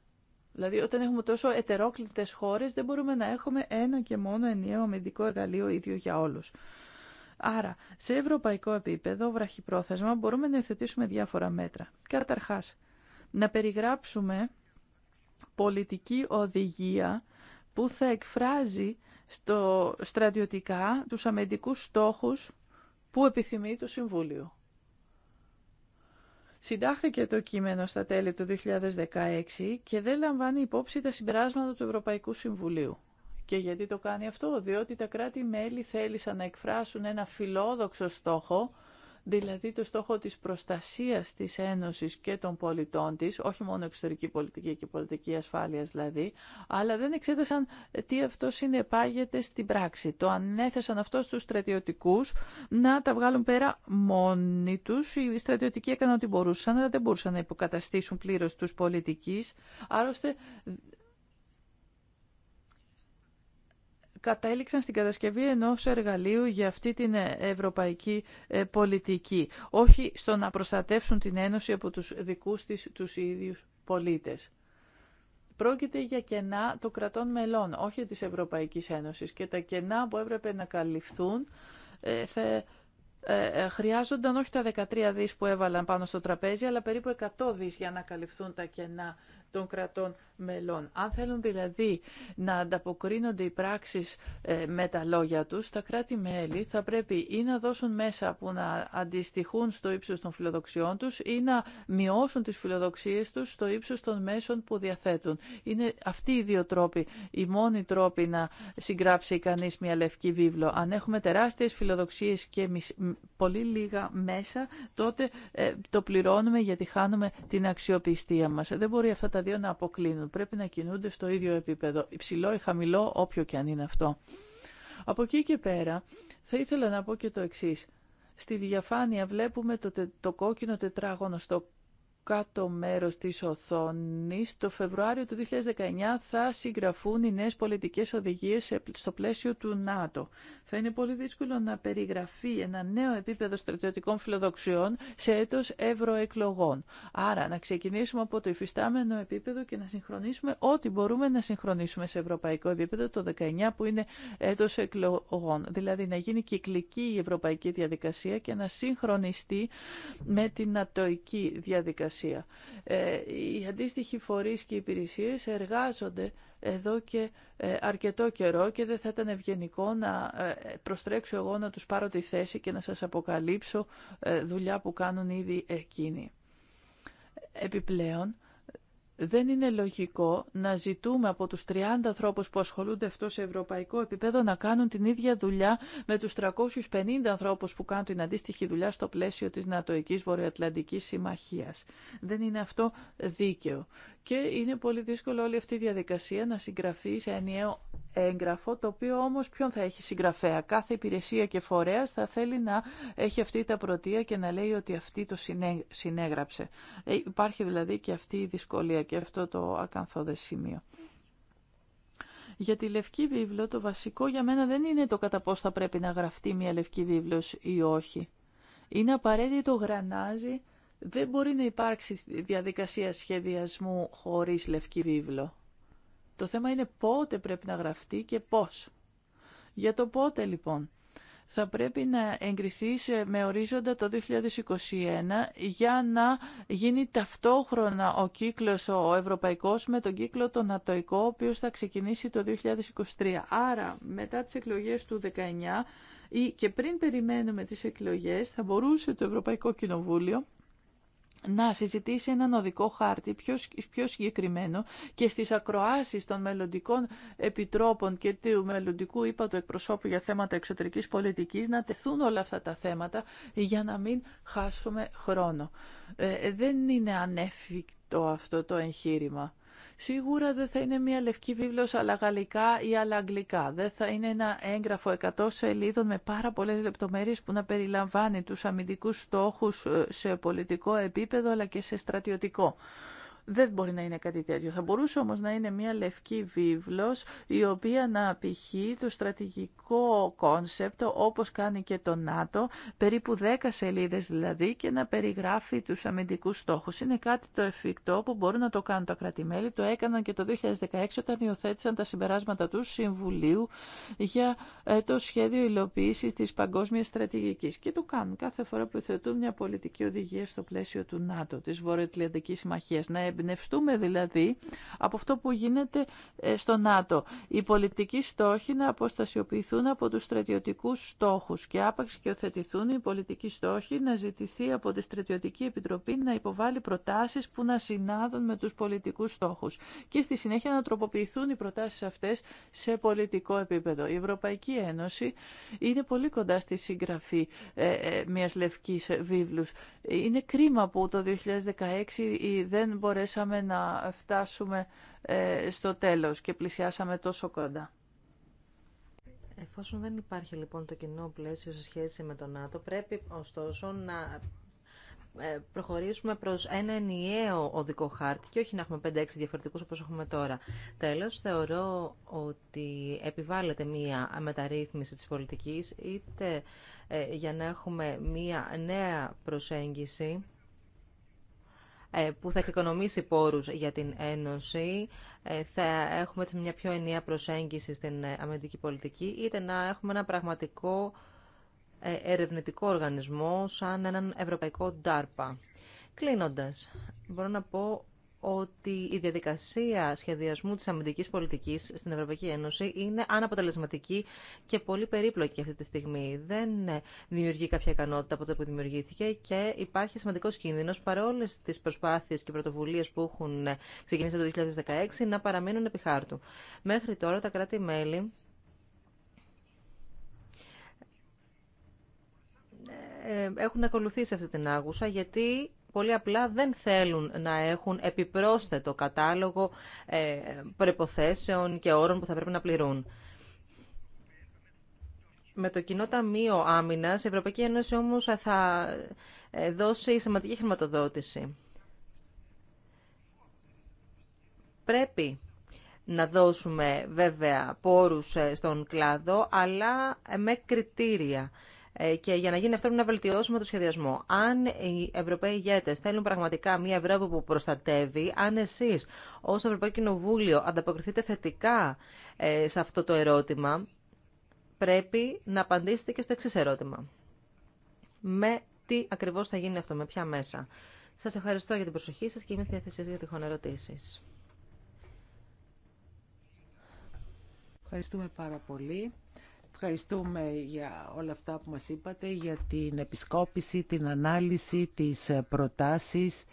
Speaker 3: Δηλαδή όταν έχουμε τόσο ετερόκλητες χώρες δεν μπορούμε να έχουμε ένα και μόνο ενιαίο αμυντικό εργαλείο ίδιο για όλους. Άρα, σε ευρωπαϊκό επίπεδο, βραχυπρόθεσμα, μπορούμε να υιοθετήσουμε διάφορα μέτρα. Καταρχάς, να περιγράψουμε πολιτική οδηγία που θα εκφράζει στο στρατιωτικά τους αμυντικούς στόχους που επιθυμεί το Συμβούλιο. Συντάχθηκε το κείμενο στα τέλη του 2016 και δεν λαμβάνει υπόψη τα συμπεράσματα του Ευρωπαϊκού Συμβουλίου. Και γιατί το κάνει αυτό, διότι τα κράτη-μέλη θέλησαν να εκφράσουν ένα φιλόδοξο στόχο, δηλαδή το στόχο της προστασίας της Ένωσης και των πολιτών της, όχι μόνο εξωτερική πολιτική και πολιτική ασφάλειας δηλαδή, αλλά δεν εξέτασαν τι αυτό συνεπάγεται στην πράξη. Το ανέθεσαν αυτό στους στρατιωτικούς να τα βγάλουν πέρα μόνοι τους. Οι στρατιωτικοί έκαναν ό,τι μπορούσαν, αλλά δεν μπορούσαν να υποκαταστήσουν πλήρως τους πολιτικείς. Άρα, κατέληξαν στην κατασκευή ενός εργαλείου για αυτή την ε, ευρωπαϊκή ε, πολιτική, όχι στο να προστατεύσουν την Ένωση από τους δικούς της τους ίδιους πολίτες. Πρόκειται για κενά των κρατών μελών, όχι της Ευρωπαϊκής Ένωσης και τα κενά που έπρεπε να καλυφθούν ε, θα χρειάζονταν όχι τα 13 δις που έβαλαν πάνω στο τραπέζι, αλλά περίπου 100 δις για να καλυφθούν τα κενά των κρατών μελών. Αν θέλουν δηλαδή να ανταποκρίνονται οι πράξεις ε, με τα λόγια τους, τα κράτη-μέλη θα πρέπει ή να δώσουν μέσα που να αντιστοιχούν στο ύψος των φιλοδοξιών τους ή να μειώσουν τις φιλοδοξίες τους στο ύψος των μέσων που διαθέτουν. Είναι αυτοί οι δύο τρόποι, οι μόνοι τρόποι να συγγράψει κανείς μια λευκή βίβλο. Αν έχουμε τεράστιες φιλοδοξίες και πολύ λίγα μέσα, τότε ε, το πληρώνουμε γιατί χάνουμε την αξιοπιστία μας. Δεν μπορεί αυτά τα δύο δηλαδή να αποκλίνουν. Πρέπει να κινούνται στο ίδιο επίπεδο, υψηλό ή χαμηλό, όποιο και αν είναι αυτό. Από εκεί και πέρα θα ήθελα να πω και το εξής. Στη διαφάνεια βλέπουμε το, το κόκκινο τετράγωνο στο κάτω μέρος της οθόνης, το Φεβρουάριο του 2019 θα συγγραφούν οι νέες πολιτικές οδηγίες στο πλαίσιο του ΝΑΤΟ. Θα είναι πολύ δύσκολο να περιγραφεί ένα νέο επίπεδο στρατιωτικών φιλοδοξιών σε έτος ευρωεκλογών. Άρα να ξεκινήσουμε από το υφιστάμενο επίπεδο και να συγχρονίσουμε ό,τι μπορούμε να συγχρονίσουμε σε ευρωπαϊκό επίπεδο το 19 που είναι έτος εκλογών. Δηλαδή να γίνει κυκλική η ευρωπαϊκή διαδικασία και να συγχρονιστεί με την ατοική διαδικασία ε, οι αντίστοιχοι φορείς και υπηρεσίες εργάζονται εδώ και ε, αρκετό καιρό και δεν θα ήταν ευγενικό να ε, προστρέξω εγώ να τους πάρω τη θέση και να σας αποκαλύψω δουλειά που κάνουν ήδη εκείνοι. Επιπλέον, δεν είναι λογικό να ζητούμε από τους 30 ανθρώπους που ασχολούνται αυτό σε ευρωπαϊκό επίπεδο να κάνουν την ίδια δουλειά με τους 350 ανθρώπους που κάνουν την αντίστοιχη δουλειά στο πλαίσιο της Νατοικής Βορειοατλαντικής Συμμαχίας. Δεν είναι αυτό δίκαιο και είναι πολύ δύσκολο όλη αυτή η διαδικασία να συγγραφεί σε ενιαίο έγγραφο, το οποίο όμως ποιον θα έχει συγγραφέα. Κάθε υπηρεσία και φορέα θα θέλει να έχει αυτή τα πρωτεία και να λέει ότι αυτή το συνέγραψε. Ε, υπάρχει δηλαδή και αυτή η δυσκολία και αυτό το ακαθόδε σημείο. Για τη λευκή βίβλο το βασικό για μένα δεν είναι το κατά πώς θα πρέπει να γραφτεί μια λευκή βίβλος ή όχι. Είναι απαραίτητο γρανάζει δεν μπορεί να υπάρξει διαδικασία σχεδιασμού χωρίς λευκή βίβλο. Το θέμα είναι πότε πρέπει να γραφτεί και πώς. Για το πότε λοιπόν θα πρέπει να εγκριθεί σε, με ορίζοντα το 2021 για να γίνει ταυτόχρονα ο κύκλος ο ευρωπαϊκός με τον κύκλο τον ατοϊκό ο οποίος θα ξεκινήσει το 2023. Άρα μετά τις εκλογές του 19 ή και πριν περιμένουμε τις εκλογές θα μπορούσε το Ευρωπαϊκό Κοινοβούλιο να συζητήσει έναν οδικό χάρτη πιο, πιο συγκεκριμένο και στις ακροάσεις των μελλοντικών επιτρόπων και του μελλοντικού είπα του εκπροσώπου για θέματα εξωτερικής πολιτικής να τεθούν όλα αυτά τα θέματα για να μην χάσουμε χρόνο. Ε, ε, δεν είναι ανέφικτο αυτό το εγχείρημα. Σίγουρα δεν θα είναι μια λευκή βίβλος αλλά γαλλικά ή αλλά αγγλικά. Δεν θα είναι ένα έγγραφο 100 σελίδων με πάρα πολλές λεπτομέρειες που να περιλαμβάνει τους αμυντικούς στόχους ε, σε πολιτικό επίπεδο αλλά και σε στρατιωτικό. Δεν μπορεί να είναι κάτι τέτοιο. Θα μπορούσε όμως να είναι μια λευκή βίβλος η οποία να απηχεί το στρατηγικό κόνσεπτ όπως κάνει και το ΝΑΤΟ, περίπου 10 σελίδες δηλαδή και να περιγράφει τους αμυντικούς στόχους. Είναι κάτι το εφικτό που μπορούν να το κάνουν τα κρατημέλη. Το έκαναν και το 2016 όταν υιοθέτησαν τα συμπεράσματα του Συμβουλίου για ε, το σχέδιο υλοποίηση τη Παγκόσμια στρατηγική Και το κάνουν κάθε φορά που θετούν μια πολιτική οδηγία στο πλαίσιο του ΝΑΤΟ, τη Βορειοατλαντική Συμμαχία, Να εμπνευστούμε δηλαδή από αυτό που γίνεται ε, στο ΝΑΤΟ. Οι πολιτικοί στόχοι να αποστασιοποιηθούν από τους στρατιωτικούς στόχους και άπαξ και οθετηθούν οι πολιτικοί στόχοι να ζητηθεί από τη Στρατιωτική Επιτροπή να υποβάλει προτάσεις που να συνάδουν με τους πολιτικούς στόχους και στη συνέχεια να τροποποιηθούν οι προτάσεις αυτές σε πολιτικό επίπεδο. Η Ευρωπαϊκή Ένωση είναι πολύ κοντά στη συγγραφή ε, ε, μιας λευκής βίβλους. Είναι κρίμα που το 2016 δεν μπορέσαμε να φτάσουμε ε, στο τέλος και πλησιάσαμε τόσο κοντά.
Speaker 2: Εφόσον δεν υπάρχει λοιπόν το κοινό πλαίσιο σε σχέση με τον ΝΑΤΟ, πρέπει ωστόσο να ε, προχωρήσουμε προς ένα ενιαίο οδικό χάρτη και όχι να έχουμε 5-6 διαφορετικούς όπως έχουμε τώρα. Τέλος, θεωρώ ότι επιβάλλεται μία μεταρρύθμιση της πολιτικής είτε ε, για να έχουμε μία νέα προσέγγιση ε, που θα εξοικονομήσει πόρους για την Ένωση. Ε, θα έχουμε έτσι μια πιο ενιαία προσέγγιση στην ε, αμυντική πολιτική, είτε να έχουμε ένα πραγματικό ερευνητικό οργανισμό σαν έναν ευρωπαϊκό DARPA. Κλείνοντας, μπορώ να πω ότι η διαδικασία σχεδιασμού της αμυντικής πολιτικής στην Ευρωπαϊκή Ένωση είναι αναποτελεσματική και πολύ περίπλοκη αυτή τη στιγμή. Δεν δημιουργεί κάποια ικανότητα από το που δημιουργήθηκε και υπάρχει σημαντικός κίνδυνος παρόλες τις προσπάθειες και πρωτοβουλίες που έχουν ξεκινήσει το 2016 να παραμείνουν επί χάρτου. Μέχρι τώρα τα κράτη-μέλη ε, έχουν ακολουθήσει αυτή την άγουσα γιατί πολύ απλά δεν θέλουν να έχουν επιπρόσθετο κατάλογο ε, προϋποθέσεων και όρων που θα πρέπει να πληρούν. Με το κοινό ταμείο Άμυνα, η Ευρωπαϊκή Ένωση όμω θα ε, δώσει σημαντική χρηματοδότηση. Πρέπει να δώσουμε βέβαια πόρους ε, στον κλάδο, αλλά με κριτήρια. Ε, και για να γίνει αυτό πρέπει να βελτιώσουμε το σχεδιασμό. Αν οι Ευρωπαίοι ηγέτε θέλουν πραγματικά μια Ευρώπη που προστατεύει, αν εσείς ω Ευρωπαϊκό Κοινοβούλιο ανταποκριθείτε θετικά ε, σε αυτό το ερώτημα, πρέπει να απαντήσετε και στο εξή ερώτημα. Με τι ακριβώς θα γίνει αυτό, με ποια μέσα. Σας ευχαριστώ για την προσοχή σα και είμαι στη διάθεσή για τυχόν ερωτήσει. Ευχαριστούμε
Speaker 4: πάρα πολύ ευχαριστούμε για όλα αυτά που μας είπατε, για την επισκόπηση, την ανάλυση, τις ε, προτάσεις.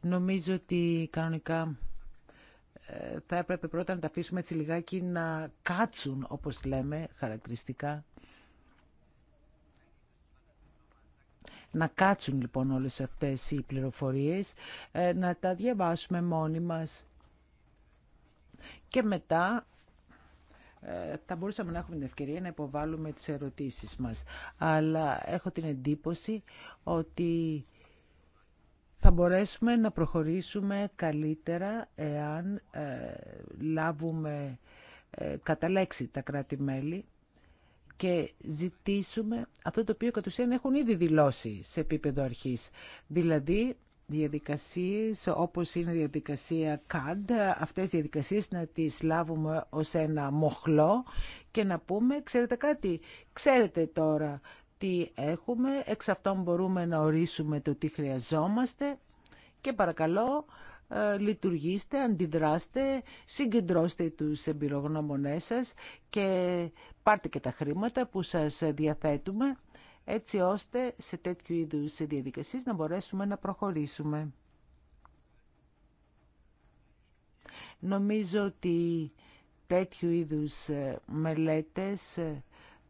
Speaker 4: Νομίζω ότι κανονικά ε, θα έπρεπε πρώτα να τα αφήσουμε έτσι λιγάκι να κάτσουν, όπως λέμε χαρακτηριστικά. Να κάτσουν λοιπόν όλες αυτές οι πληροφορίες, ε, να τα διαβάσουμε μόνοι μας. Και μετά ε, θα μπορούσαμε να έχουμε την ευκαιρία να υποβάλουμε τις ερωτήσεις μας. Αλλά έχω την εντύπωση ότι θα μπορέσουμε να προχωρήσουμε καλύτερα εάν ε, λάβουμε ε, κατά λέξη τα κράτη-μέλη και ζητήσουμε αυτό το οποίο κατ' ουσίαν έχουν ήδη δηλώσει σε επίπεδο αρχής. Δηλαδή διαδικασίες όπως είναι η διαδικασία CAD, αυτές οι διαδικασίες να τις λάβουμε ως ένα μοχλό και να πούμε, ξέρετε κάτι, ξέρετε τώρα τι έχουμε, εξ αυτών μπορούμε να ορίσουμε το τι χρειαζόμαστε και παρακαλώ ε, λειτουργήστε, αντιδράστε, συγκεντρώστε τους εμπειρογνώμονές σας και πάρτε και τα χρήματα που σας διαθέτουμε έτσι ώστε σε τέτοιου είδους διαδικασίες να μπορέσουμε να προχωρήσουμε. Νομίζω ότι τέτοιου είδους ε, μελέτες ε,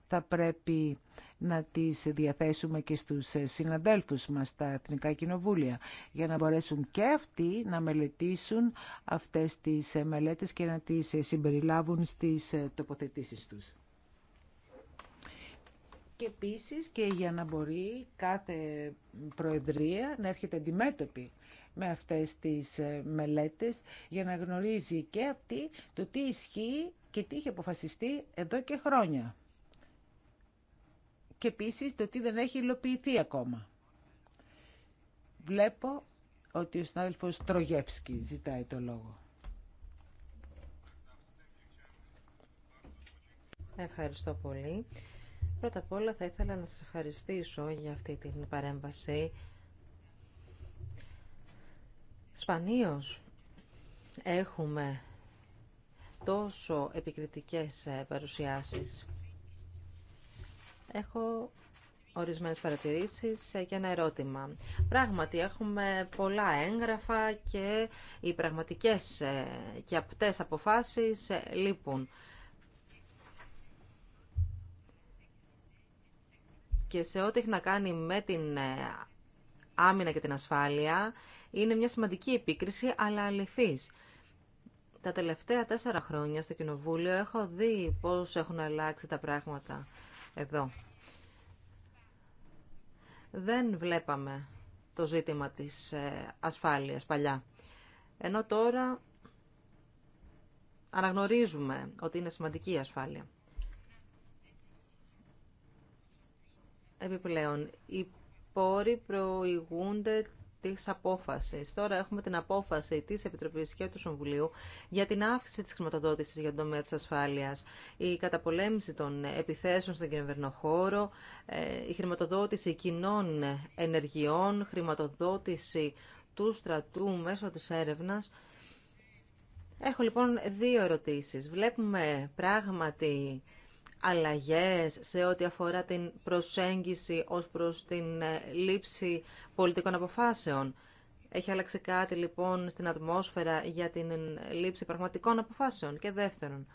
Speaker 4: θα πρέπει να τις διαθέσουμε και στους ε, συναδέλφους μας στα Εθνικά Κοινοβούλια για να μπορέσουν και αυτοί να μελετήσουν αυτές τις μελέτες και να τις συμπεριλάβουν στις τοποθετήσεις τους και επίση και για να μπορεί κάθε προεδρία να έρχεται αντιμέτωπη με αυτές τις ε, μελέτες για να γνωρίζει και αυτή το τι ισχύει και τι είχε αποφασιστεί εδώ και χρόνια. Και επίση το τι δεν έχει υλοποιηθεί ακόμα. Βλέπω ότι ο συνάδελφος Τρογεύσκη ζητάει το λόγο.
Speaker 2: Ευχαριστώ πολύ. Πρώτα απ' όλα θα ήθελα να σας ευχαριστήσω για αυτή την παρέμβαση. Σπανίως έχουμε τόσο επικριτικές ε, παρουσιάσεις. Έχω ορισμένες παρατηρήσεις ε, και ένα ερώτημα. Πράγματι, έχουμε πολλά έγγραφα και οι πραγματικές ε, και απτές αποφάσεις λείπουν. και σε ό,τι έχει να κάνει με την ε, άμυνα και την ασφάλεια είναι μια σημαντική επίκριση, αλλά αληθής. Τα τελευταία τέσσερα χρόνια στο Κοινοβούλιο έχω δει πώς έχουν αλλάξει τα πράγματα εδώ. Δεν βλέπαμε το ζήτημα της ε, ασφάλειας παλιά. Ενώ τώρα αναγνωρίζουμε ότι είναι σημαντική η ασφάλεια. Επιπλέον, οι πόροι προηγούνται τη απόφαση. Τώρα έχουμε την απόφαση τη Επιτροπή και του Συμβουλίου για την αύξηση της χρηματοδότησης για τον τομέα τη ασφάλεια. η καταπολέμηση των επιθέσεων στον κυβερνοχώρο, ε, η χρηματοδότηση κοινών ενεργειών, χρηματοδότηση του στρατού μέσω της έρευνας. Έχω λοιπόν δύο ερωτήσεις. Βλέπουμε πράγματι αλλαγές σε ό,τι αφορά την προσέγγιση ως προς την ε, λήψη πολιτικών αποφάσεων. Έχει αλλάξει κάτι λοιπόν στην ατμόσφαιρα για την ε, λήψη πραγματικών αποφάσεων. Και δεύτερον,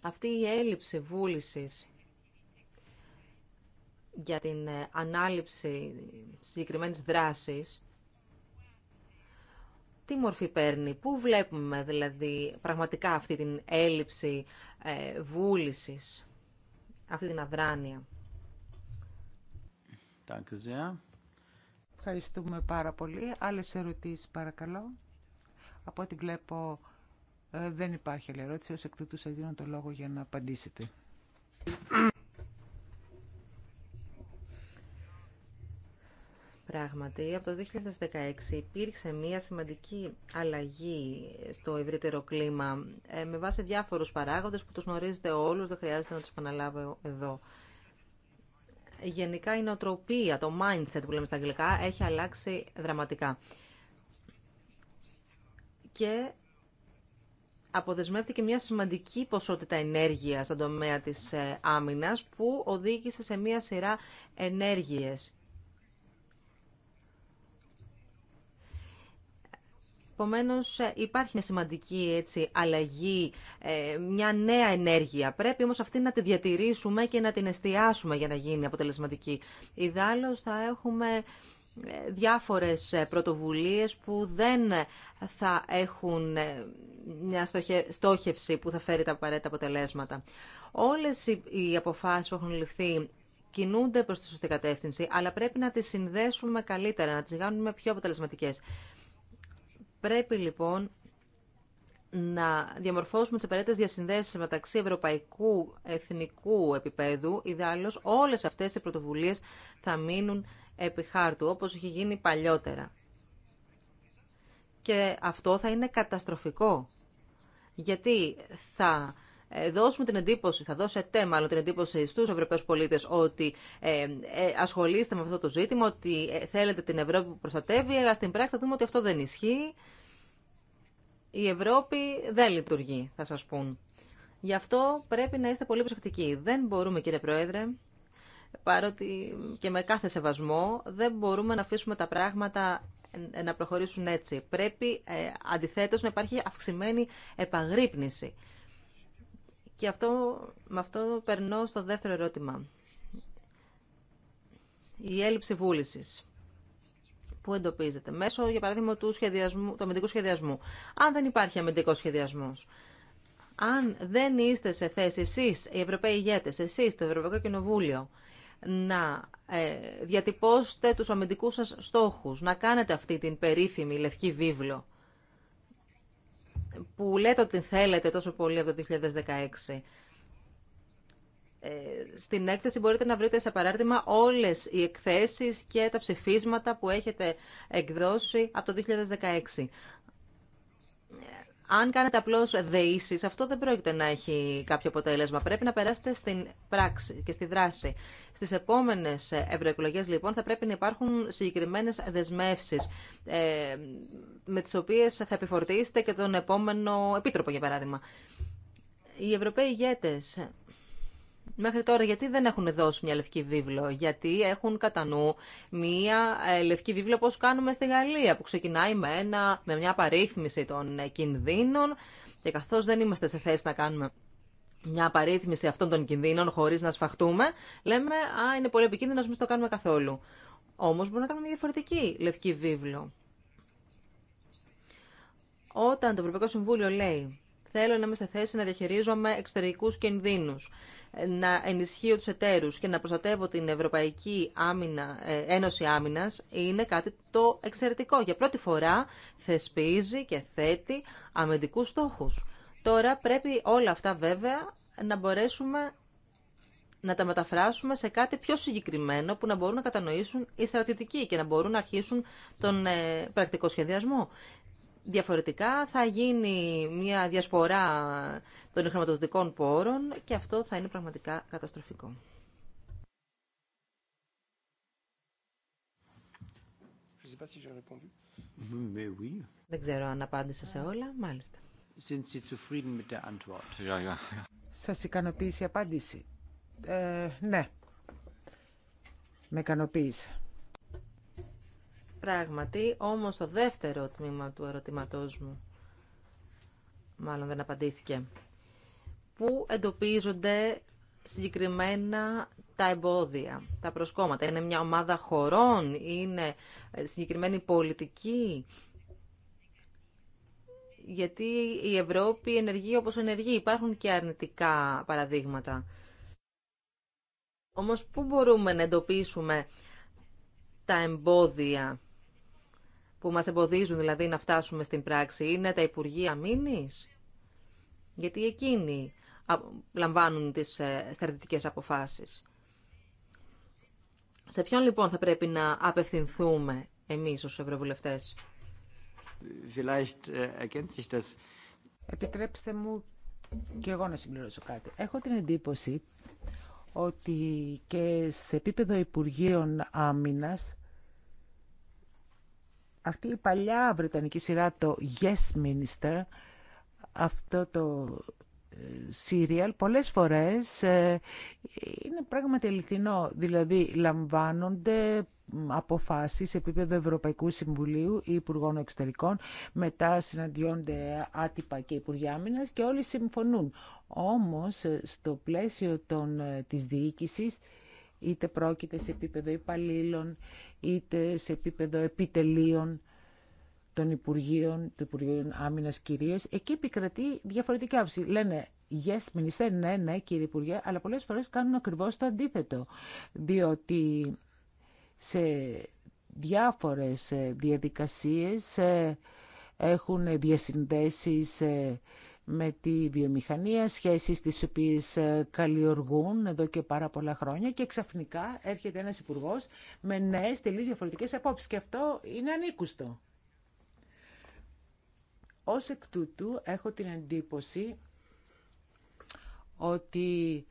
Speaker 2: αυτή η έλλειψη βούλησης για την ε, ανάληψη συγκεκριμένης δράσης, τι μορφή παίρνει, πού βλέπουμε δηλαδή πραγματικά αυτή την έλλειψη ε, βούλησης, αυτή την αδράνεια. Ευχαριστούμε πάρα πολύ. Άλλες ερωτήσεις
Speaker 4: παρακαλώ. Από ό,τι βλέπω ε, δεν υπάρχει άλλη ερώτηση. Ως εκ τούτου
Speaker 2: σας δίνω το λόγο για να απαντήσετε. Πράγματι, από το 2016 υπήρξε μια σημαντική αλλαγή στο ευρύτερο κλίμα ε, με βάση διάφορους παράγοντες που τους γνωρίζετε όλους, δεν χρειάζεται να τους επαναλάβω εδώ. Γενικά η νοοτροπία, το mindset που λέμε στα αγγλικά, έχει αλλάξει δραματικά. Και αποδεσμεύτηκε μια σημαντική ποσότητα ενέργειας στον τομέα της ε, άμυνας που οδήγησε σε μια σειρά ενέργειες Επομένω, ε, υπάρχει μια σημαντική έτσι, αλλαγή, ε, μια νέα ενέργεια. Πρέπει όμω αυτή να τη διατηρήσουμε και να την εστιάσουμε για να γίνει αποτελεσματική. Ιδάλω θα έχουμε ε, διάφορες πρωτοβουλίες που δεν θα έχουν μια στόχευση που θα φέρει τα απαραίτητα αποτελέσματα. Όλες οι αποφάσεις που έχουν ληφθεί κινούνται προς τη σωστή κατεύθυνση, αλλά πρέπει να τις συνδέσουμε καλύτερα, να τις κάνουμε πιο αποτελεσματικές. Πρέπει λοιπόν να διαμορφώσουμε τι απαραίτητε διασυνδέσει μεταξύ ευρωπαϊκού, εθνικού επίπεδου. Ιδάλλως, όλες αυτές οι πρωτοβουλίε θα μείνουν επί χάρτου, όπως είχε γίνει παλιότερα. Και αυτό θα είναι καταστροφικό, γιατί θα ε, δώσουμε την εντύπωση, θα δώσετε μάλλον την εντύπωση στου Ευρωπαίου πολίτε ότι ε, ε, ασχολείστε με αυτό το ζήτημα, ότι ε, θέλετε την Ευρώπη που προστατεύει, αλλά στην πράξη θα δούμε ότι αυτό δεν ισχύει. Η Ευρώπη δεν λειτουργεί, θα σα πούν. Γι' αυτό πρέπει να είστε πολύ προσεκτικοί. Δεν μπορούμε, κύριε Πρόεδρε, παρότι και με κάθε σεβασμό, δεν μπορούμε να αφήσουμε τα πράγματα ε, να προχωρήσουν έτσι. Πρέπει, ε, αντιθέτως, να υπάρχει αυξημένη επαγρύπνηση. Και αυτό, με αυτό περνώ στο δεύτερο ερώτημα. Η έλλειψη βούλησης που εντοπίζεται μέσω, για παράδειγμα, του, σχεδιασμού, του αμυντικού σχεδιασμού. Αν δεν υπάρχει αμυντικό σχεδιασμό, αν δεν είστε σε θέση εσεί, οι Ευρωπαίοι ηγέτε, εσεί, το Ευρωπαϊκό Κοινοβούλιο, να ε, διατυπώσετε του αμυντικού σα στόχου, να κάνετε αυτή την περίφημη λευκή βίβλο, που λέτε ότι θέλετε τόσο πολύ από το 2016. Ε, στην έκθεση μπορείτε να βρείτε σε παράρτημα όλες οι εκθέσεις και τα ψηφίσματα που έχετε εκδώσει από το 2016 αν κάνετε απλώ δεήσει, αυτό δεν πρόκειται να έχει κάποιο αποτέλεσμα. Πρέπει να περάσετε στην πράξη και στη δράση. Στι επόμενε ευρωεκλογέ, λοιπόν, θα πρέπει να υπάρχουν συγκεκριμένε δεσμεύσει, ε, με τι οποίε θα επιφορτήσετε και τον επόμενο επίτροπο, για παράδειγμα. Οι Ευρωπαίοι ηγέτε μέχρι τώρα γιατί δεν έχουν δώσει μια λευκή βίβλο, γιατί έχουν κατά νου μια ε, λευκή βίβλο όπως κάνουμε στη Γαλλία, που ξεκινάει με, ένα, με μια παρήθμιση των ε, κινδύνων και καθώς δεν είμαστε σε θέση να κάνουμε μια παρήθμιση αυτών των κινδύνων χωρίς να σφαχτούμε, λέμε «Α, είναι πολύ επικίνδυνο, μην το κάνουμε καθόλου». Όμω μπορούμε να κάνουμε μια διαφορετική λευκή βίβλο. Όταν το Ευρωπαϊκό Συμβούλιο λέει «Θέλω να είμαι σε θέση να διαχειρίζομαι εξωτερικούς κινδύνους», να ενισχύω τους εταίρους και να προστατεύω την Ευρωπαϊκή Άμυνα, ε, Ένωση Άμυνας είναι κάτι το εξαιρετικό. Για πρώτη φορά θεσπίζει και θέτει αμυντικούς στόχους. Τώρα πρέπει όλα αυτά βέβαια να μπορέσουμε να τα μεταφράσουμε σε κάτι πιο συγκεκριμένο που να μπορούν να κατανοήσουν οι στρατιωτικοί και να μπορούν να αρχίσουν τον ε, πρακτικό σχεδιασμό. Διαφορετικά θα γίνει μια διασπορά των χρηματοδοτικών πόρων και αυτό θα είναι πραγματικά καταστροφικό. Mhm, δεν ξέρω αν απάντησα σε όλα. Μάλιστα.
Speaker 4: Σας ικανοποίησε η απάντηση. Ε, ναι. Με ικανοποίησε.
Speaker 2: Πράγματι, όμως το δεύτερο τμήμα του ερωτηματός μου μάλλον δεν απαντήθηκε που εντοπίζονται συγκεκριμένα τα εμπόδια, τα προσκόμματα. Είναι μια ομάδα χωρών, είναι ε, συγκεκριμένη πολιτική. Γιατί η Ευρώπη ενεργεί όπως ενεργεί. Υπάρχουν και αρνητικά παραδείγματα. Όμως πού μπορούμε να εντοπίσουμε τα εμπόδια που μας εμποδίζουν δηλαδή να φτάσουμε στην πράξη. Είναι τα Υπουργεία Μήνης. Γιατί εκείνοι λαμβάνουν τις ε, στρατητικές αποφάσεις. Σε ποιον λοιπόν θα πρέπει να απευθυνθούμε εμείς ως ευρωβουλευτές. Ε, Επιτρέψτε μου και εγώ
Speaker 4: να συμπληρώσω κάτι. Έχω την εντύπωση ότι και σε επίπεδο Υπουργείων Άμυνας αυτή η παλιά βρετανική σειρά, το Yes Minister, αυτό το σύριαλ πολλές φορές ε, είναι πράγματι αληθινό. Δηλαδή λαμβάνονται αποφάσεις σε επίπεδο Ευρωπαϊκού Συμβουλίου ή Υπουργών Εξωτερικών. Μετά συναντιόνται άτυπα και Υπουργοί και όλοι συμφωνούν. Όμως ε, στο πλαίσιο των, ε, της διοίκησης είτε πρόκειται σε επίπεδο υπαλλήλων, είτε σε επίπεδο επιτελείων, των Υπουργείων, του Υπουργείου Άμυνα κυρίω, εκεί επικρατεί διαφορετική άποψη. Λένε yes, minister, ναι, ναι, κύριε Υπουργέ, αλλά πολλέ φορέ κάνουν ακριβώ το αντίθετο. Διότι σε διάφορε διαδικασίε ε, έχουν διασυνδέσει ε, με τη βιομηχανία, σχέσεις τις οποίες ε, καλλιεργούν εδώ και πάρα πολλά χρόνια και ξαφνικά έρχεται ένας υπουργός με νέες τελείως διαφορετικές απόψεις και αυτό είναι ανήκουστο. Ως εκ τούτου έχω την εντύπωση ότι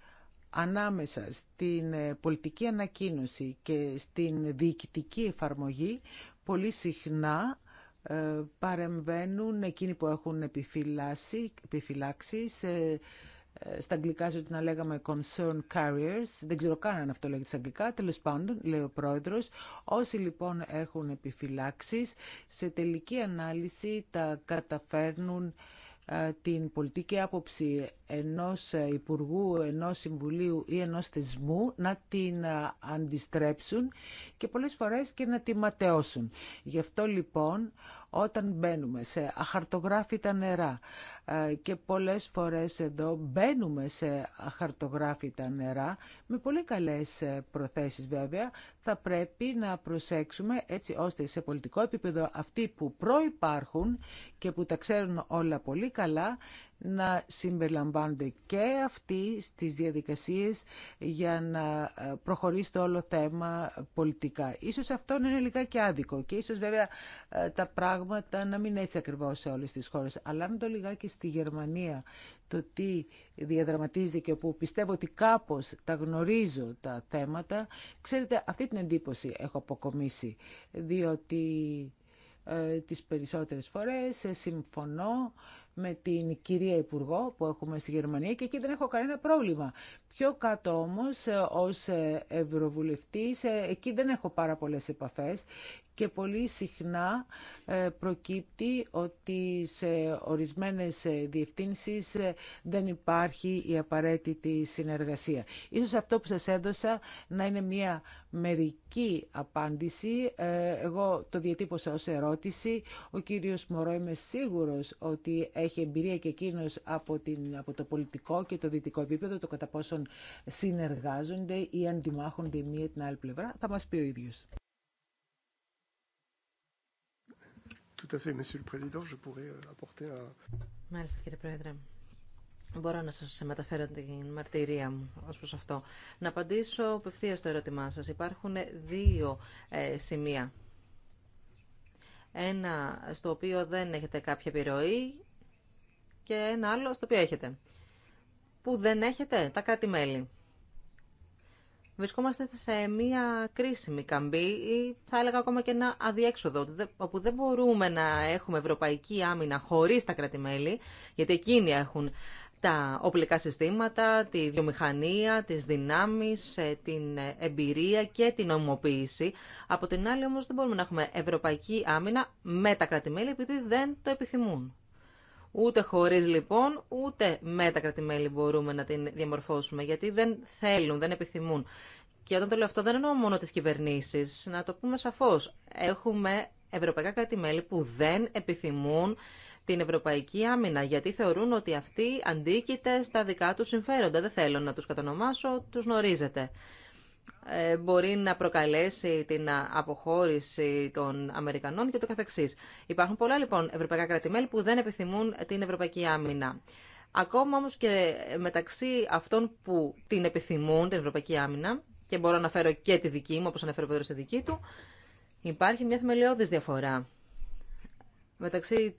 Speaker 4: ανάμεσα στην ε, πολιτική ανακοίνωση και στην διοικητική εφαρμογή πολύ συχνά ε, παρεμβαίνουν εκείνοι που έχουν επιφυλάξει σε ε, στα αγγλικά σου να λέγαμε concern carriers, δεν ξέρω καν αν αυτό λέγεται στα αγγλικά, τέλο πάντων, λέει ο πρόεδρος, όσοι λοιπόν έχουν επιφυλάξει, σε τελική ανάλυση τα καταφέρνουν ε, την πολιτική άποψη ενός ε, υπουργού, ενός συμβουλίου ή ενός θεσμού να την αντιστρέψουν και πολλές φορές και να τη ματαιώσουν. Γι' αυτό λοιπόν όταν μπαίνουμε σε αχαρτογράφητα νερά ε, και πολλές φορές εδώ μπαίνουμε σε αχαρτογράφητα νερά με πολύ καλές ε, προθέσεις βέβαια θα πρέπει να προσέξουμε έτσι ώστε σε πολιτικό επίπεδο αυτοί που προϋπάρχουν και που τα ξέρουν όλα πολύ καλά να συμπεριλαμβάνονται και αυτοί στις διαδικασίες για να ε, προχωρήσει το όλο θέμα πολιτικά. Ίσως αυτό είναι λιγάκι άδικο και ίσως βέβαια ε, τα πράγματα να μην είναι έτσι ακριβώς σε όλες τις χώρες. Αλλά αν το λιγάκι στη Γερμανία το τι διαδραματίζεται και όπου πιστεύω ότι κάπως τα γνωρίζω τα θέματα, ξέρετε αυτή την εντύπωση έχω αποκομίσει, διότι ε, τις περισσότερες φορές συμφωνώ με την κυρία Υπουργό που έχουμε στη Γερμανία και εκεί δεν έχω κανένα πρόβλημα. Πιο κάτω όμως ε, ως ε, Ευρωβουλευτής ε, εκεί δεν έχω πάρα πολλές επαφές και πολύ συχνά προκύπτει ότι σε ορισμένες διευθύνσεις δεν υπάρχει η απαραίτητη συνεργασία. Ίσως αυτό που σας έδωσα να είναι μια μερική απάντηση. Εγώ το διατύπωσα ως ερώτηση. Ο κύριος Μωρό είμαι σίγουρος ότι έχει εμπειρία και εκείνο από, από το πολιτικό και το δυτικό επίπεδο, το κατά πόσον συνεργάζονται ή αντιμάχονται η μία την άλλη πλευρά, θα μας πει ο ίδιο.
Speaker 3: Euh,
Speaker 2: Μάλιστα, κύριε Πρόεδρε. Μπορώ να σας μεταφέρω την μαρτυρία μου ως προς αυτό. Να απαντήσω απευθεία στο ερώτημά σας. Υπάρχουν δύο ε, σημεία. Ένα στο οποίο δεν έχετε κάποια επιρροή και ένα άλλο στο οποίο έχετε. Που δεν έχετε τα κράτη-μέλη. Βρισκόμαστε σε μία κρίσιμη καμπή ή θα έλεγα ακόμα και ένα αδιέξοδο, όπου δεν μπορούμε να έχουμε ευρωπαϊκή άμυνα χωρίς τα κράτη-μέλη, γιατί εκείνοι έχουν τα οπλικά συστήματα, τη βιομηχανία, τις δυνάμεις, ε, την ε, εμπειρία και την ομοποίηση. Από την άλλη όμως δεν μπορούμε να έχουμε ευρωπαϊκή άμυνα με τα κράτη-μέλη, επειδή δεν το επιθυμούν. Ούτε χωρίς λοιπόν, ούτε με τα κρατημέλη μπορούμε να την διαμορφώσουμε, γιατί δεν θέλουν, δεν επιθυμούν. Και όταν το λέω αυτό δεν εννοώ μόνο τις κυβερνήσεις, να το πούμε σαφώς. Έχουμε ευρωπαϊκά κρατημέλη που δεν επιθυμούν την ευρωπαϊκή άμυνα, γιατί θεωρούν ότι αυτή αντίκειται στα δικά τους συμφέροντα. Δεν θέλω να τους κατονομάσω, τους γνωρίζετε. Ε, μπορεί να προκαλέσει την αποχώρηση των Αμερικανών και το καθεξής. Υπάρχουν πολλά λοιπόν ευρωπαϊκά κρατημέλη που δεν επιθυμούν την ευρωπαϊκή άμυνα. Ακόμα όμως και μεταξύ αυτών που την επιθυμούν, την ευρωπαϊκή άμυνα, και μπορώ να φέρω και τη δική μου, όπως αναφέρω πέρα στη δική του, υπάρχει μια θεμελιώδης διαφορά μεταξύ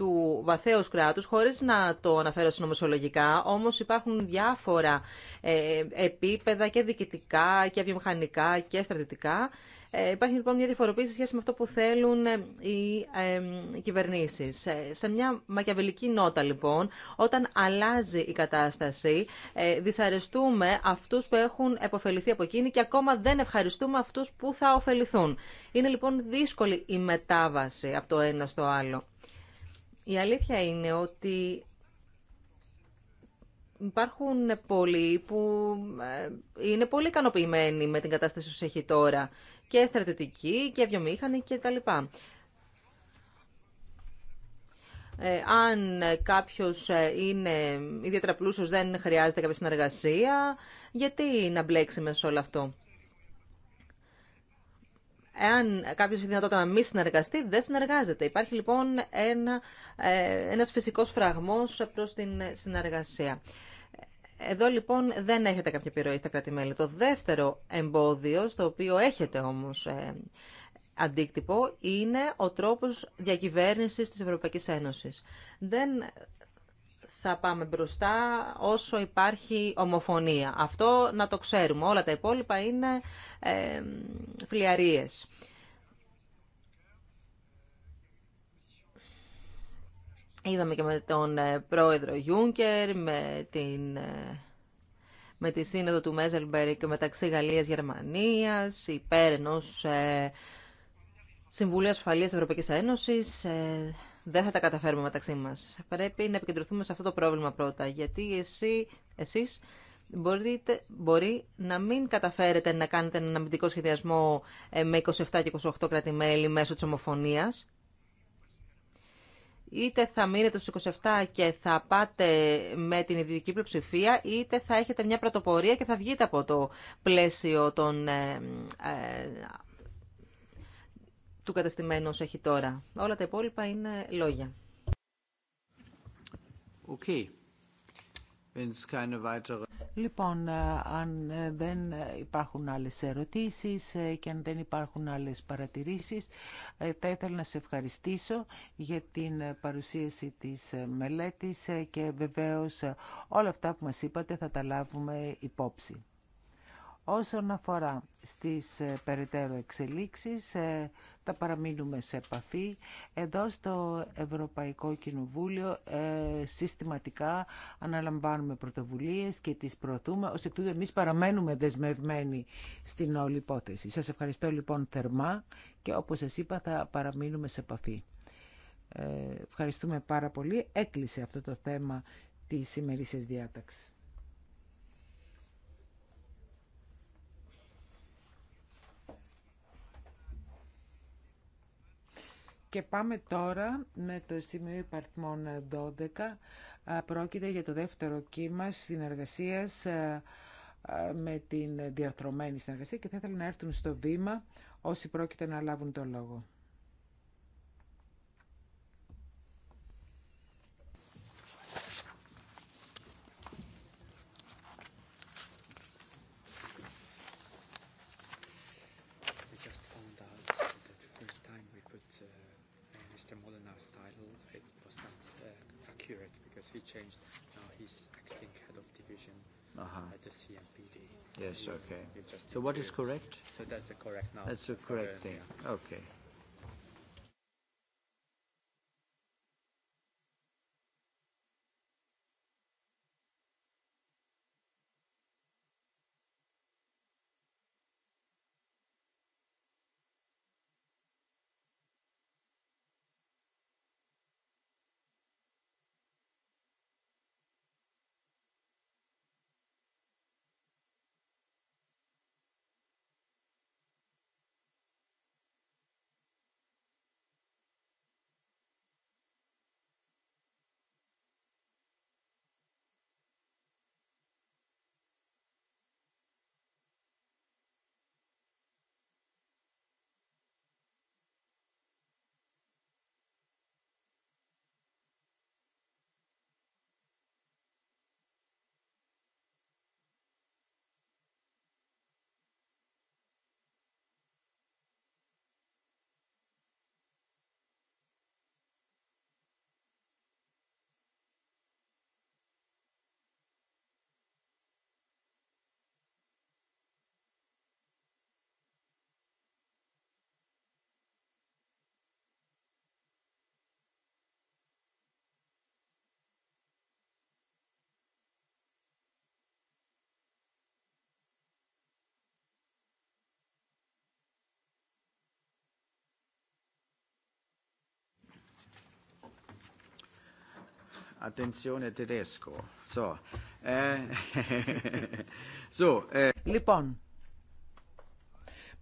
Speaker 2: του βαθέως κράτους, χωρίς να το αναφέρω συνωμοσιολογικά, όμως υπάρχουν διάφορα ε, επίπεδα και διοικητικά και βιομηχανικά και στρατητικά. Ε, υπάρχει λοιπόν μια διαφοροποίηση σχέση με αυτό που θέλουν ε, οι κυβερνήσεις. Σε μια μακιαβελική νότα λοιπόν, όταν αλλάζει η κατάσταση, δυσαρεστούμε αυτούς που έχουν επωφεληθεί από εκείνη και ακόμα δεν ευχαριστούμε αυτούς που θα ωφεληθούν. Είναι λοιπόν δύσκολη η μετάβαση από το ένα στο άλλο. Η αλήθεια είναι ότι υπάρχουν πολλοί που ε, είναι πολύ ικανοποιημένοι με την κατάσταση που έχει τώρα και στρατιωτικοί και βιομήχανοι και τα λοιπά. Ε, αν κάποιος ε, είναι ιδιαίτερα πλούσιος δεν χρειάζεται κάποια συνεργασία, γιατί να μπλέξει μέσα σε όλο αυτό εάν κάποιο έχει δυνατότητα να μη συνεργαστεί, δεν συνεργάζεται. Υπάρχει λοιπόν ένα, ε, ένας φυσικός φραγμός προς την συνεργασία. Εδώ λοιπόν δεν έχετε κάποια επιρροή στα κράτη-μέλη. Το δεύτερο εμπόδιο, στο οποίο έχετε όμως ε, αντίκτυπο, είναι ο τρόπος διακυβέρνησης της Ευρωπαϊκής Ένωσης. Δεν θα πάμε μπροστά όσο υπάρχει ομοφωνία. Αυτό να το ξέρουμε. Όλα τα υπόλοιπα είναι ε, φλιαρίες. Είδαμε και με τον ε, πρόεδρο Γιούγκερ, με, την, ε, με τη σύνοδο του Μέζελμπερικ μεταξύ Γαλλίας-Γερμανίας, υπέρ ενός ε, Συμβουλίου Ασφαλείας Ευρωπαϊκής Ένωσης. Ε, δεν θα τα καταφέρουμε μεταξύ μα. Πρέπει να επικεντρωθούμε σε αυτό το πρόβλημα πρώτα, γιατί εσύ, εσείς μπορείτε, μπορεί να μην καταφέρετε να κάνετε έναν αμυντικό σχεδιασμό ε, με 27 και 28 κράτη-μέλη μέσω τη ομοφωνία. Είτε θα μείνετε στους 27 και θα πάτε με την ειδική πλειοψηφία, είτε θα έχετε μια πρωτοπορία και θα βγείτε από το πλαίσιο των ε, ε, του καταστημένου όσο έχει τώρα. Όλα τα υπόλοιπα είναι λόγια. Okay.
Speaker 4: Λοιπόν, ε, αν ε, δεν υπάρχουν άλλες ερωτήσεις ε, και αν δεν υπάρχουν άλλες παρατηρήσεις, θα ήθελα να σε ευχαριστήσω για την παρουσίαση της μελέτης και βεβαίως όλα αυτά που μας είπατε θα τα λάβουμε υπόψη. Όσον αφορά στις ε, περαιτέρω εξελίξεις, ε, θα παραμείνουμε σε επαφή. Εδώ στο Ευρωπαϊκό Κοινοβούλιο ε, συστηματικά αναλαμβάνουμε πρωτοβουλίες και τις προωθούμε. Ως εκ τούτου εμείς παραμένουμε δεσμευμένοι στην όλη υπόθεση. Σας ευχαριστώ λοιπόν θερμά και όπως σας είπα θα παραμείνουμε σε επαφή. ευχαριστούμε πάρα πολύ. Έκλεισε αυτό το θέμα της σημερινής διάταξης. Και πάμε τώρα με το σημείο υπαρθμών 12. Πρόκειται για το δεύτερο κύμα συνεργασίας με την διαρθρωμένη συνεργασία και θα ήθελα να έρθουν στο βήμα όσοι πρόκειται να λάβουν το λόγο.
Speaker 1: what is correct? So that's the correct now. That's the correct thing. Okay. Attenzione tedesco. So. Eh, so, eh. Λοιπόν,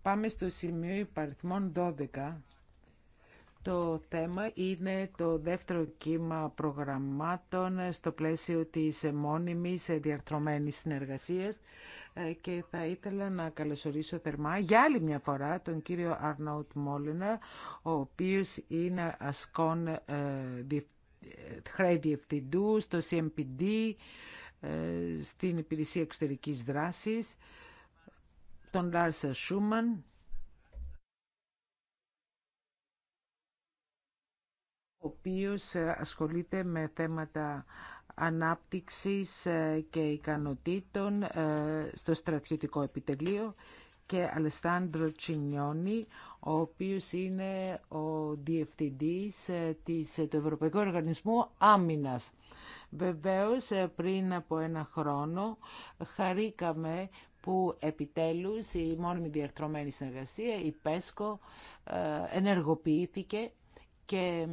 Speaker 4: πάμε στο σημείο υπαριθμών 12. Το θέμα είναι το δεύτερο κύμα προγραμμάτων στο πλαίσιο της μόνιμης διαρθρωμένης συνεργασίας ε, και θα ήθελα να καλωσορίσω θερμά για άλλη μια φορά τον κύριο Αρναουτ Μόλινα, ο οποίος είναι ασκόν ε, διευθυντής χρέη διευθυντού, στο CMPD, ε, στην Υπηρεσία Εξωτερικής Δράσης, τον Λάρσα Σούμαν, ο οποίος ε, ασχολείται με θέματα ανάπτυξης ε, και ικανοτήτων στο στρατιωτικό επιτελείο και Αλεσάνδρο Τσινιόνι, ο οποίος είναι ο διευθυντής ε, της, ε, του Ευρωπαϊκού Οργανισμού Άμυνας. Βεβαίως, ε, πριν από ένα χρόνο, χαρήκαμε που επιτέλους η μόνιμη διαρθρωμένη συνεργασία, η ΠΕΣΚΟ, ενεργοποιήθηκε και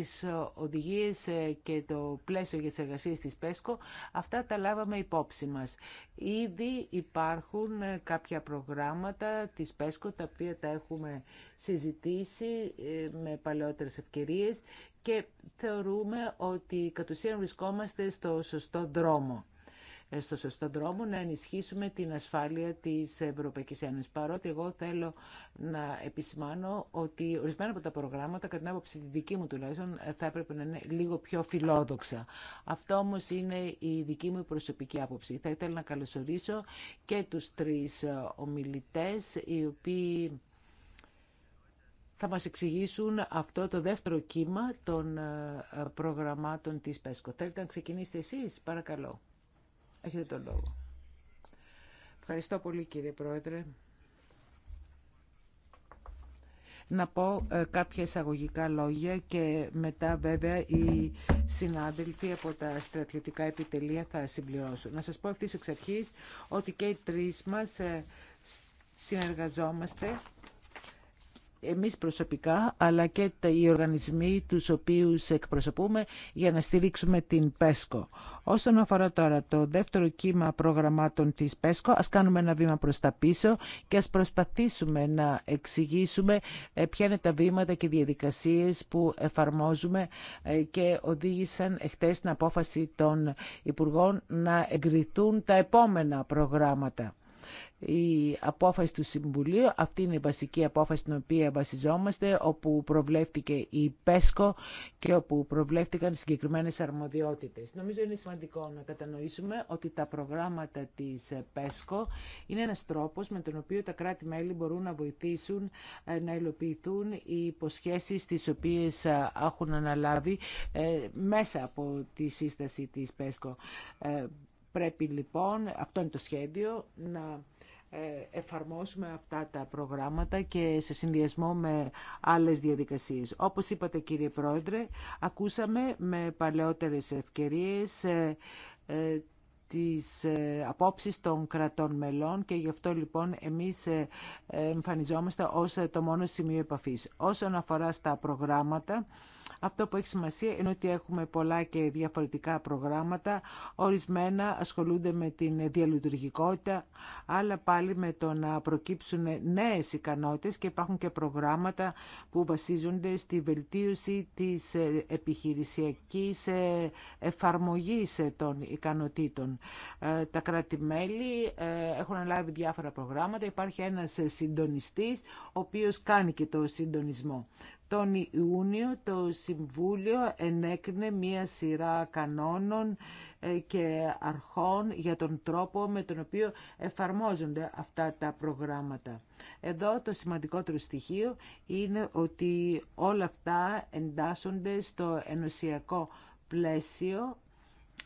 Speaker 4: τις ε, οδηγίες ε, και το πλαίσιο για τις εργασίες της ΠΕΣΚΟ, αυτά τα λάβαμε υπόψη μας. Ήδη υπάρχουν ε, κάποια προγράμματα της ΠΕΣΚΟ, τα οποία τα έχουμε συζητήσει με παλαιότερες ευκαιρίες και θεωρούμε ότι κατ' ουσίαν βρισκόμαστε στο σωστό δρόμο στο σωστό δρόμο να ενισχύσουμε την ασφάλεια της Ευρωπαϊκής Ένωσης. Παρότι εγώ θέλω να επισημάνω ότι ορισμένα από τα προγράμματα, κατά την άποψη τη δική μου τουλάχιστον, θα έπρεπε να είναι λίγο πιο φιλόδοξα. Αυτό όμως είναι η δική μου προσωπική άποψη. Θα ήθελα να καλωσορίσω και τους τρεις ομιλητές, οι οποίοι θα μας εξηγήσουν αυτό το δεύτερο κύμα των ε, προγραμμάτων της ΠΕΣΚΟ. Θέλετε να ξεκινήσετε εσείς, παρακαλώ. Έχετε τον λόγο. Ευχαριστώ πολύ κύριε Πρόεδρε. Να πω ε, κάποια εισαγωγικά λόγια και μετά βέβαια οι συνάδελφοι από τα στρατιωτικά επιτελεία θα συμπληρώσουν. Να σας πω αυτής εξ αρχής ότι και οι τρεις μας ε, συνεργαζόμαστε εμείς προσωπικά αλλά και οι οργανισμοί τους οποίους εκπροσωπούμε για να στηρίξουμε την ΠΕΣΚΟ. Όσον αφορά τώρα το δεύτερο κύμα προγραμμάτων της ΠΕΣΚΟ, ας κάνουμε ένα βήμα προς τα πίσω και ας προσπαθήσουμε να εξηγήσουμε ε, ποια είναι τα βήματα και διαδικασίες που εφαρμόζουμε ε, και οδήγησαν εχθές την απόφαση των Υπουργών να εγκριθούν τα επόμενα προγράμματα η απόφαση του Συμβουλίου, αυτή είναι η βασική απόφαση την οποία βασιζόμαστε, όπου προβλέφτηκε η ΠΕΣΚΟ και όπου προβλέφτηκαν συγκεκριμένες αρμοδιότητες. Νομίζω είναι σημαντικό να κατανοήσουμε ότι τα προγράμματα της ΠΕΣΚΟ είναι ένας τρόπος με τον οποίο τα κράτη-μέλη μπορούν να βοηθήσουν ε, να υλοποιηθούν οι υποσχέσεις τις οποίες ε, έχουν αναλάβει ε, μέσα από τη σύσταση της ΠΕΣΚΟ. Πρέπει λοιπόν, αυτό είναι το σχέδιο, να ε, εφαρμόσουμε αυτά τα προγράμματα και σε συνδυασμό με άλλες διαδικασίες. Όπως είπατε κύριε Πρόεδρε, ακούσαμε με παλαιότερες ευκαιρίες ε, ε, τις απόψεις των κρατών μελών και γι' αυτό λοιπόν εμείς εμφανιζόμαστε ως το μόνο σημείο επαφής. Όσον αφορά στα προγράμματα, αυτό που έχει σημασία είναι ότι έχουμε πολλά και διαφορετικά προγράμματα. Ορισμένα ασχολούνται με την διαλειτουργικότητα, άλλα πάλι με το να προκύψουν νέες ικανότητες και υπάρχουν και προγράμματα που βασίζονται στη βελτίωση της επιχειρησιακής ε, εφαρμογής ε, των ικανοτήτων. Ε, τα κράτη-μέλη έχουν λάβει διάφορα προγράμματα. Υπάρχει ένας συντονιστής, ο οποίος κάνει και το συντονισμό. Τον Ιούνιο το Συμβούλιο ενέκρινε μία σειρά κανόνων ε, και αρχών για τον τρόπο με τον οποίο εφαρμόζονται αυτά τα προγράμματα. Εδώ το σημαντικότερο στοιχείο είναι ότι όλα αυτά εντάσσονται στο ενωσιακό πλαίσιο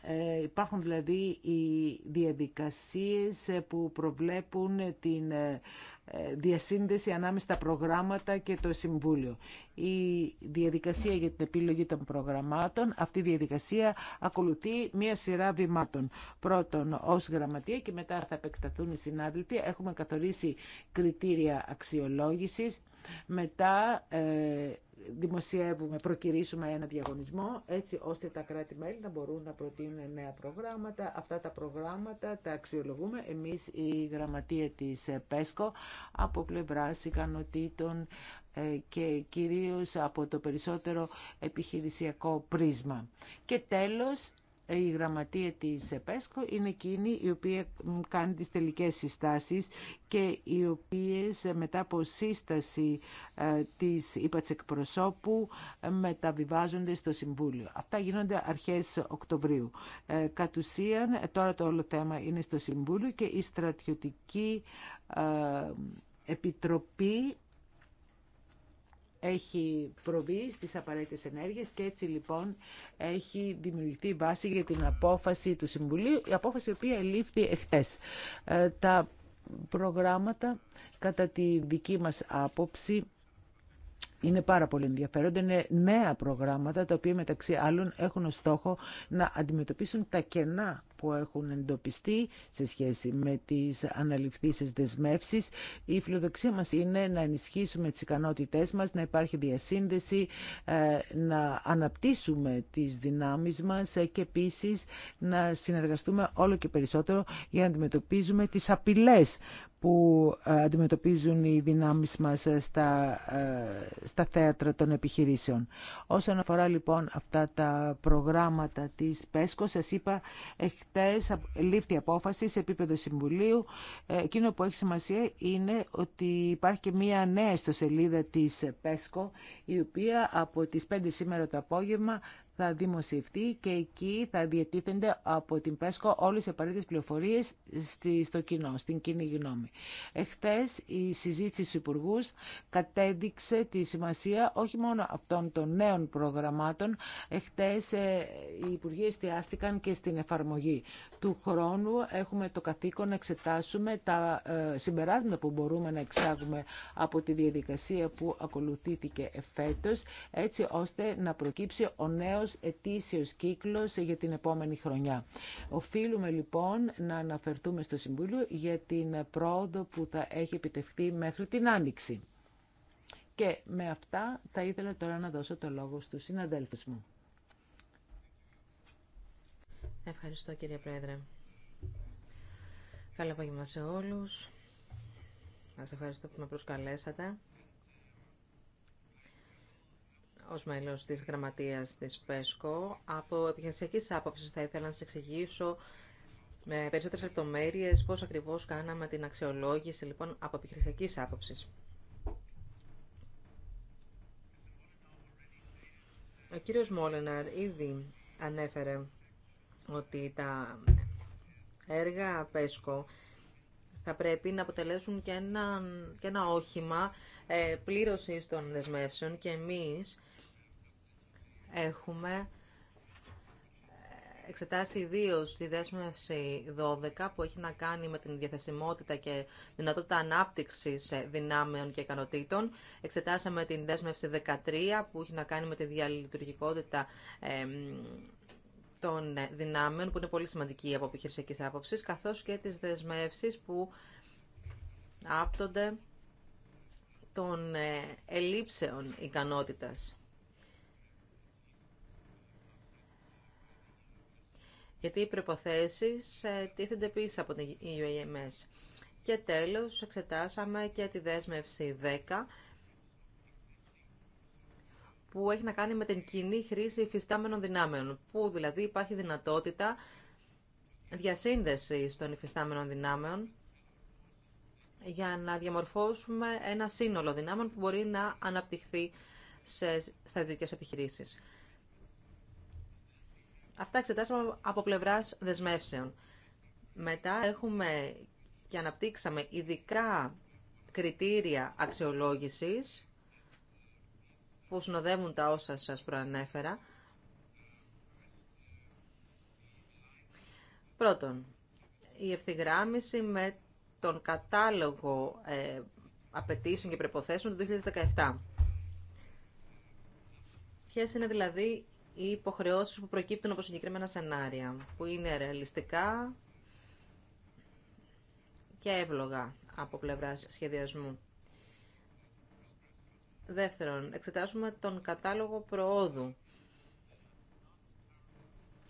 Speaker 4: ε, υπάρχουν δηλαδή οι διαδικασίες ε, που προβλέπουν την ε, ε, διασύνδεση ανάμεσα στα προγράμματα και το Συμβούλιο. Η διαδικασία για την επιλογή των προγραμμάτων, αυτή η διαδικασία ακολουθεί μία σειρά βημάτων. Πρώτον ως γραμματεία και μετά θα επεκταθούν οι συνάδελφοι. Έχουμε καθορίσει κριτήρια αξιολόγησης. Μετά ε, δημοσιεύουμε, προκυρήσουμε ένα διαγωνισμό έτσι ώστε τα κράτη-μέλη να μπορούν να προτείνουν νέα προγράμματα. Αυτά τα προγράμματα τα αξιολογούμε εμείς η γραμματεία της ΠΕΣΚΟ από πλευράς ικανοτήτων ε, και κυρίως από το περισσότερο επιχειρησιακό πρίσμα. Και τέλος, η γραμματεία της ΕΠΕΣΚΟ είναι εκείνη η οποία κάνει τις τελικές συστάσεις και οι οποίες μετά από σύσταση ε, της προσώπου ε, μεταβιβάζονται στο Συμβούλιο. Αυτά γίνονται αρχές Οκτωβρίου. Ε, κατ' ουσίαν τώρα το όλο θέμα είναι στο Συμβούλιο και η στρατιωτική επιτροπή έχει προβεί στις απαραίτητες ενέργειες και έτσι λοιπόν έχει δημιουργηθεί βάση για την απόφαση του Συμβουλίου, η απόφαση η οποία λήφθη εχθές. Ε, τα προγράμματα κατά τη δική μας άποψη είναι πάρα πολύ ενδιαφέροντα. Είναι νέα προγράμματα τα οποία μεταξύ άλλων έχουν ως στόχο να αντιμετωπίσουν τα κενά που έχουν εντοπιστεί σε σχέση με τις αναληφθήσεις δεσμεύσει. Η φιλοδοξία μας είναι να ενισχύσουμε τις ικανότητές μας, να υπάρχει διασύνδεση, ε, να αναπτύσσουμε τις δυνάμεις μας ε, και επίσης να συνεργαστούμε όλο και περισσότερο για να αντιμετωπίζουμε τις απειλές που ε, αντιμετωπίζουν οι δυνάμεις μας στα, στα θέατρα των επιχειρήσεων. Όσον αφορά λοιπόν αυτά τα προγράμματα της ΠΕΣΚΟ, σα είπα, αυτές λήφθη απόφαση σε επίπεδο συμβουλίου. Ε, εκείνο που έχει σημασία είναι ότι υπάρχει και μία νέα ιστοσελίδα της ΠΕΣΚΟ, η οποία από τις 5 σήμερα το απόγευμα θα δημοσιευτεί και εκεί θα διατίθενται από την ΠΕΣΚΟ όλες οι απαραίτητες πληροφορίες στο κοινό, στην κοινή γνώμη. Εχθές η συζήτηση στους υπουργού κατέδειξε τη σημασία όχι μόνο αυτών των νέων προγραμμάτων, εχθές ε, οι υπουργοί εστιάστηκαν και στην εφαρμογή. Του χρόνου έχουμε το καθήκον να εξετάσουμε τα ε, συμπεράσματα που μπορούμε να εξάγουμε από τη διαδικασία που ακολουθήθηκε εφέτος, έτσι ώστε να προκύψει ο νέος ετήσιος κύκλος για την επόμενη χρονιά. Οφείλουμε λοιπόν να αναφερθούμε στο Συμβούλιο για την πρόοδο που θα έχει επιτευχθεί μέχρι την Άνοιξη. Και με αυτά θα ήθελα τώρα να δώσω το λόγο στους συναδέλφους μου.
Speaker 2: Ευχαριστώ κύριε Πρόεδρε. Καλό απόγευμα σε όλους. Σας ευχαριστώ που με προσκαλέσατε ως μέλος της γραμματείας της ΠΕΣΚΟ. Από επιχειρησιακή άποψη θα ήθελα να σα εξηγήσω με περισσότερες λεπτομέρειες πώς ακριβώς κάναμε την αξιολόγηση λοιπόν από επιχειρησιακής άποψη. Ο κύριος Μόλεναρ ήδη ανέφερε ότι τα έργα ΠΕΣΚΟ θα πρέπει να αποτελέσουν και ένα, ένα όχημα πλήρωση ε, πλήρωσης των δεσμεύσεων και εμείς Έχουμε εξετάσει ιδίω τη δέσμευση 12 που έχει να κάνει με την διαθεσιμότητα και δυνατότητα ανάπτυξη δυνάμεων και ικανοτήτων. Εξετάσαμε την δέσμευση 13 που έχει να κάνει με τη διαλειτουργικότητα των δυνάμεων που είναι πολύ σημαντική από επιχειρησιακή άποψη, καθώ και τι δεσμεύσει που άπτονται των ε, ελλείψεων ικανότητας. γιατί οι προϋποθέσεις ε, τίθενται πίσω από την UAMS. Και τέλος, εξετάσαμε και τη δέσμευση 10, που έχει να κάνει με την κοινή χρήση υφιστάμενων δυνάμεων, που δηλαδή υπάρχει δυνατότητα διασύνδεσης των υφιστάμενων δυνάμεων για να διαμορφώσουμε ένα σύνολο δυνάμεων που μπορεί να αναπτυχθεί σε στρατιωτικές επιχειρήσεις. Αυτά εξετάσαμε από πλευρά δεσμεύσεων. Μετά έχουμε και αναπτύξαμε ειδικά κριτήρια αξιολόγησης που συνοδεύουν τα όσα σας προανέφερα. Πρώτον, η ευθυγράμμιση με τον κατάλογο ε, απαιτήσεων και προποθέσεων του 2017. Ποιες είναι δηλαδή οι υποχρεώσεις που προκύπτουν από συγκεκριμένα σενάρια, που είναι ρεαλιστικά και εύλογα από πλευράς σχεδιασμού. Δεύτερον, εξετάσουμε τον κατάλογο προόδου.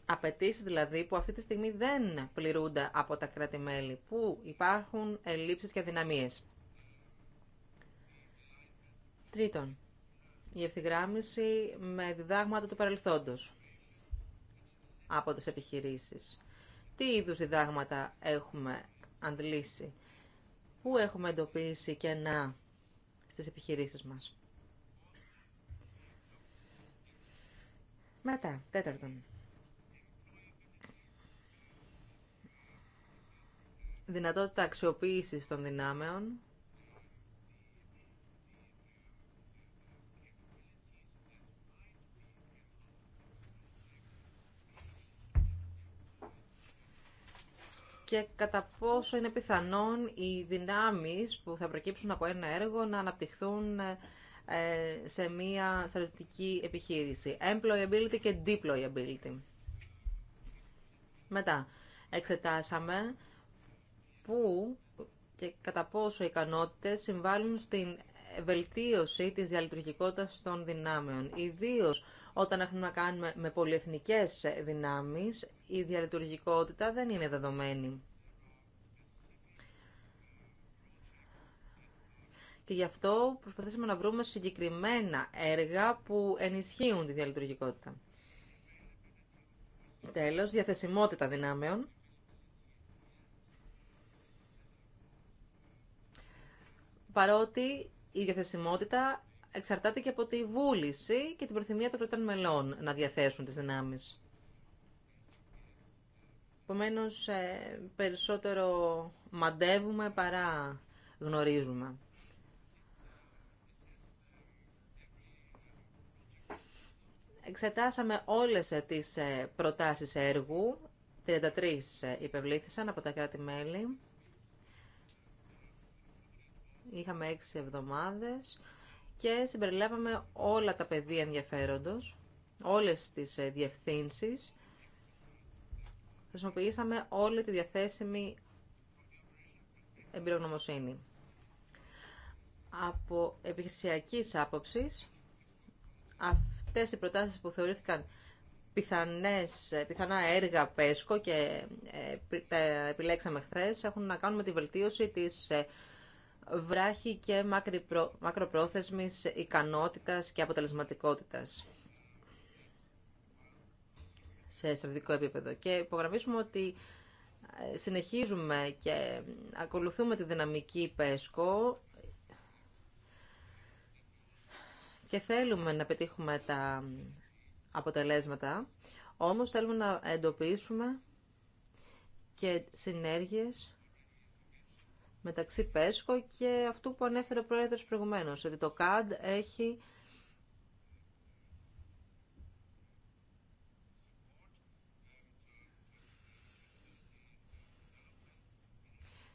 Speaker 2: Απαιτήσει δηλαδή που αυτή τη στιγμή δεν πληρούνται από τα κράτη-μέλη, που υπάρχουν ελλείψεις και δυναμίες. Τρίτον, η ευθυγράμμιση με διδάγματα του παρελθόντος από τις επιχειρήσεις. Τι είδους διδάγματα έχουμε αντλήσει, πού έχουμε εντοπίσει κενά στις επιχειρήσεις μας. Μετά, τέταρτον. Δυνατότητα αξιοποίησης των δυνάμεων και κατά πόσο είναι πιθανόν οι δυνάμεις που θα προκύψουν από ένα έργο να αναπτυχθούν ε, σε μία στρατιωτική επιχείρηση. Employability και deployability. Μετά, εξετάσαμε πού και κατά πόσο οι ικανότητες συμβάλλουν στην βελτίωση της διαλειτουργικότητας των δυνάμεων. Ιδίως όταν έχουμε να κάνουμε με πολυεθνικές δυνάμεις η διαλειτουργικότητα δεν είναι δεδομένη. Και γι' αυτό προσπαθήσαμε να βρούμε συγκεκριμένα έργα που ενισχύουν τη διαλειτουργικότητα. Τέλος, διαθεσιμότητα δυνάμεων. Παρότι η διαθεσιμότητα εξαρτάται και από τη βούληση και την προθυμία των πρώτων μελών να διαθέσουν τις δυνάμεις. Επομένω, ε, περισσότερο μαντεύουμε παρά γνωρίζουμε. Εξετάσαμε όλες ε, τις ε, προτάσεις έργου, 33 υπευλήθησαν από τα κράτη-μέλη. Είχαμε 6 εβδομάδες και συμπεριλάβαμε όλα τα πεδία ενδιαφέροντος, όλες τις διευθύνσεις χρησιμοποιήσαμε όλη τη διαθέσιμη εμπειρογνωμοσύνη. Από επιχειρησιακής άποψης, αυτές οι προτάσεις που θεωρήθηκαν πιθανές, πιθανά έργα ΠΕΣΚΟ και ε, τα επιλέξαμε χθε έχουν να κάνουν με τη βελτίωση της ε, βράχη και μακροπρόθεσμης ικανότητας και αποτελεσματικότητας σε στρατηγικό επίπεδο. Και υπογραμμίζουμε ότι ε, συνεχίζουμε και ακολουθούμε τη δυναμική ΠΕΣΚΟ και θέλουμε να πετύχουμε τα αποτελέσματα, όμως θέλουμε να εντοπίσουμε και συνέργειες μεταξύ ΠΕΣΚΟ και αυτού που ανέφερε ο Πρόεδρος προηγουμένως, ότι το ΚΑΔ έχει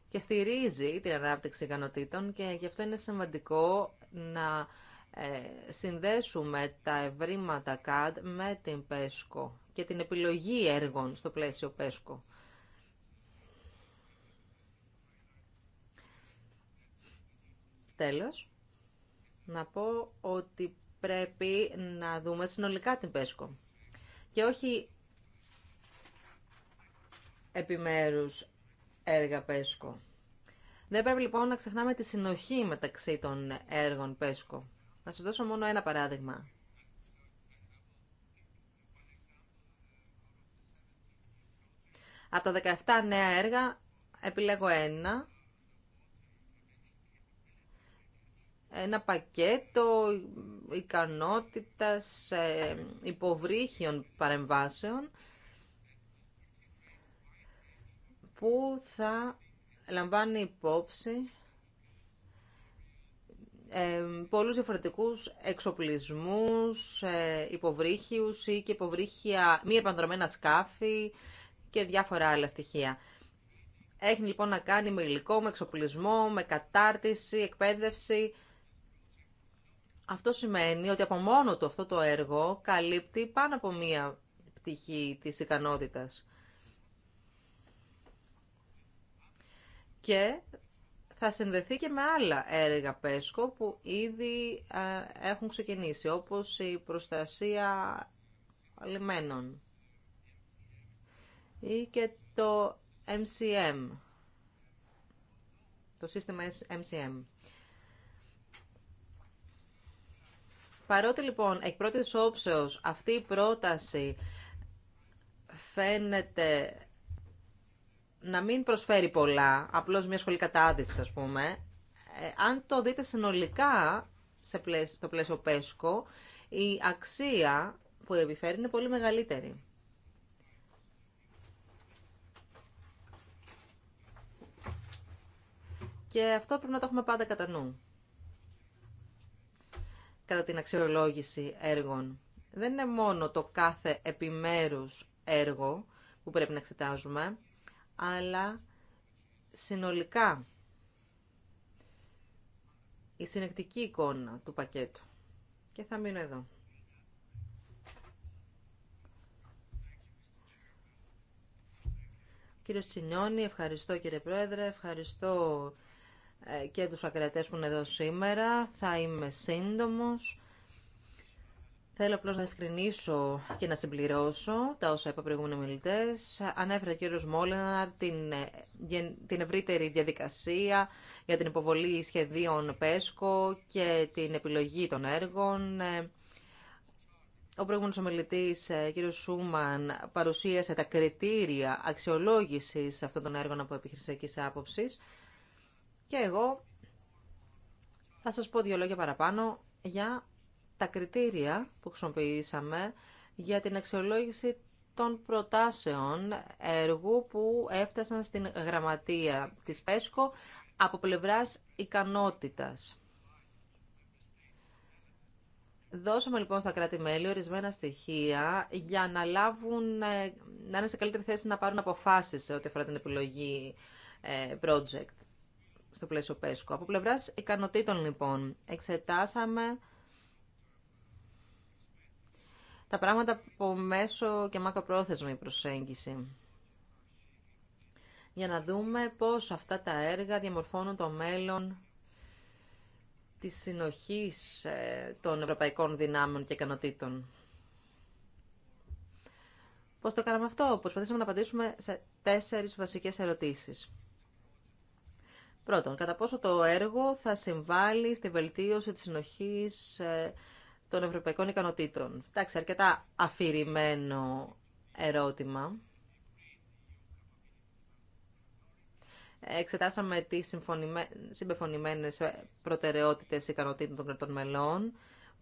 Speaker 2: και στηρίζει την ανάπτυξη ικανοτήτων και γι' αυτό είναι σημαντικό να ε, συνδέσουμε τα ευρήματα CAD με την ΠΕΣΚΟ και την επιλογή έργων στο πλαίσιο ΠΕΣΚΟ. Τέλος, να πω ότι πρέπει να δούμε συνολικά την ΠΕΣΚΟ και όχι επιμέρους έργα ΠΕΣΚΟ. Δεν πρέπει λοιπόν να ξεχνάμε τη συνοχή μεταξύ των έργων ΠΕΣΚΟ. Θα σας δώσω μόνο ένα παράδειγμα. Από τα 17 νέα έργα επιλέγω ένα. Ένα πακέτο ικανότητας ε, υποβρύχιων παρεμβάσεων που θα λαμβάνει υπόψη ε, πολλούς διαφορετικούς εξοπλισμούς, ε, υποβρύχιους ή και υποβρύχια μη επανδρομένα σκάφη και διάφορα άλλα στοιχεία. Έχει λοιπόν να κάνει με υλικό, με εξοπλισμό, με κατάρτιση, εκπαίδευση. Αυτό σημαίνει ότι από μόνο του αυτό το έργο καλύπτει πάνω από μία πτυχή της ικανότητας. και θα συνδεθεί και με άλλα έργα ΠΕΣΚΟ που ήδη έχουν ξεκινήσει, όπως η προστασία λιμένων ή και το MCM, το σύστημα MCM. Παρότι λοιπόν εκ πρώτης όψεως αυτή η πρόταση φαίνεται να μην προσφέρει πολλά, απλώς μια σχολή κατάδυση ας πούμε. Ε, αν το δείτε συνολικά σε πλαίσιο, στο πλαίσιο ΠΕΣΚΟ, η αξία που επιφέρει είναι πολύ μεγαλύτερη. Και αυτό πρέπει να το έχουμε πάντα κατά νου. Κατά την αξιολόγηση έργων. Δεν είναι μόνο το κάθε επιμέρους έργο που πρέπει να εξετάζουμε, αλλά συνολικά η συνεκτική εικόνα του πακέτου. Και θα μείνω εδώ. Κύριε Τσινιώνη, ευχαριστώ κύριε Πρόεδρε, ευχαριστώ ε, και τους ακρατές που είναι εδώ σήμερα. Θα είμαι σύντομος. Θέλω απλώ να ευκρινίσω και να συμπληρώσω τα όσα είπα προηγούμενοι μιλητέ. Ανέφερε ο κύριο Μόλεναρ την, ε, την ευρύτερη διαδικασία για την υποβολή σχεδίων ΠΕΣΚΟ και την επιλογή των έργων. Ε, ο προηγούμενο ομιλητή, ε, κύριο Σούμαν, παρουσίασε τα κριτήρια αξιολόγηση αυτών των έργων από επιχειρησιακή άποψη. Και εγώ θα σα πω δύο λόγια παραπάνω για τα κριτήρια που χρησιμοποιήσαμε για την αξιολόγηση των προτάσεων έργου που έφτασαν στην γραμματεία της ΠΕΣΚΟ από πλευράς ικανότητας. Δώσαμε λοιπόν στα κράτη-μέλη ορισμένα στοιχεία για να λάβουν, ε, να είναι σε καλύτερη θέση να πάρουν αποφάσεις σε ό,τι αφορά την επιλογή ε, project στο πλαίσιο ΠΕΣΚΟ. Από πλευράς ικανοτήτων λοιπόν εξετάσαμε πράγματα από μέσο και μακροπρόθεσμη προσέγγιση. Για να δούμε πώς αυτά τα έργα διαμορφώνουν το μέλλον της συνοχής ε, των ευρωπαϊκών δυνάμεων και ικανοτήτων. Πώς το κάναμε αυτό. Προσπαθήσαμε να απαντήσουμε σε τέσσερις βασικές ερωτήσεις. Πρώτον, κατά πόσο το έργο θα συμβάλλει στη βελτίωση της συνοχής ε, των ευρωπαϊκών ικανοτήτων. Εντάξει, αρκετά αφηρημένο ερώτημα. Εξετάσαμε τις συμπεφωνημένες προτεραιότητες ικανοτήτων των κρατών μελών,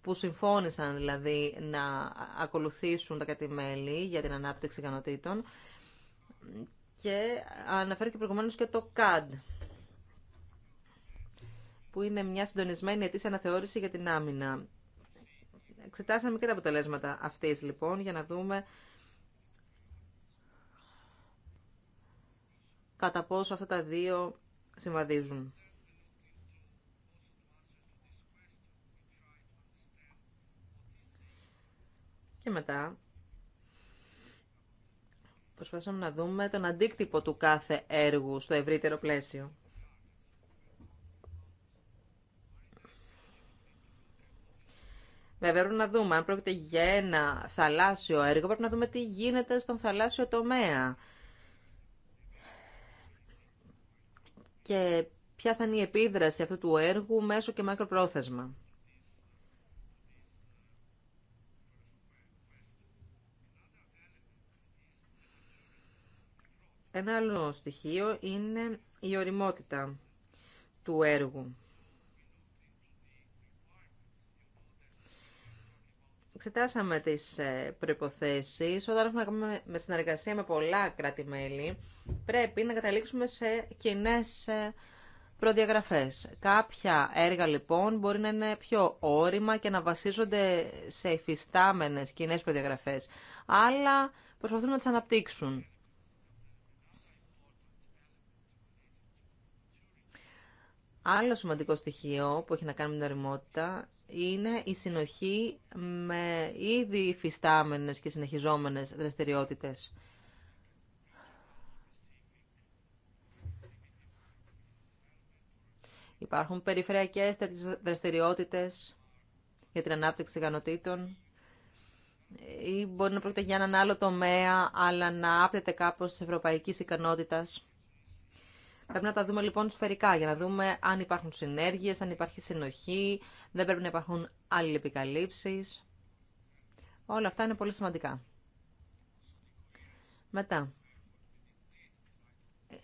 Speaker 2: που συμφώνησαν δηλαδή να ακολουθήσουν τα κατημέλη για την ανάπτυξη ικανοτήτων. Και αναφέρθηκε προηγουμένως και το CAD, που είναι μια συντονισμένη αιτήσια αναθεώρηση για την άμυνα. Εξετάσαμε και τα αποτελέσματα αυτής λοιπόν για να δούμε κατά πόσο αυτά τα δύο συμβαδίζουν. Και μετά προσπαθήσαμε να δούμε τον αντίκτυπο του κάθε έργου στο ευρύτερο πλαίσιο. Βέβαια, πρέπει να δούμε αν πρόκειται για ένα θαλάσσιο έργο, πρέπει να δούμε τι γίνεται στον θαλάσσιο τομέα. Και ποια θα είναι η επίδραση αυτού του έργου μέσω και μακροπρόθεσμα. Ένα άλλο στοιχείο είναι η οριμότητα του έργου. Ξετάσαμε τις ε, προϋποθέσεις. Όταν έχουμε να κάνουμε με συνεργασία με πολλά κράτη-μέλη, πρέπει να καταλήξουμε σε κοινέ ε, προδιαγραφές. Κάποια έργα λοιπόν μπορεί να είναι πιο όρημα και να βασίζονται σε υφιστάμενες κοινέ προδιαγραφές, αλλά προσπαθούν να τις αναπτύξουν. Άλλο σημαντικό στοιχείο που έχει να κάνει με την οριμότητα είναι η συνοχή με ήδη φυστάμενες και συνεχιζόμενες δραστηριότητες. Υπάρχουν περιφερειακές δραστηριότητες για την ανάπτυξη ικανοτήτων ή μπορεί να πρόκειται για έναν άλλο τομέα, αλλά να άπτεται κάπως της ευρωπαϊκής ικανότητας. Πρέπει να τα δούμε λοιπόν σφαιρικά για να δούμε αν υπάρχουν συνέργειες, αν υπάρχει συνοχή, δεν πρέπει να υπάρχουν άλλοι επικαλύψεις. Όλα αυτά είναι πολύ σημαντικά. Μετά,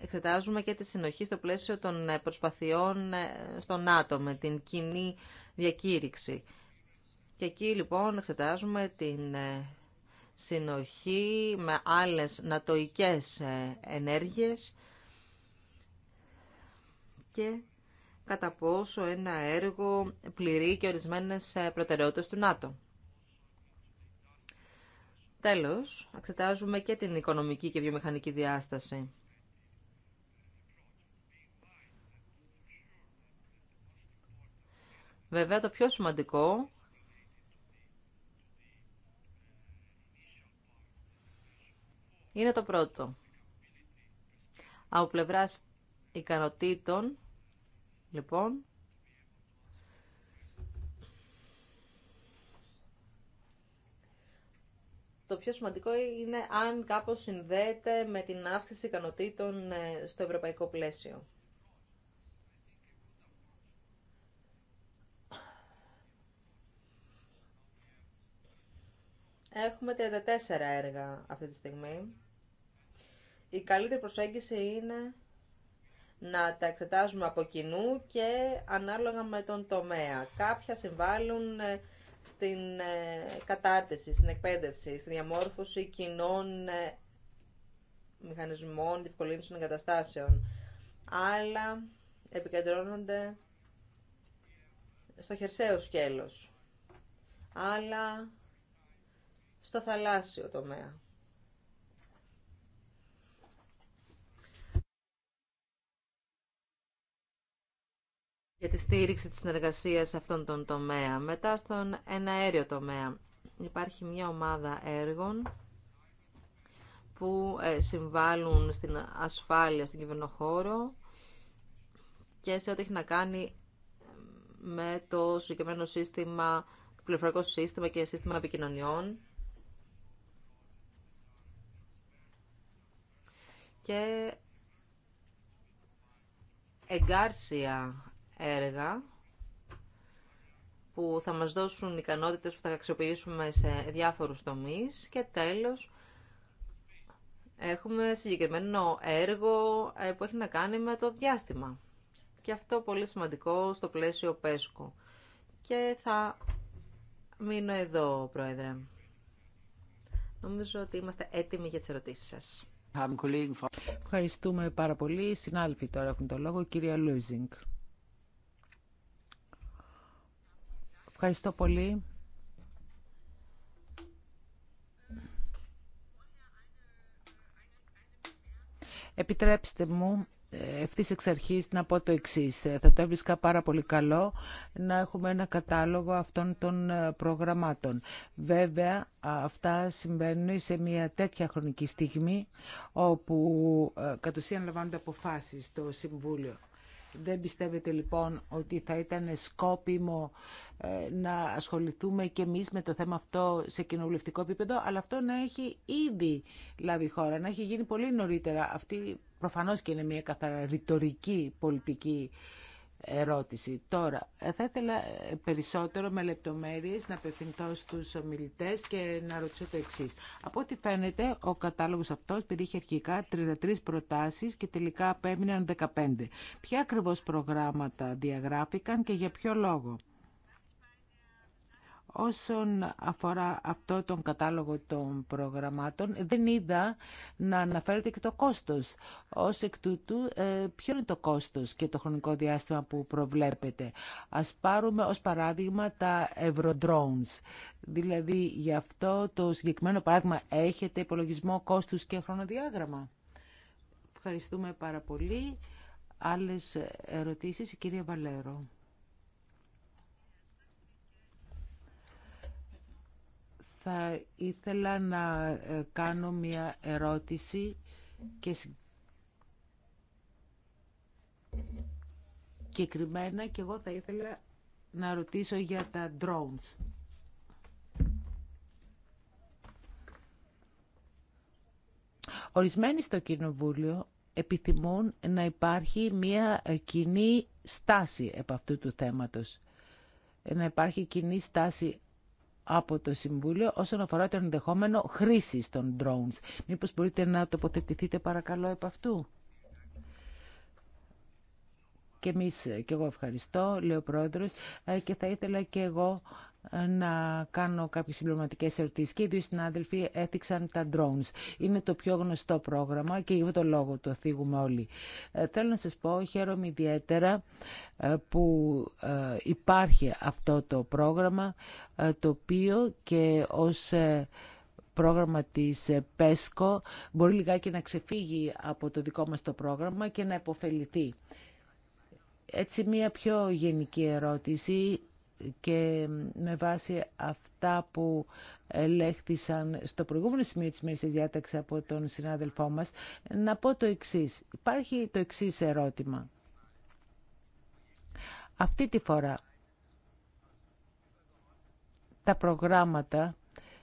Speaker 2: εξετάζουμε και τη συνοχή στο πλαίσιο των ε, προσπαθειών ε, στον άτομο, την κοινή διακήρυξη. Και εκεί λοιπόν εξετάζουμε την ε, συνοχή με άλλες νατοικές ενέργειες και κατά πόσο ένα έργο πληρεί και ορισμένες ε, προτεραιότητες του ΝΑΤΟ. Τέλος, εξετάζουμε και την οικονομική και βιομηχανική διάσταση. Βέβαια, το πιο σημαντικό είναι το πρώτο. Από πλευράς ικανοτήτων, λοιπόν, το πιο σημαντικό είναι αν κάπως συνδέεται με την αύξηση ικανοτήτων ε, στο ευρωπαϊκό πλαίσιο. Έχουμε 34 έργα αυτή τη στιγμή. Η καλύτερη προσέγγιση είναι να τα εξετάζουμε από κοινού και ανάλογα με τον τομέα. Κάποια συμβάλλουν ε, στην ε, κατάρτιση, στην εκπαίδευση, στη διαμόρφωση κοινών ε, μηχανισμών διευκολύνσεων εγκαταστάσεων. Άλλα επικεντρώνονται στο χερσαίο σκέλος, άλλα στο θαλάσσιο τομέα. για τη στήριξη της συνεργασίας σε αυτόν τον τομέα. Μετά στον εναέριο τομέα υπάρχει μια ομάδα έργων που ε, συμβάλλουν στην ασφάλεια στον κυβερνοχώρο και σε ό,τι έχει να κάνει με το συγκεκριμένο σύστημα, το πληροφορικό σύστημα και σύστημα επικοινωνιών. Και εγκάρσια έργα που θα μας δώσουν ικανότητες που θα αξιοποιήσουμε σε διάφορους τομείς και τέλος έχουμε συγκεκριμένο έργο ε, που έχει να κάνει με το διάστημα και αυτό πολύ σημαντικό στο πλαίσιο ΠΕΣΚΟ και θα μείνω εδώ Πρόεδρε Νομίζω ότι είμαστε έτοιμοι για τις ερωτήσεις σας.
Speaker 4: Ευχαριστούμε πάρα πολύ. Συνάλφοι, τώρα έχουν το λόγο. Κυρία Λούζινγκ. Ευχαριστώ πολύ. Επιτρέψτε μου ευθύ εξ αρχή να πω το εξή. Θα το έβρισκα πάρα πολύ καλό να έχουμε ένα κατάλογο αυτών των ε, προγραμμάτων. Βέβαια, αυτά συμβαίνουν σε μια τέτοια χρονική στιγμή όπου ε, κατ' ουσίαν λαμβάνονται αποφάσει στο Συμβούλιο. Δεν πιστεύετε λοιπόν ότι θα ήταν σκόπιμο ε, να ασχοληθούμε και εμείς με το θέμα αυτό σε κοινοβουλευτικό επίπεδο, αλλά αυτό να έχει ήδη λάβει χώρα, να έχει γίνει πολύ νωρίτερα. Αυτή προφανώς και είναι μια καθαρά ρητορική πολιτική ερώτηση. Τώρα, θα ήθελα περισσότερο με λεπτομέρειες να απευθυνθώ στους ομιλητές και να ρωτήσω το εξή. Από ό,τι φαίνεται, ο κατάλογος αυτός περιείχε αρχικά 33 προτάσεις και τελικά απέμειναν 15. Ποια ακριβώς προγράμματα διαγράφηκαν και για ποιο λόγο. Όσον αφορά αυτό τον κατάλογο των προγραμμάτων, δεν είδα να αναφέρεται και το κόστος. Ως εκ τούτου, ε, ποιο είναι το κόστος και το χρονικό διάστημα που προβλέπετε. Ας πάρουμε ως παράδειγμα τα Eurodrones. Δηλαδή, γι' αυτό το συγκεκριμένο παράδειγμα έχετε υπολογισμό κόστους και χρονοδιάγραμμα. Ευχαριστούμε πάρα πολύ. Άλλες ερωτήσεις, η κυρία Βαλέρο. Θα ήθελα να ε, κάνω μια ερώτηση και συγκεκριμένα και εγώ θα ήθελα να ρωτήσω για τα drones. Ορισμένοι στο Κοινοβούλιο επιθυμούν να υπάρχει μια ε, κοινή στάση επ' αυτού του θέματος. Να υπάρχει κοινή στάση από το Συμβούλιο όσον αφορά το ενδεχόμενο χρήση των drones. Μήπως μπορείτε να τοποθετηθείτε παρακαλώ επ' αυτού. Και εμείς, και εγώ ευχαριστώ, λέει ο Πρόεδρος, ε, και θα ήθελα και εγώ να κάνω κάποιες συμπληρωματικέ ερωτήσεις και οι δύο συνάδελφοι έθιξαν τα drones. Είναι το πιο γνωστό πρόγραμμα και γι' το λόγο το θίγουμε όλοι. Ε, θέλω να σας πω, χαίρομαι ιδιαίτερα ε, που ε, υπάρχει αυτό το πρόγραμμα το οποίο και ως πρόγραμμα της ΠΕΣΚΟ μπορεί λιγάκι να ξεφύγει από το δικό μας το πρόγραμμα και να υποφεληθεί. Έτσι, μία πιο γενική ερώτηση και με βάση αυτά που ελέγχθησαν στο προηγούμενο σημείο της μέσης διάταξη από τον συνάδελφό μας, να πω το εξής. Υπάρχει το εξής ερώτημα. Αυτή τη φορά τα προγράμματα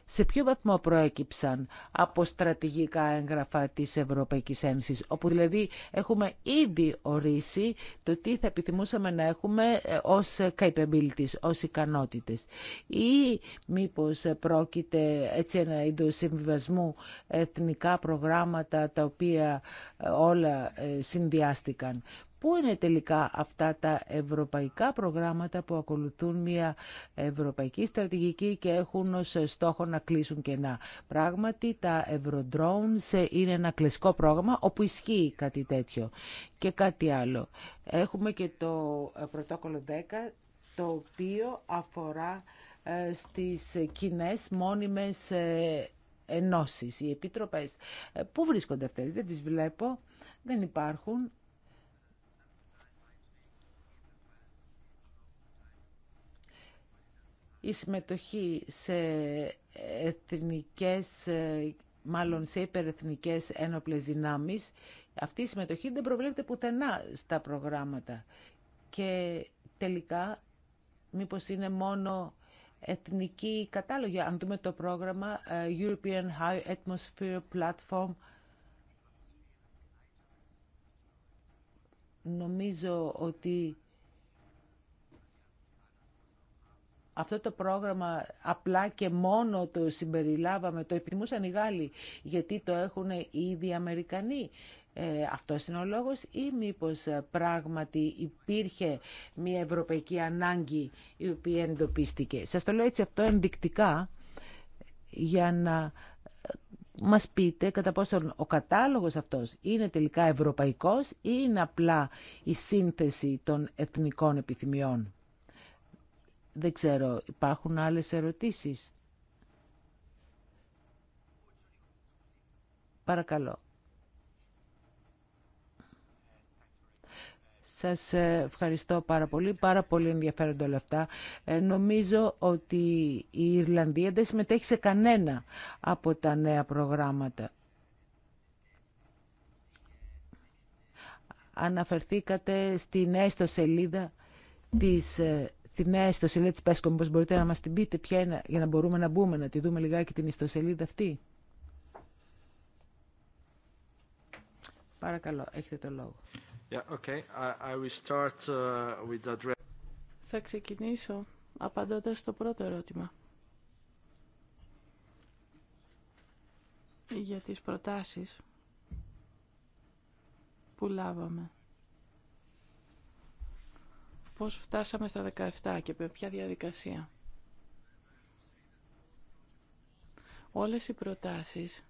Speaker 4: σε ποιο βαθμό προέκυψαν από στρατηγικά έγγραφα της Ευρωπαϊκής Ένωσης, όπου δηλαδή έχουμε ήδη ορίσει το τι θα επιθυμούσαμε να έχουμε ε, ως capabilities, ως ικανότητες. Ή μήπως πρόκειται έτσι ένα είδος συμβιβασμού εθνικά προγράμματα τα οποία ε, όλα ε, συνδυάστηκαν. Πού είναι τελικά αυτά τα ευρωπαϊκά προγράμματα που ακολουθούν μια ευρωπαϊκή στρατηγική και έχουν ως στόχο να κλείσουν κενά. Πράγματι τα Eurodrones είναι ένα κλασικό πρόγραμμα όπου ισχύει κάτι τέτοιο. Και κάτι άλλο. Έχουμε και το ε, πρωτόκολλο 10 το οποίο αφορά ε, στις κοινέ μόνιμες ε, ενώσεις, οι επιτροπές. Πού βρίσκονται αυτές, δεν τις βλέπω, δεν υπάρχουν. η συμμετοχή σε εθνικές, ε, μάλλον σε υπερεθνικές ένοπλες δυνάμεις, αυτή η συμμετοχή δεν προβλέπεται πουθενά στα προγράμματα. Και τελικά, μήπως είναι μόνο εθνική κατάλογη. Αν δούμε το πρόγραμμα ε, European High Atmosphere Platform, νομίζω ότι αυτό το πρόγραμμα απλά και μόνο το συμπεριλάβαμε, το επιθυμούσαν οι Γάλλοι, γιατί το έχουν ήδη οι Αμερικανοί. Ε, αυτός είναι ο λόγος ή μήπως πράγματι υπήρχε μια ευρωπαϊκή ανάγκη η οποία εντοπίστηκε. Σας το λέω έτσι αυτό ενδεικτικά για να μας πείτε κατά πόσον ο κατάλογος αυτός είναι τελικά ευρωπαϊκός ή είναι απλά η σύνθεση των εθνικών επιθυμιών. Δεν ξέρω, υπάρχουν άλλες ερωτήσεις. Παρακαλώ. Σας ε, ευχαριστώ πάρα πολύ. Πάρα πολύ ενδιαφέροντα όλα αυτά. Ε, νομίζω ότι η Ιρλανδία δεν συμμετέχει σε κανένα από τα νέα προγράμματα. Αναφερθήκατε στην έστω σελίδα της ε, την νέα ιστοσελίδα της Πέσκο, μπορείτε να μας την πείτε ποια είναι, για να μπορούμε να μπούμε, να τη δούμε λιγάκι την ιστοσελίδα αυτή.
Speaker 3: Παρακαλώ, έχετε το λόγο.
Speaker 1: Yeah, okay. I, I will start, uh, with
Speaker 3: Θα ξεκινήσω απαντώντας στο πρώτο ερώτημα. Για τις προτάσεις που λάβαμε πώς φτάσαμε στα 17 και με ποια διαδικασία. Όλες οι προτάσεις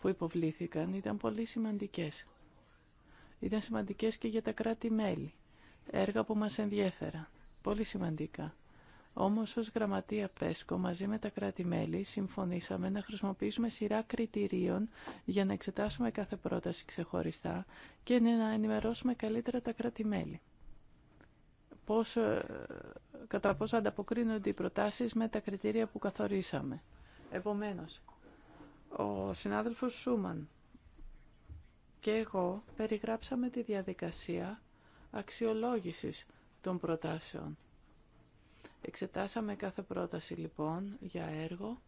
Speaker 3: που υποβλήθηκαν ήταν πολύ σημαντικές. Ήταν σημαντικές και για τα κράτη-μέλη. Έργα που μας ενδιέφεραν. Πολύ σημαντικά. Όμως ως γραμματεία ΠΕΣΚΟ μαζί με τα κράτη-μέλη συμφωνήσαμε να χρησιμοποιήσουμε σειρά κριτηρίων για να εξετάσουμε κάθε πρόταση ξεχωριστά και να ενημερώσουμε καλύτερα τα κράτη-μέλη. Πώς, ε, κατά πώς ανταποκρίνονται οι προτάσεις με τα κριτήρια που καθορίσαμε. Επομένως, ο συνάδελφος Σούμαν και εγώ περιγράψαμε τη διαδικασία αξιολόγησης των προτάσεων Εξετάσαμε κάθε πρόταση λοιπόν για έργο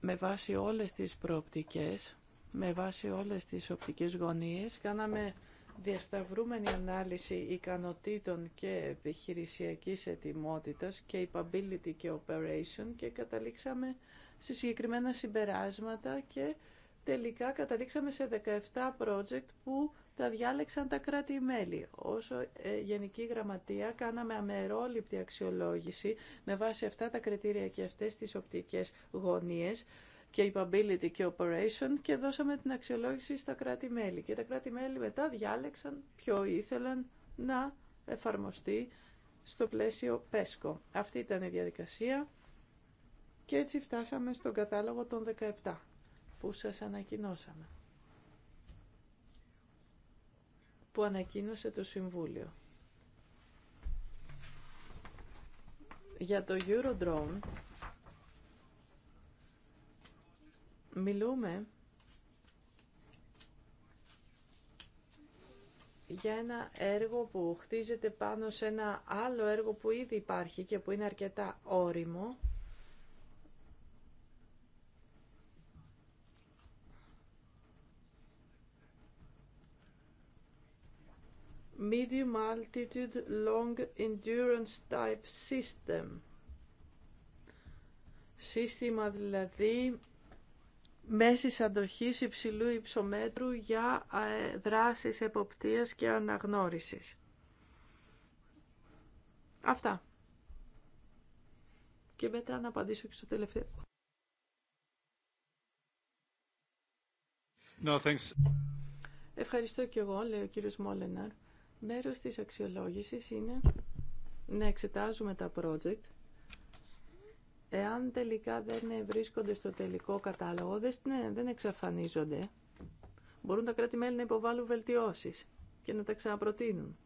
Speaker 3: με βάση όλες τις προοπτικές, με βάση όλες τις οπτικές γωνίες. Κάναμε διασταυρούμενη ανάλυση ικανοτήτων και επιχειρησιακής ετοιμότητας, capability και operation και καταλήξαμε σε συγκεκριμένα συμπεράσματα και τελικά καταλήξαμε σε 17 project που τα διάλεξαν τα κράτη-μέλη. Όσο ε, Γενική Γραμματεία κάναμε αμερόληπτη αξιολόγηση με βάση αυτά τα κριτήρια και αυτές τις οπτικές γωνίες capability και operation και δώσαμε την αξιολόγηση στα κράτη-μέλη. Και τα κράτη-μέλη μετά διάλεξαν ποιο ήθελαν να εφαρμοστεί στο πλαίσιο ΠΕΣΚΟ. Αυτή ήταν η διαδικασία και έτσι φτάσαμε στον κατάλογο των 17 που σας ανακοινώσαμε. που ανακοίνωσε το Συμβούλιο. Για το Eurodrone μιλούμε για ένα έργο που χτίζεται πάνω σε ένα άλλο έργο που ήδη υπάρχει και που είναι αρκετά όριμο Medium Altitude Long Endurance Type System. Σύστημα δηλαδή μέσης αντοχής υψηλού υψομέτρου για ε, δράσεις εποπτείας και αναγνώρισης. Αυτά. Και μετά να απαντήσω και στο τελευταίο. No, Ευχαριστώ και εγώ, λέει ο κύριος Μόλεναρ. Μέρος της αξιολόγησης είναι να εξετάζουμε τα project. Εάν τελικά δεν βρίσκονται στο τελικό κατάλογο, ναι, δεν εξαφανίζονται. Μπορούν τα κράτη-μέλη να υποβάλουν βελτιώσεις και να τα ξαναπροτείνουν.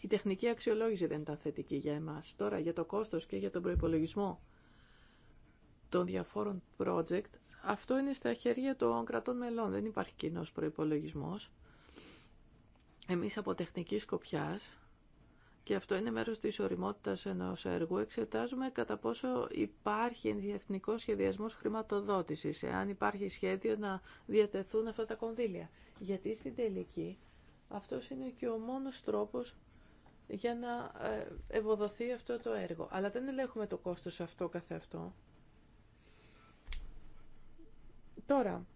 Speaker 3: Η τεχνική αξιολόγηση δεν ήταν θετική για εμάς. Τώρα για το κόστος και για τον προϋπολογισμό των διαφόρων project αυτό είναι στα χέρια των κρατών μελών. Δεν υπάρχει κοινό προϋπολογισμός. Εμείς από τεχνική σκοπιάς, και αυτό είναι μέρος της οριμότητα ενό έργου, εξετάζουμε κατά πόσο υπάρχει διεθνικό σχεδιασμός χρηματοδότησης, εάν υπάρχει σχέδιο να διατεθούν αυτά τα κονδύλια. Γιατί στην τελική αυτό είναι και ο μόνο τρόπο για να ε, ευοδοθεί αυτό το έργο. Αλλά δεν ελέγχουμε το κόστος αυτό καθεαυτό. Τώρα,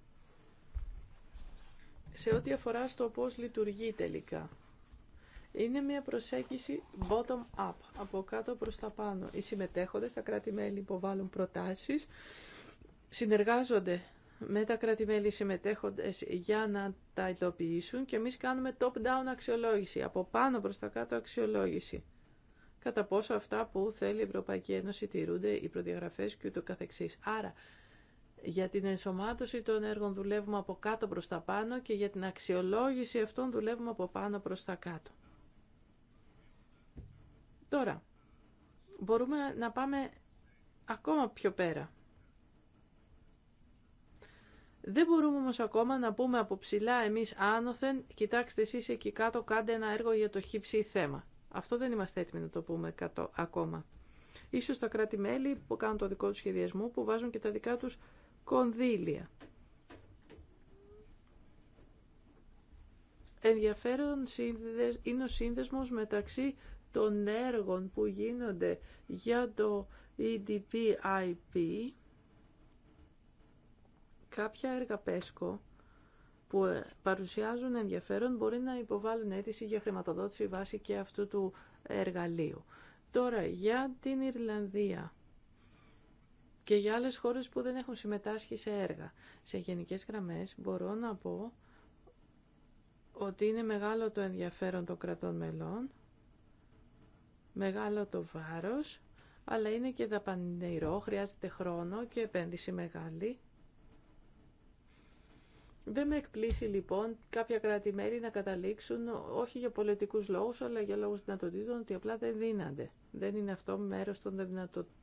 Speaker 3: σε ό,τι αφορά στο πώς λειτουργεί τελικά, είναι μια προσέγγιση bottom-up, από κάτω προς τα πάνω. Οι συμμετέχοντες, τα κράτη-μέλη υποβάλλουν προτάσεις, συνεργάζονται με τα κράτη-μέλη συμμετέχοντες για να τα ειδοποιήσουν και εμείς κάνουμε top-down αξιολόγηση, από πάνω προς τα κάτω αξιολόγηση. Κατά πόσο αυτά που θέλει η Ευρωπαϊκή Ένωση τηρούνται οι προδιαγραφές και ούτω καθεξής. Άρα, για την ενσωμάτωση των έργων δουλεύουμε από κάτω προς τα πάνω και για την αξιολόγηση αυτών δουλεύουμε από πάνω προς τα κάτω. Τώρα, μπορούμε να πάμε ακόμα πιο πέρα. Δεν μπορούμε όμως ακόμα να πούμε από ψηλά εμείς άνωθεν, κοιτάξτε εσείς εκεί κάτω κάντε ένα έργο για το χύψη θέμα. Αυτό δεν είμαστε έτοιμοι να το πούμε κατώ, ακόμα. Ίσως τα κράτη-μέλη που κάνουν το δικό τους σχεδιασμό, που βάζουν και τα δικά τους κονδύλια. Ενδιαφέρον είναι ο σύνδεσμος μεταξύ των έργων που γίνονται για το EDPIP, κάποια έργα ΠΕΣΚΟ που ε, παρουσιάζουν ενδιαφέρον μπορεί να υποβάλουν αίτηση για χρηματοδότηση βάσει και αυτού του εργαλείου. Τώρα, για την Ιρλανδία και για άλλες χώρες που δεν έχουν συμμετάσχει σε έργα. Σε γενικές γραμμές μπορώ να πω ότι είναι μεγάλο το ενδιαφέρον των κρατών μελών, μεγάλο το βάρος, αλλά είναι και δαπανηρό, χρειάζεται χρόνο και επένδυση μεγάλη. Δεν με εκπλήσει λοιπόν κάποια κράτη-μέρη να καταλήξουν όχι για πολιτικούς λόγους αλλά για λόγους δυνατοτήτων ότι απλά δεν δίνανται. Δεν είναι αυτό μέρος των δυνατοτήτων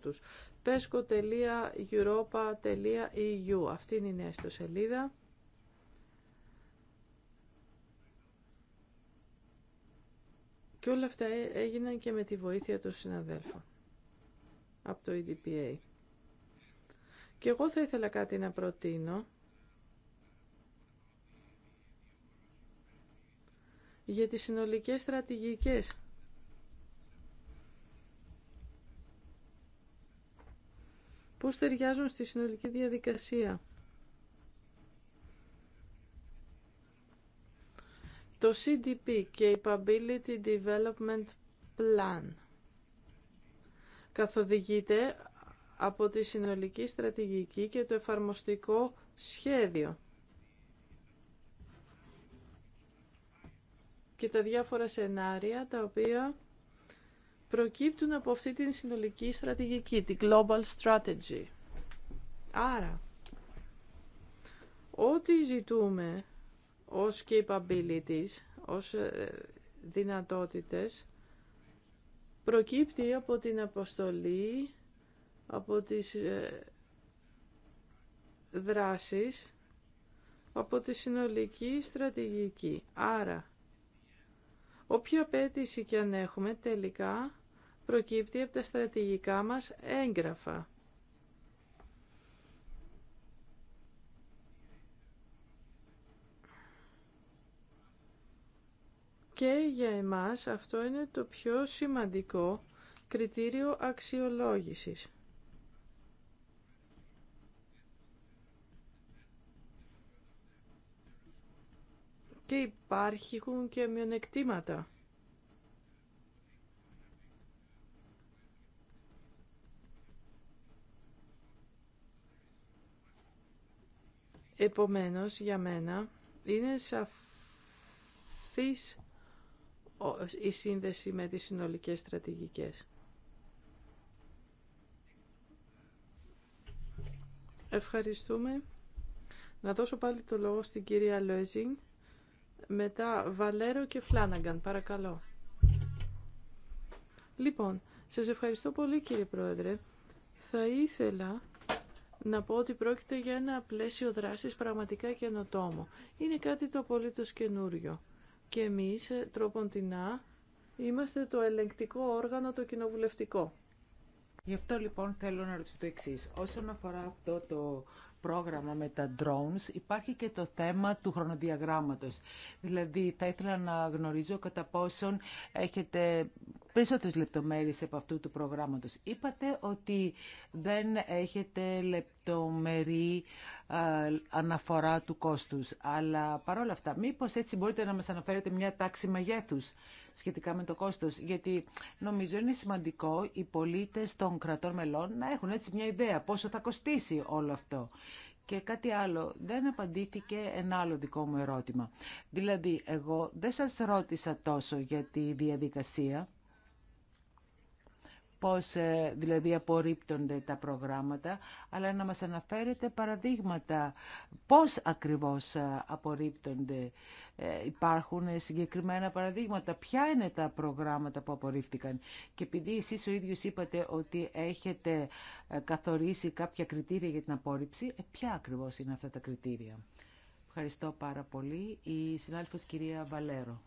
Speaker 3: τους. pesco.europa.eu Αυτή είναι η νέα ιστοσελίδα. Και όλα αυτά ε, έγιναν και με τη βοήθεια των συναδέλφων από το EDPA. Και εγώ θα ήθελα κάτι να προτείνω. για τις συνολικές στρατηγικές πώς ταιριάζουν στη συνολική διαδικασία. Το CDP, Capability Development Plan, καθοδηγείται από τη συνολική στρατηγική και το εφαρμοστικό σχέδιο. και τα διάφορα σενάρια τα οποία προκύπτουν από αυτή την συνολική στρατηγική, την Global Strategy. Άρα, ό,τι ζητούμε ως capabilities, ως ε, δυνατότητες, προκύπτει από την αποστολή, από τις ε, δράσεις, από τη συνολική στρατηγική. Άρα, όποια απέτηση και αν έχουμε, τελικά προκύπτει από τα στρατηγικά μας έγγραφα. Και για εμάς αυτό είναι το πιο σημαντικό κριτήριο αξιολόγησης. Και υπάρχουν και μειονεκτήματα. Επομένως, για μένα, είναι σαφής η σύνδεση με τις συνολικές στρατηγικές. Ευχαριστούμε. Να δώσω πάλι το λόγο στην κυρία Λόιζινγκ. Μετά Βαλέρο και Φλάναγκαν, παρακαλώ. Λοιπόν, σας ευχαριστώ πολύ κύριε Πρόεδρε. Θα ήθελα να πω ότι πρόκειται για ένα πλαίσιο δράσης πραγματικά καινοτόμο. Είναι κάτι το απολύτως καινούριο. Και εμείς, ε, τρόπον την Α, είμαστε το ελεγκτικό όργανο, το κοινοβουλευτικό.
Speaker 4: Γι' αυτό λοιπόν θέλω να ρωτήσω το εξή. Όσον αφορά αυτό το πρόγραμμα με τα drones υπάρχει και το θέμα του χρονοδιαγράμματος. Δηλαδή θα ήθελα να γνωρίζω κατά πόσον έχετε περισσότερες λεπτομέρειες από αυτού του προγράμματος. Είπατε ότι δεν έχετε λεπτομερή αναφορά του κόστους, αλλά παρόλα αυτά μήπως έτσι μπορείτε να μας αναφέρετε μια τάξη μεγέθους σχετικά με το κόστος. Γιατί νομίζω είναι σημαντικό οι πολίτες των κρατών μελών να έχουν έτσι μια ιδέα πόσο θα κοστίσει όλο αυτό. Και κάτι άλλο, δεν απαντήθηκε ένα άλλο δικό μου ερώτημα. Δηλαδή, εγώ δεν σας ρώτησα τόσο για τη διαδικασία, πώς ε, δηλαδή απορρίπτονται τα προγράμματα, αλλά να μας αναφέρετε παραδείγματα πώς ακριβώς ε, απορρίπτονται. Ε, υπάρχουν συγκεκριμένα παραδείγματα. Ποια είναι τα προγράμματα που απορρίφθηκαν. Και επειδή εσείς ο ίδιος είπατε ότι έχετε καθορίσει κάποια κριτήρια για την απόρριψη, ποια ακριβώς είναι αυτά τα κριτήρια. Ευχαριστώ πάρα πολύ. Η συνάδελφος κυρία Βαλέρο.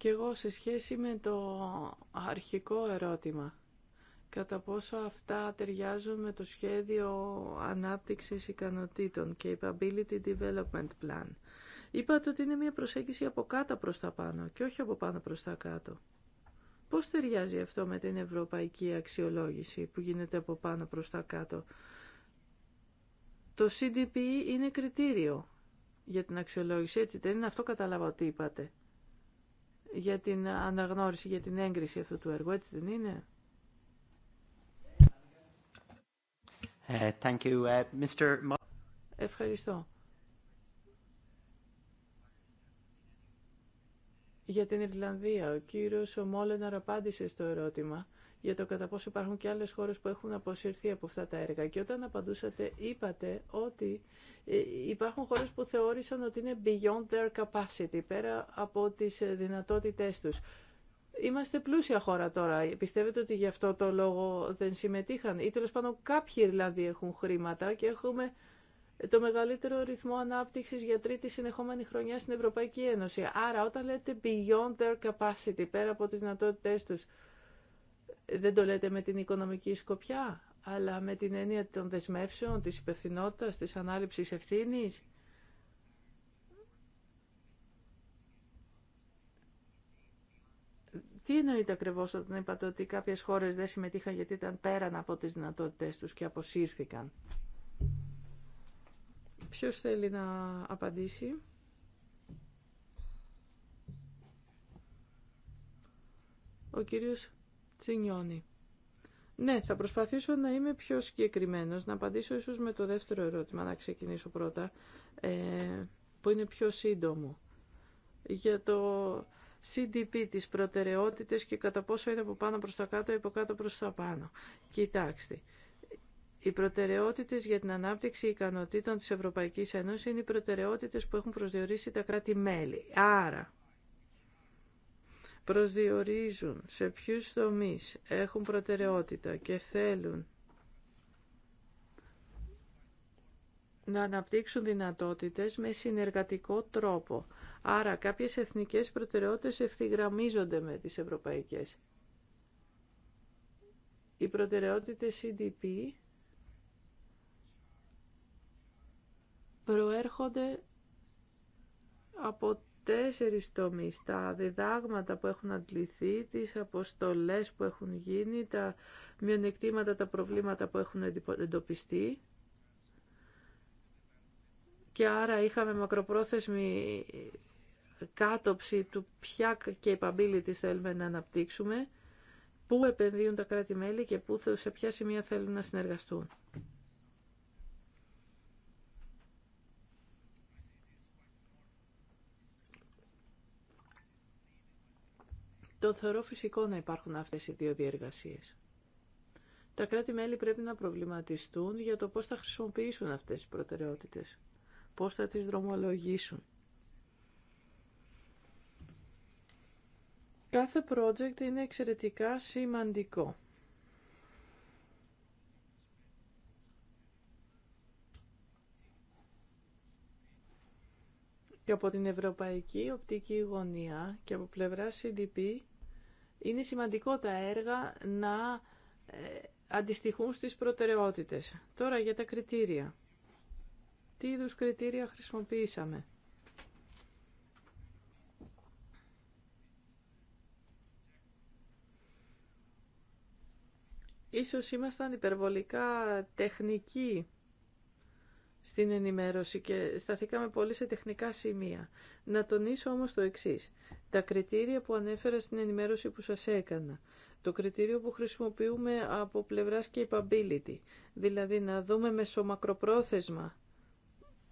Speaker 3: Και εγώ σε σχέση με το αρχικό ερώτημα, κατά πόσο αυτά ταιριάζουν με το σχέδιο ανάπτυξης ικανοτήτων και Capability Development Plan. Είπατε ότι είναι μια προσέγγιση από κάτω προς τα πάνω και όχι από πάνω προς τα κάτω. Πώς ταιριάζει αυτό με την ευρωπαϊκή αξιολόγηση που γίνεται από πάνω προς τα κάτω. Το CDP είναι κριτήριο για την αξιολόγηση, έτσι δεν είναι αυτό καταλάβα ότι είπατε για την αναγνώριση, για την έγκριση αυτού του έργου, έτσι δεν είναι. Ε, thank you, ε, Mr. Ευχαριστώ. Για την Ιρλανδία, ο κύριος Μόλεναρ απάντησε στο ερώτημα για το κατά πόσο υπάρχουν και άλλες χώρες που έχουν αποσυρθεί από αυτά τα έργα. Και όταν απαντούσατε, είπατε ότι ε, υπάρχουν χώρες που θεώρησαν ότι είναι beyond their capacity, πέρα από τις ε, δυνατότητές τους. Είμαστε πλούσια χώρα τώρα. Πιστεύετε ότι γι' αυτό το λόγο δεν συμμετείχαν. Ή τέλο πάντων κάποιοι δηλαδή έχουν χρήματα και έχουμε το μεγαλύτερο ρυθμό ανάπτυξη για τρίτη συνεχόμενη χρονιά στην Ευρωπαϊκή Ένωση. Άρα, όταν λέτε beyond their capacity, πέρα από τι δυνατότητέ του, δεν το λέτε με την οικονομική σκοπιά, αλλά με την έννοια των δεσμεύσεων, της υπευθυνότητα, της ανάληψης ευθύνης. Τι εννοείται ακριβώ όταν είπατε ότι κάποιε χώρε δεν συμμετείχαν γιατί ήταν πέραν από τι δυνατότητέ του και αποσύρθηκαν. Ποιο θέλει να απαντήσει. Ο κύριος Τσινιώνει. Ναι, θα προσπαθήσω να είμαι πιο συγκεκριμένος, να απαντήσω ίσως με το δεύτερο ερώτημα, να ξεκινήσω πρώτα, ε, που είναι πιο σύντομο. Για το CDP, τι προτεραιότητες και κατά πόσο είναι από πάνω προς τα κάτω ή από κάτω προς τα πάνω. Κοιτάξτε, οι προτεραιότητες για την ανάπτυξη ικανοτήτων της Ευρωπαϊκής Ένωσης είναι οι προτεραιότητες που έχουν προσδιορίσει τα κράτη-μέλη. Άρα, προσδιορίζουν σε ποιους τομείς έχουν προτεραιότητα και θέλουν να αναπτύξουν δυνατότητες με συνεργατικό τρόπο. Άρα κάποιες εθνικές προτεραιότητες ευθυγραμμίζονται με τις ευρωπαϊκές. Οι προτεραιότητες CDP προέρχονται από τέσσερις τομείς. Τα διδάγματα που έχουν αντληθεί, τις αποστολές που έχουν γίνει, τα μειονεκτήματα, τα προβλήματα που έχουν εντοπιστεί. Και άρα είχαμε μακροπρόθεσμη κάτοψη του ποια και capabilities θέλουμε να αναπτύξουμε, πού επενδύουν τα κράτη-μέλη και πού, σε ποια σημεία θέλουν να συνεργαστούν. Το θεωρώ φυσικό να υπάρχουν αυτές οι δύο διεργασίες. Τα κράτη-μέλη πρέπει να προβληματιστούν για το πώς θα χρησιμοποιήσουν αυτές τις προτεραιότητες, πώς θα τις δρομολογήσουν. Κάθε project είναι εξαιρετικά σημαντικό. Και από την ευρωπαϊκή οπτική γωνία και από πλευρά CDP είναι σημαντικό τα έργα να ε, αντιστοιχούν στις προτεραιότητες. Τώρα για τα κριτήρια. Τι είδους κριτήρια χρησιμοποιήσαμε. Ίσως ήμασταν υπερβολικά τεχνικοί στην ενημέρωση και σταθήκαμε πολύ σε τεχνικά σημεία. Να τονίσω όμως το εξής. Τα κριτήρια που ανέφερα στην ενημέρωση που σας έκανα. Το κριτήριο που χρησιμοποιούμε από πλευράς capability, δηλαδή να δούμε μεσομακροπρόθεσμα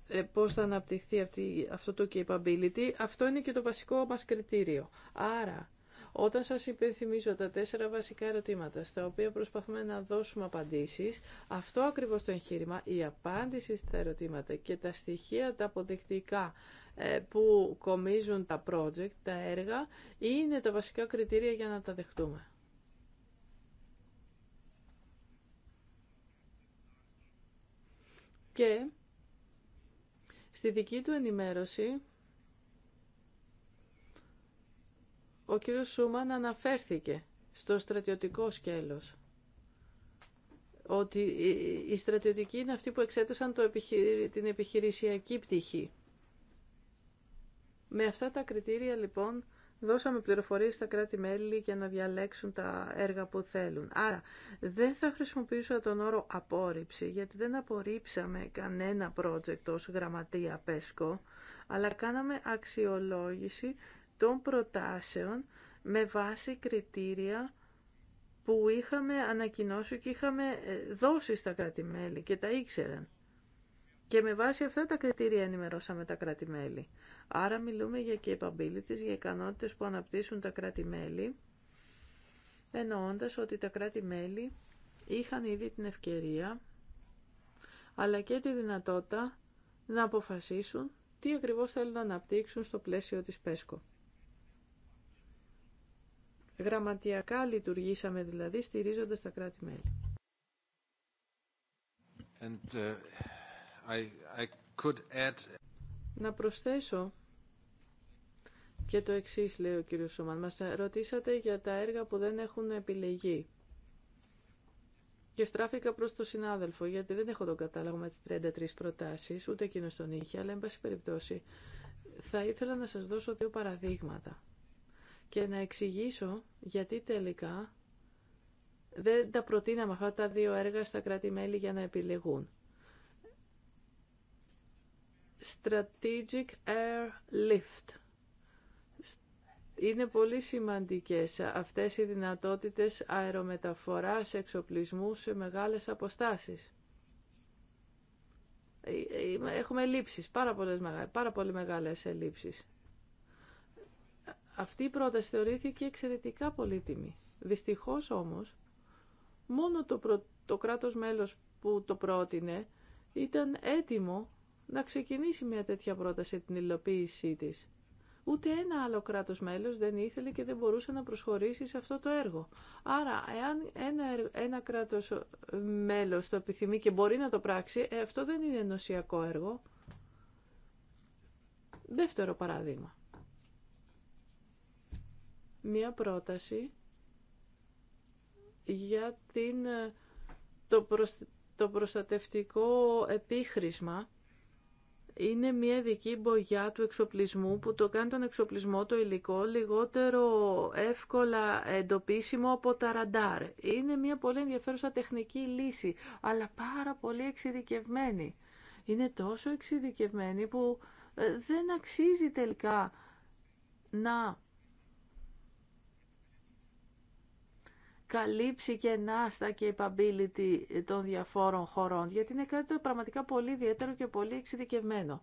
Speaker 3: ε, πώς θα αναπτυχθεί αυτή, αυτό το capability, αυτό είναι και το βασικό μας κριτήριο. Άρα, όταν σας υπενθυμίζω τα τέσσερα βασικά ερωτήματα στα οποία προσπαθούμε να δώσουμε απαντήσεις, αυτό ακριβώς το εγχείρημα, η απάντηση στα ερωτήματα και τα στοιχεία τα αποδεικτικά ε, που κομίζουν τα project, τα έργα, είναι τα βασικά κριτήρια για να τα δεχτούμε. Και στη δική του ενημέρωση Ο κύριος Σούμαν αναφέρθηκε στο στρατιωτικό σκέλος ότι οι στρατιωτικοί είναι αυτοί που εξέτασαν το επιχειρη... την επιχειρησιακή πτυχή. Με αυτά τα κριτήρια λοιπόν δώσαμε πληροφορίες στα κράτη-μέλη για να διαλέξουν τα έργα που θέλουν. Άρα δεν θα χρησιμοποιήσω τον όρο απόρριψη γιατί δεν απορρίψαμε κανένα project ως γραμματεία ΠΕΣΚΟ αλλά κάναμε αξιολόγηση των προτάσεων με βάση κριτήρια που είχαμε ανακοινώσει και είχαμε ε, δώσει στα κρατη και τα ήξεραν. Και με βάση αυτά τα κριτήρια ενημερώσαμε τα κράτη-μέλη. Άρα μιλούμε για capabilities, για ικανότητες που αναπτύσσουν τα κράτη-μέλη, εννοώντας ότι τα κράτη-μέλη είχαν ήδη την ευκαιρία, αλλά και τη δυνατότητα να αποφασίσουν τι ακριβώς θέλουν να αναπτύξουν στο πλαίσιο της ΠΕΣΚΟ. Γραμματιακά λειτουργήσαμε δηλαδή στηρίζοντας τα κράτη-μέλη.
Speaker 4: Uh, add...
Speaker 3: Να προσθέσω και το εξή λέει ο κύριος Σούμαν. Μας ρωτήσατε για τα έργα που δεν έχουν επιλεγεί. Και στράφηκα προς τον συνάδελφο, γιατί δεν έχω τον κατάλογο με τις 33 προτάσεις, ούτε εκείνος τον είχε, αλλά εν πάση περιπτώσει θα ήθελα να σας δώσω δύο παραδείγματα και να εξηγήσω γιατί τελικά δεν τα προτείναμε αυτά τα δύο έργα στα κράτη-μέλη για να επιλεγούν. Strategic Air Lift. Είναι πολύ σημαντικές αυτές οι δυνατότητες αερομεταφοράς εξοπλισμού σε μεγάλες αποστάσεις. Ε, ε, ε, έχουμε λήψεις, πάρα, πολλές, πάρα πολύ μεγάλες ελλείψεις. Αυτή η πρόταση θεωρήθηκε εξαιρετικά πολύτιμη. Δυστυχώς όμως, μόνο το, προ... το κράτος μέλος που το πρότεινε ήταν έτοιμο να ξεκινήσει μια τέτοια πρόταση την υλοποίησή της. Ούτε ένα άλλο κράτος μέλος δεν ήθελε και δεν μπορούσε να προσχωρήσει σε αυτό το έργο. Άρα, εάν ένα, ένα κράτος ε, μέλος το επιθυμεί και μπορεί να το πράξει, ε, αυτό δεν είναι ενωσιακό έργο. Δεύτερο παράδειγμα μία πρόταση για την, ε, το, προστατευτικό επίχρησμα είναι μια δική μπογιά του εξοπλισμού που το κάνει τον εξοπλισμό το υλικό λιγότερο εύκολα εντοπίσιμο από τα ραντάρ. Είναι μια πολύ ενδιαφέρουσα τεχνική λύση, αλλά πάρα πολύ εξειδικευμένη. Είναι τόσο εξειδικευμένη που ε, δεν αξίζει τελικά να καλύψει και να στα capability των διαφόρων χωρών, γιατί είναι κάτι πραγματικά πολύ ιδιαίτερο και πολύ εξειδικευμένο.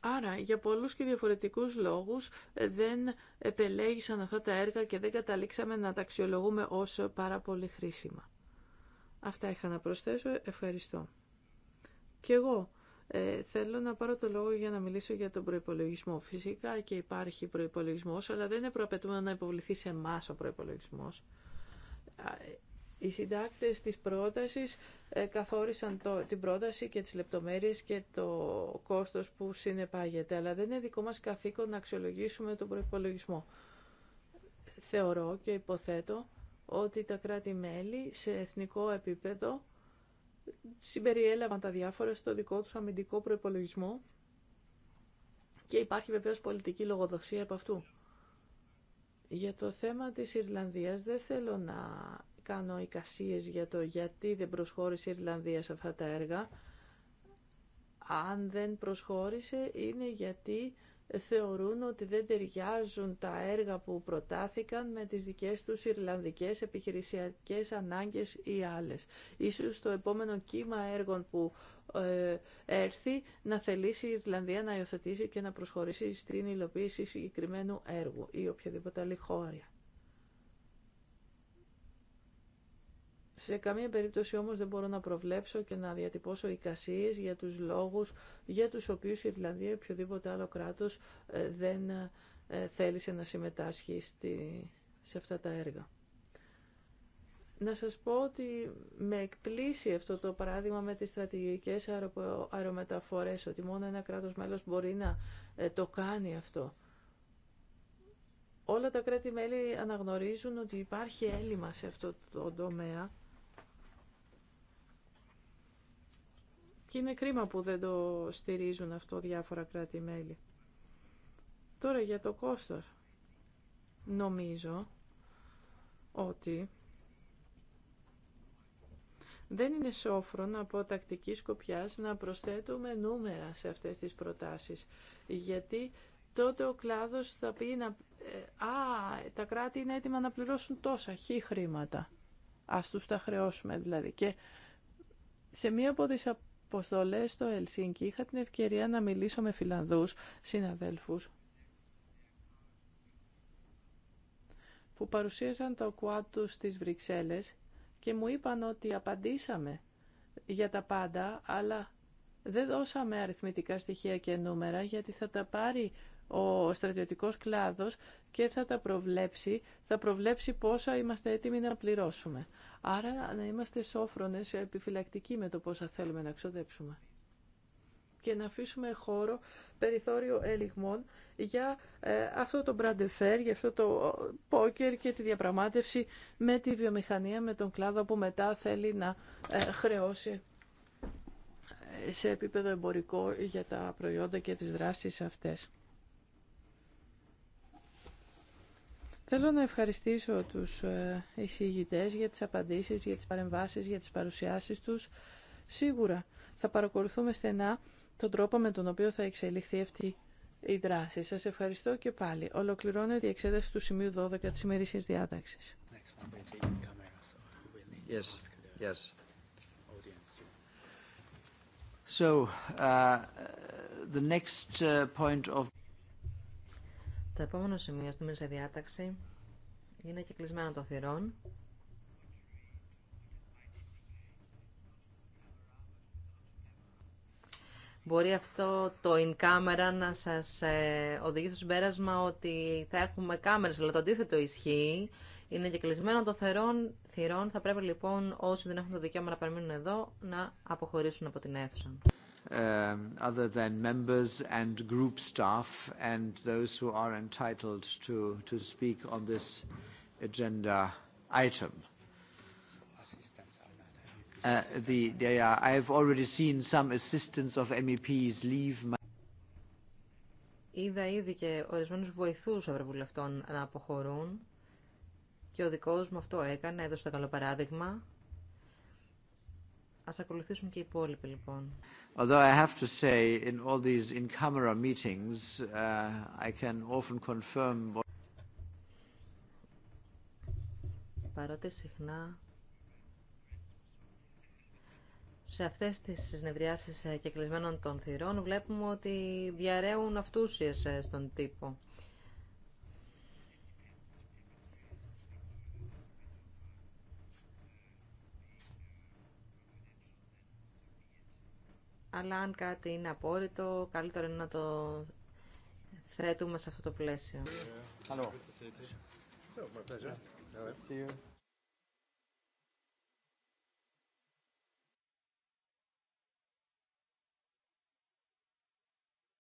Speaker 3: Άρα, για πολλούς και διαφορετικούς λόγους ε, δεν επελέγησαν αυτά τα έργα και δεν καταλήξαμε να τα αξιολογούμε ως πάρα πολύ χρήσιμα. Αυτά είχα να προσθέσω. Ευχαριστώ. Και εγώ ε, θέλω να πάρω το λόγο για να μιλήσω για τον προπολογισμό. Φυσικά και υπάρχει προπολογισμό, αλλά δεν είναι προαπαιτούμενο να υποβληθεί σε εμά ο προπολογισμό. Οι συντάκτε τη πρότασης ε, καθόρισαν το, την πρόταση και τις λεπτομέρειες και το κόστο που συνεπάγεται, αλλά δεν είναι δικό μας καθήκον να αξιολογήσουμε τον προπολογισμό. Θεωρώ και υποθέτω ότι τα κράτη-μέλη σε εθνικό επίπεδο συμπεριέλαβαν τα διάφορα στο δικό τους αμυντικό προϋπολογισμό και υπάρχει βεβαίως πολιτική λογοδοσία από αυτού. Για το θέμα της Ιρλανδίας δεν θέλω να κάνω εικασίες για το γιατί δεν προσχώρησε η Ιρλανδία σε αυτά τα έργα. Αν δεν προσχώρησε είναι γιατί θεωρούν ότι δεν ταιριάζουν τα έργα που προτάθηκαν με τις δικές τους Ιρλανδικές επιχειρησιακές ανάγκες ή άλλες. Ίσως το επόμενο κύμα έργων που ε, έρθει να θελήσει η Ιρλανδία να υιοθετήσει και να προσχωρήσει στην υλοποίηση συγκεκριμένου έργου ή οποιαδήποτε άλλη χώρια. Σε καμία περίπτωση όμως δεν μπορώ να προβλέψω και να διατυπώσω εικασίες για τους λόγους για τους οποίους η Ιρλανδία ή οποιοδήποτε άλλο κράτος ε, δεν ε, θέλησε να συμμετάσχει στη, σε αυτά τα έργα. Να σας πω ότι με εκπλήσει αυτό το παράδειγμα με τις στρατηγικές αερομεταφορές, ότι μόνο ένα κράτος μέλος μπορεί να ε, το κάνει αυτό. Όλα τα κράτη-μέλη αναγνωρίζουν ότι υπάρχει έλλειμμα σε αυτό το τομέα Και είναι κρίμα που δεν το στηρίζουν αυτό διάφορα κράτη-μέλη. Τώρα για το κόστος. Νομίζω ότι δεν είναι σόφρον από τακτική σκοπιάς να προσθέτουμε νούμερα σε αυτές τις προτάσεις, γιατί τότε ο κλάδος θα πει να, ε, «Α, τα κράτη είναι έτοιμα να πληρώσουν τόσα χι χρήματα, ας τους τα χρεώσουμε δηλαδή». Και σε μία από τις υποστολέ στο Ελσίνκι είχα την ευκαιρία να μιλήσω με Φιλανδούς συναδέλφους που παρουσίασαν το κουάτ τους στις Βρυξέλλες και μου είπαν ότι απαντήσαμε για τα πάντα, αλλά δεν δώσαμε αριθμητικά στοιχεία και νούμερα γιατί θα τα πάρει ο στρατιωτικός κλάδος και θα τα προβλέψει, θα προβλέψει πόσα είμαστε έτοιμοι να πληρώσουμε. Άρα να είμαστε σόφρονες, επιφυλακτικοί με το πόσα θέλουμε να ξοδέψουμε και να αφήσουμε χώρο, περιθώριο ελιγμών για ε, αυτό το μπραντεφέρ, για αυτό το πόκερ και τη διαπραγμάτευση με τη βιομηχανία, με τον κλάδο που μετά θέλει να ε, χρεώσει ε, σε επίπεδο εμπορικό για τα προϊόντα και τις δράσεις αυτές. Θέλω να ευχαριστήσω τους ε, εισηγητές για τις απαντήσεις, για τις παρεμβάσεις, για τις παρουσιάσεις τους. Σίγουρα θα παρακολουθούμε στενά τον τρόπο με τον οποίο θα εξελιχθεί αυτή η δράση. Σας ευχαριστώ και πάλι. Ολοκληρώνεται η εξέταση του σημείου 12 της ημερήσιας διάταξης.
Speaker 1: Yes, yes.
Speaker 3: So, uh,
Speaker 1: the next uh, point of...
Speaker 2: Το επόμενο σημείο στη μέση διάταξη είναι και κλεισμένο το θυρών. Μπορεί αυτό το in camera να σας ε, οδηγεί στο συμπέρασμα ότι θα έχουμε κάμερες, αλλά το αντίθετο ισχύει. Είναι και κλεισμένο το θερόν θυρών. Θα πρέπει λοιπόν όσοι δεν έχουν το δικαίωμα να παραμείνουν εδώ να αποχωρήσουν από την αίθουσα.
Speaker 1: Uh, other than members and group staff and those who are entitled to to speak on this agenda item. Uh, I have already seen some assistance of MEPs leave.
Speaker 2: Είδα ήδη και ορισμένους βοηθούς ευρωβουλευτών να αποχωρούν και ο δικός μου αυτό έκανε, έδωσε το καλό παράδειγμα. Ας ακολουθήσουν και οι υπόλοιποι λοιπόν.
Speaker 1: Although I have to say, in all these in-camera meetings, uh, I can often confirm what...
Speaker 2: Παρότι συχνά σε αυτές τις συνεδριάσεις ε, κεκλεισμένων των θυρών βλέπουμε ότι διαραίουν αυτούσιες ε, στον τύπο. αλλά αν κάτι είναι απόρριτο, καλύτερο είναι να το θέτουμε σε αυτό το πλαίσιο.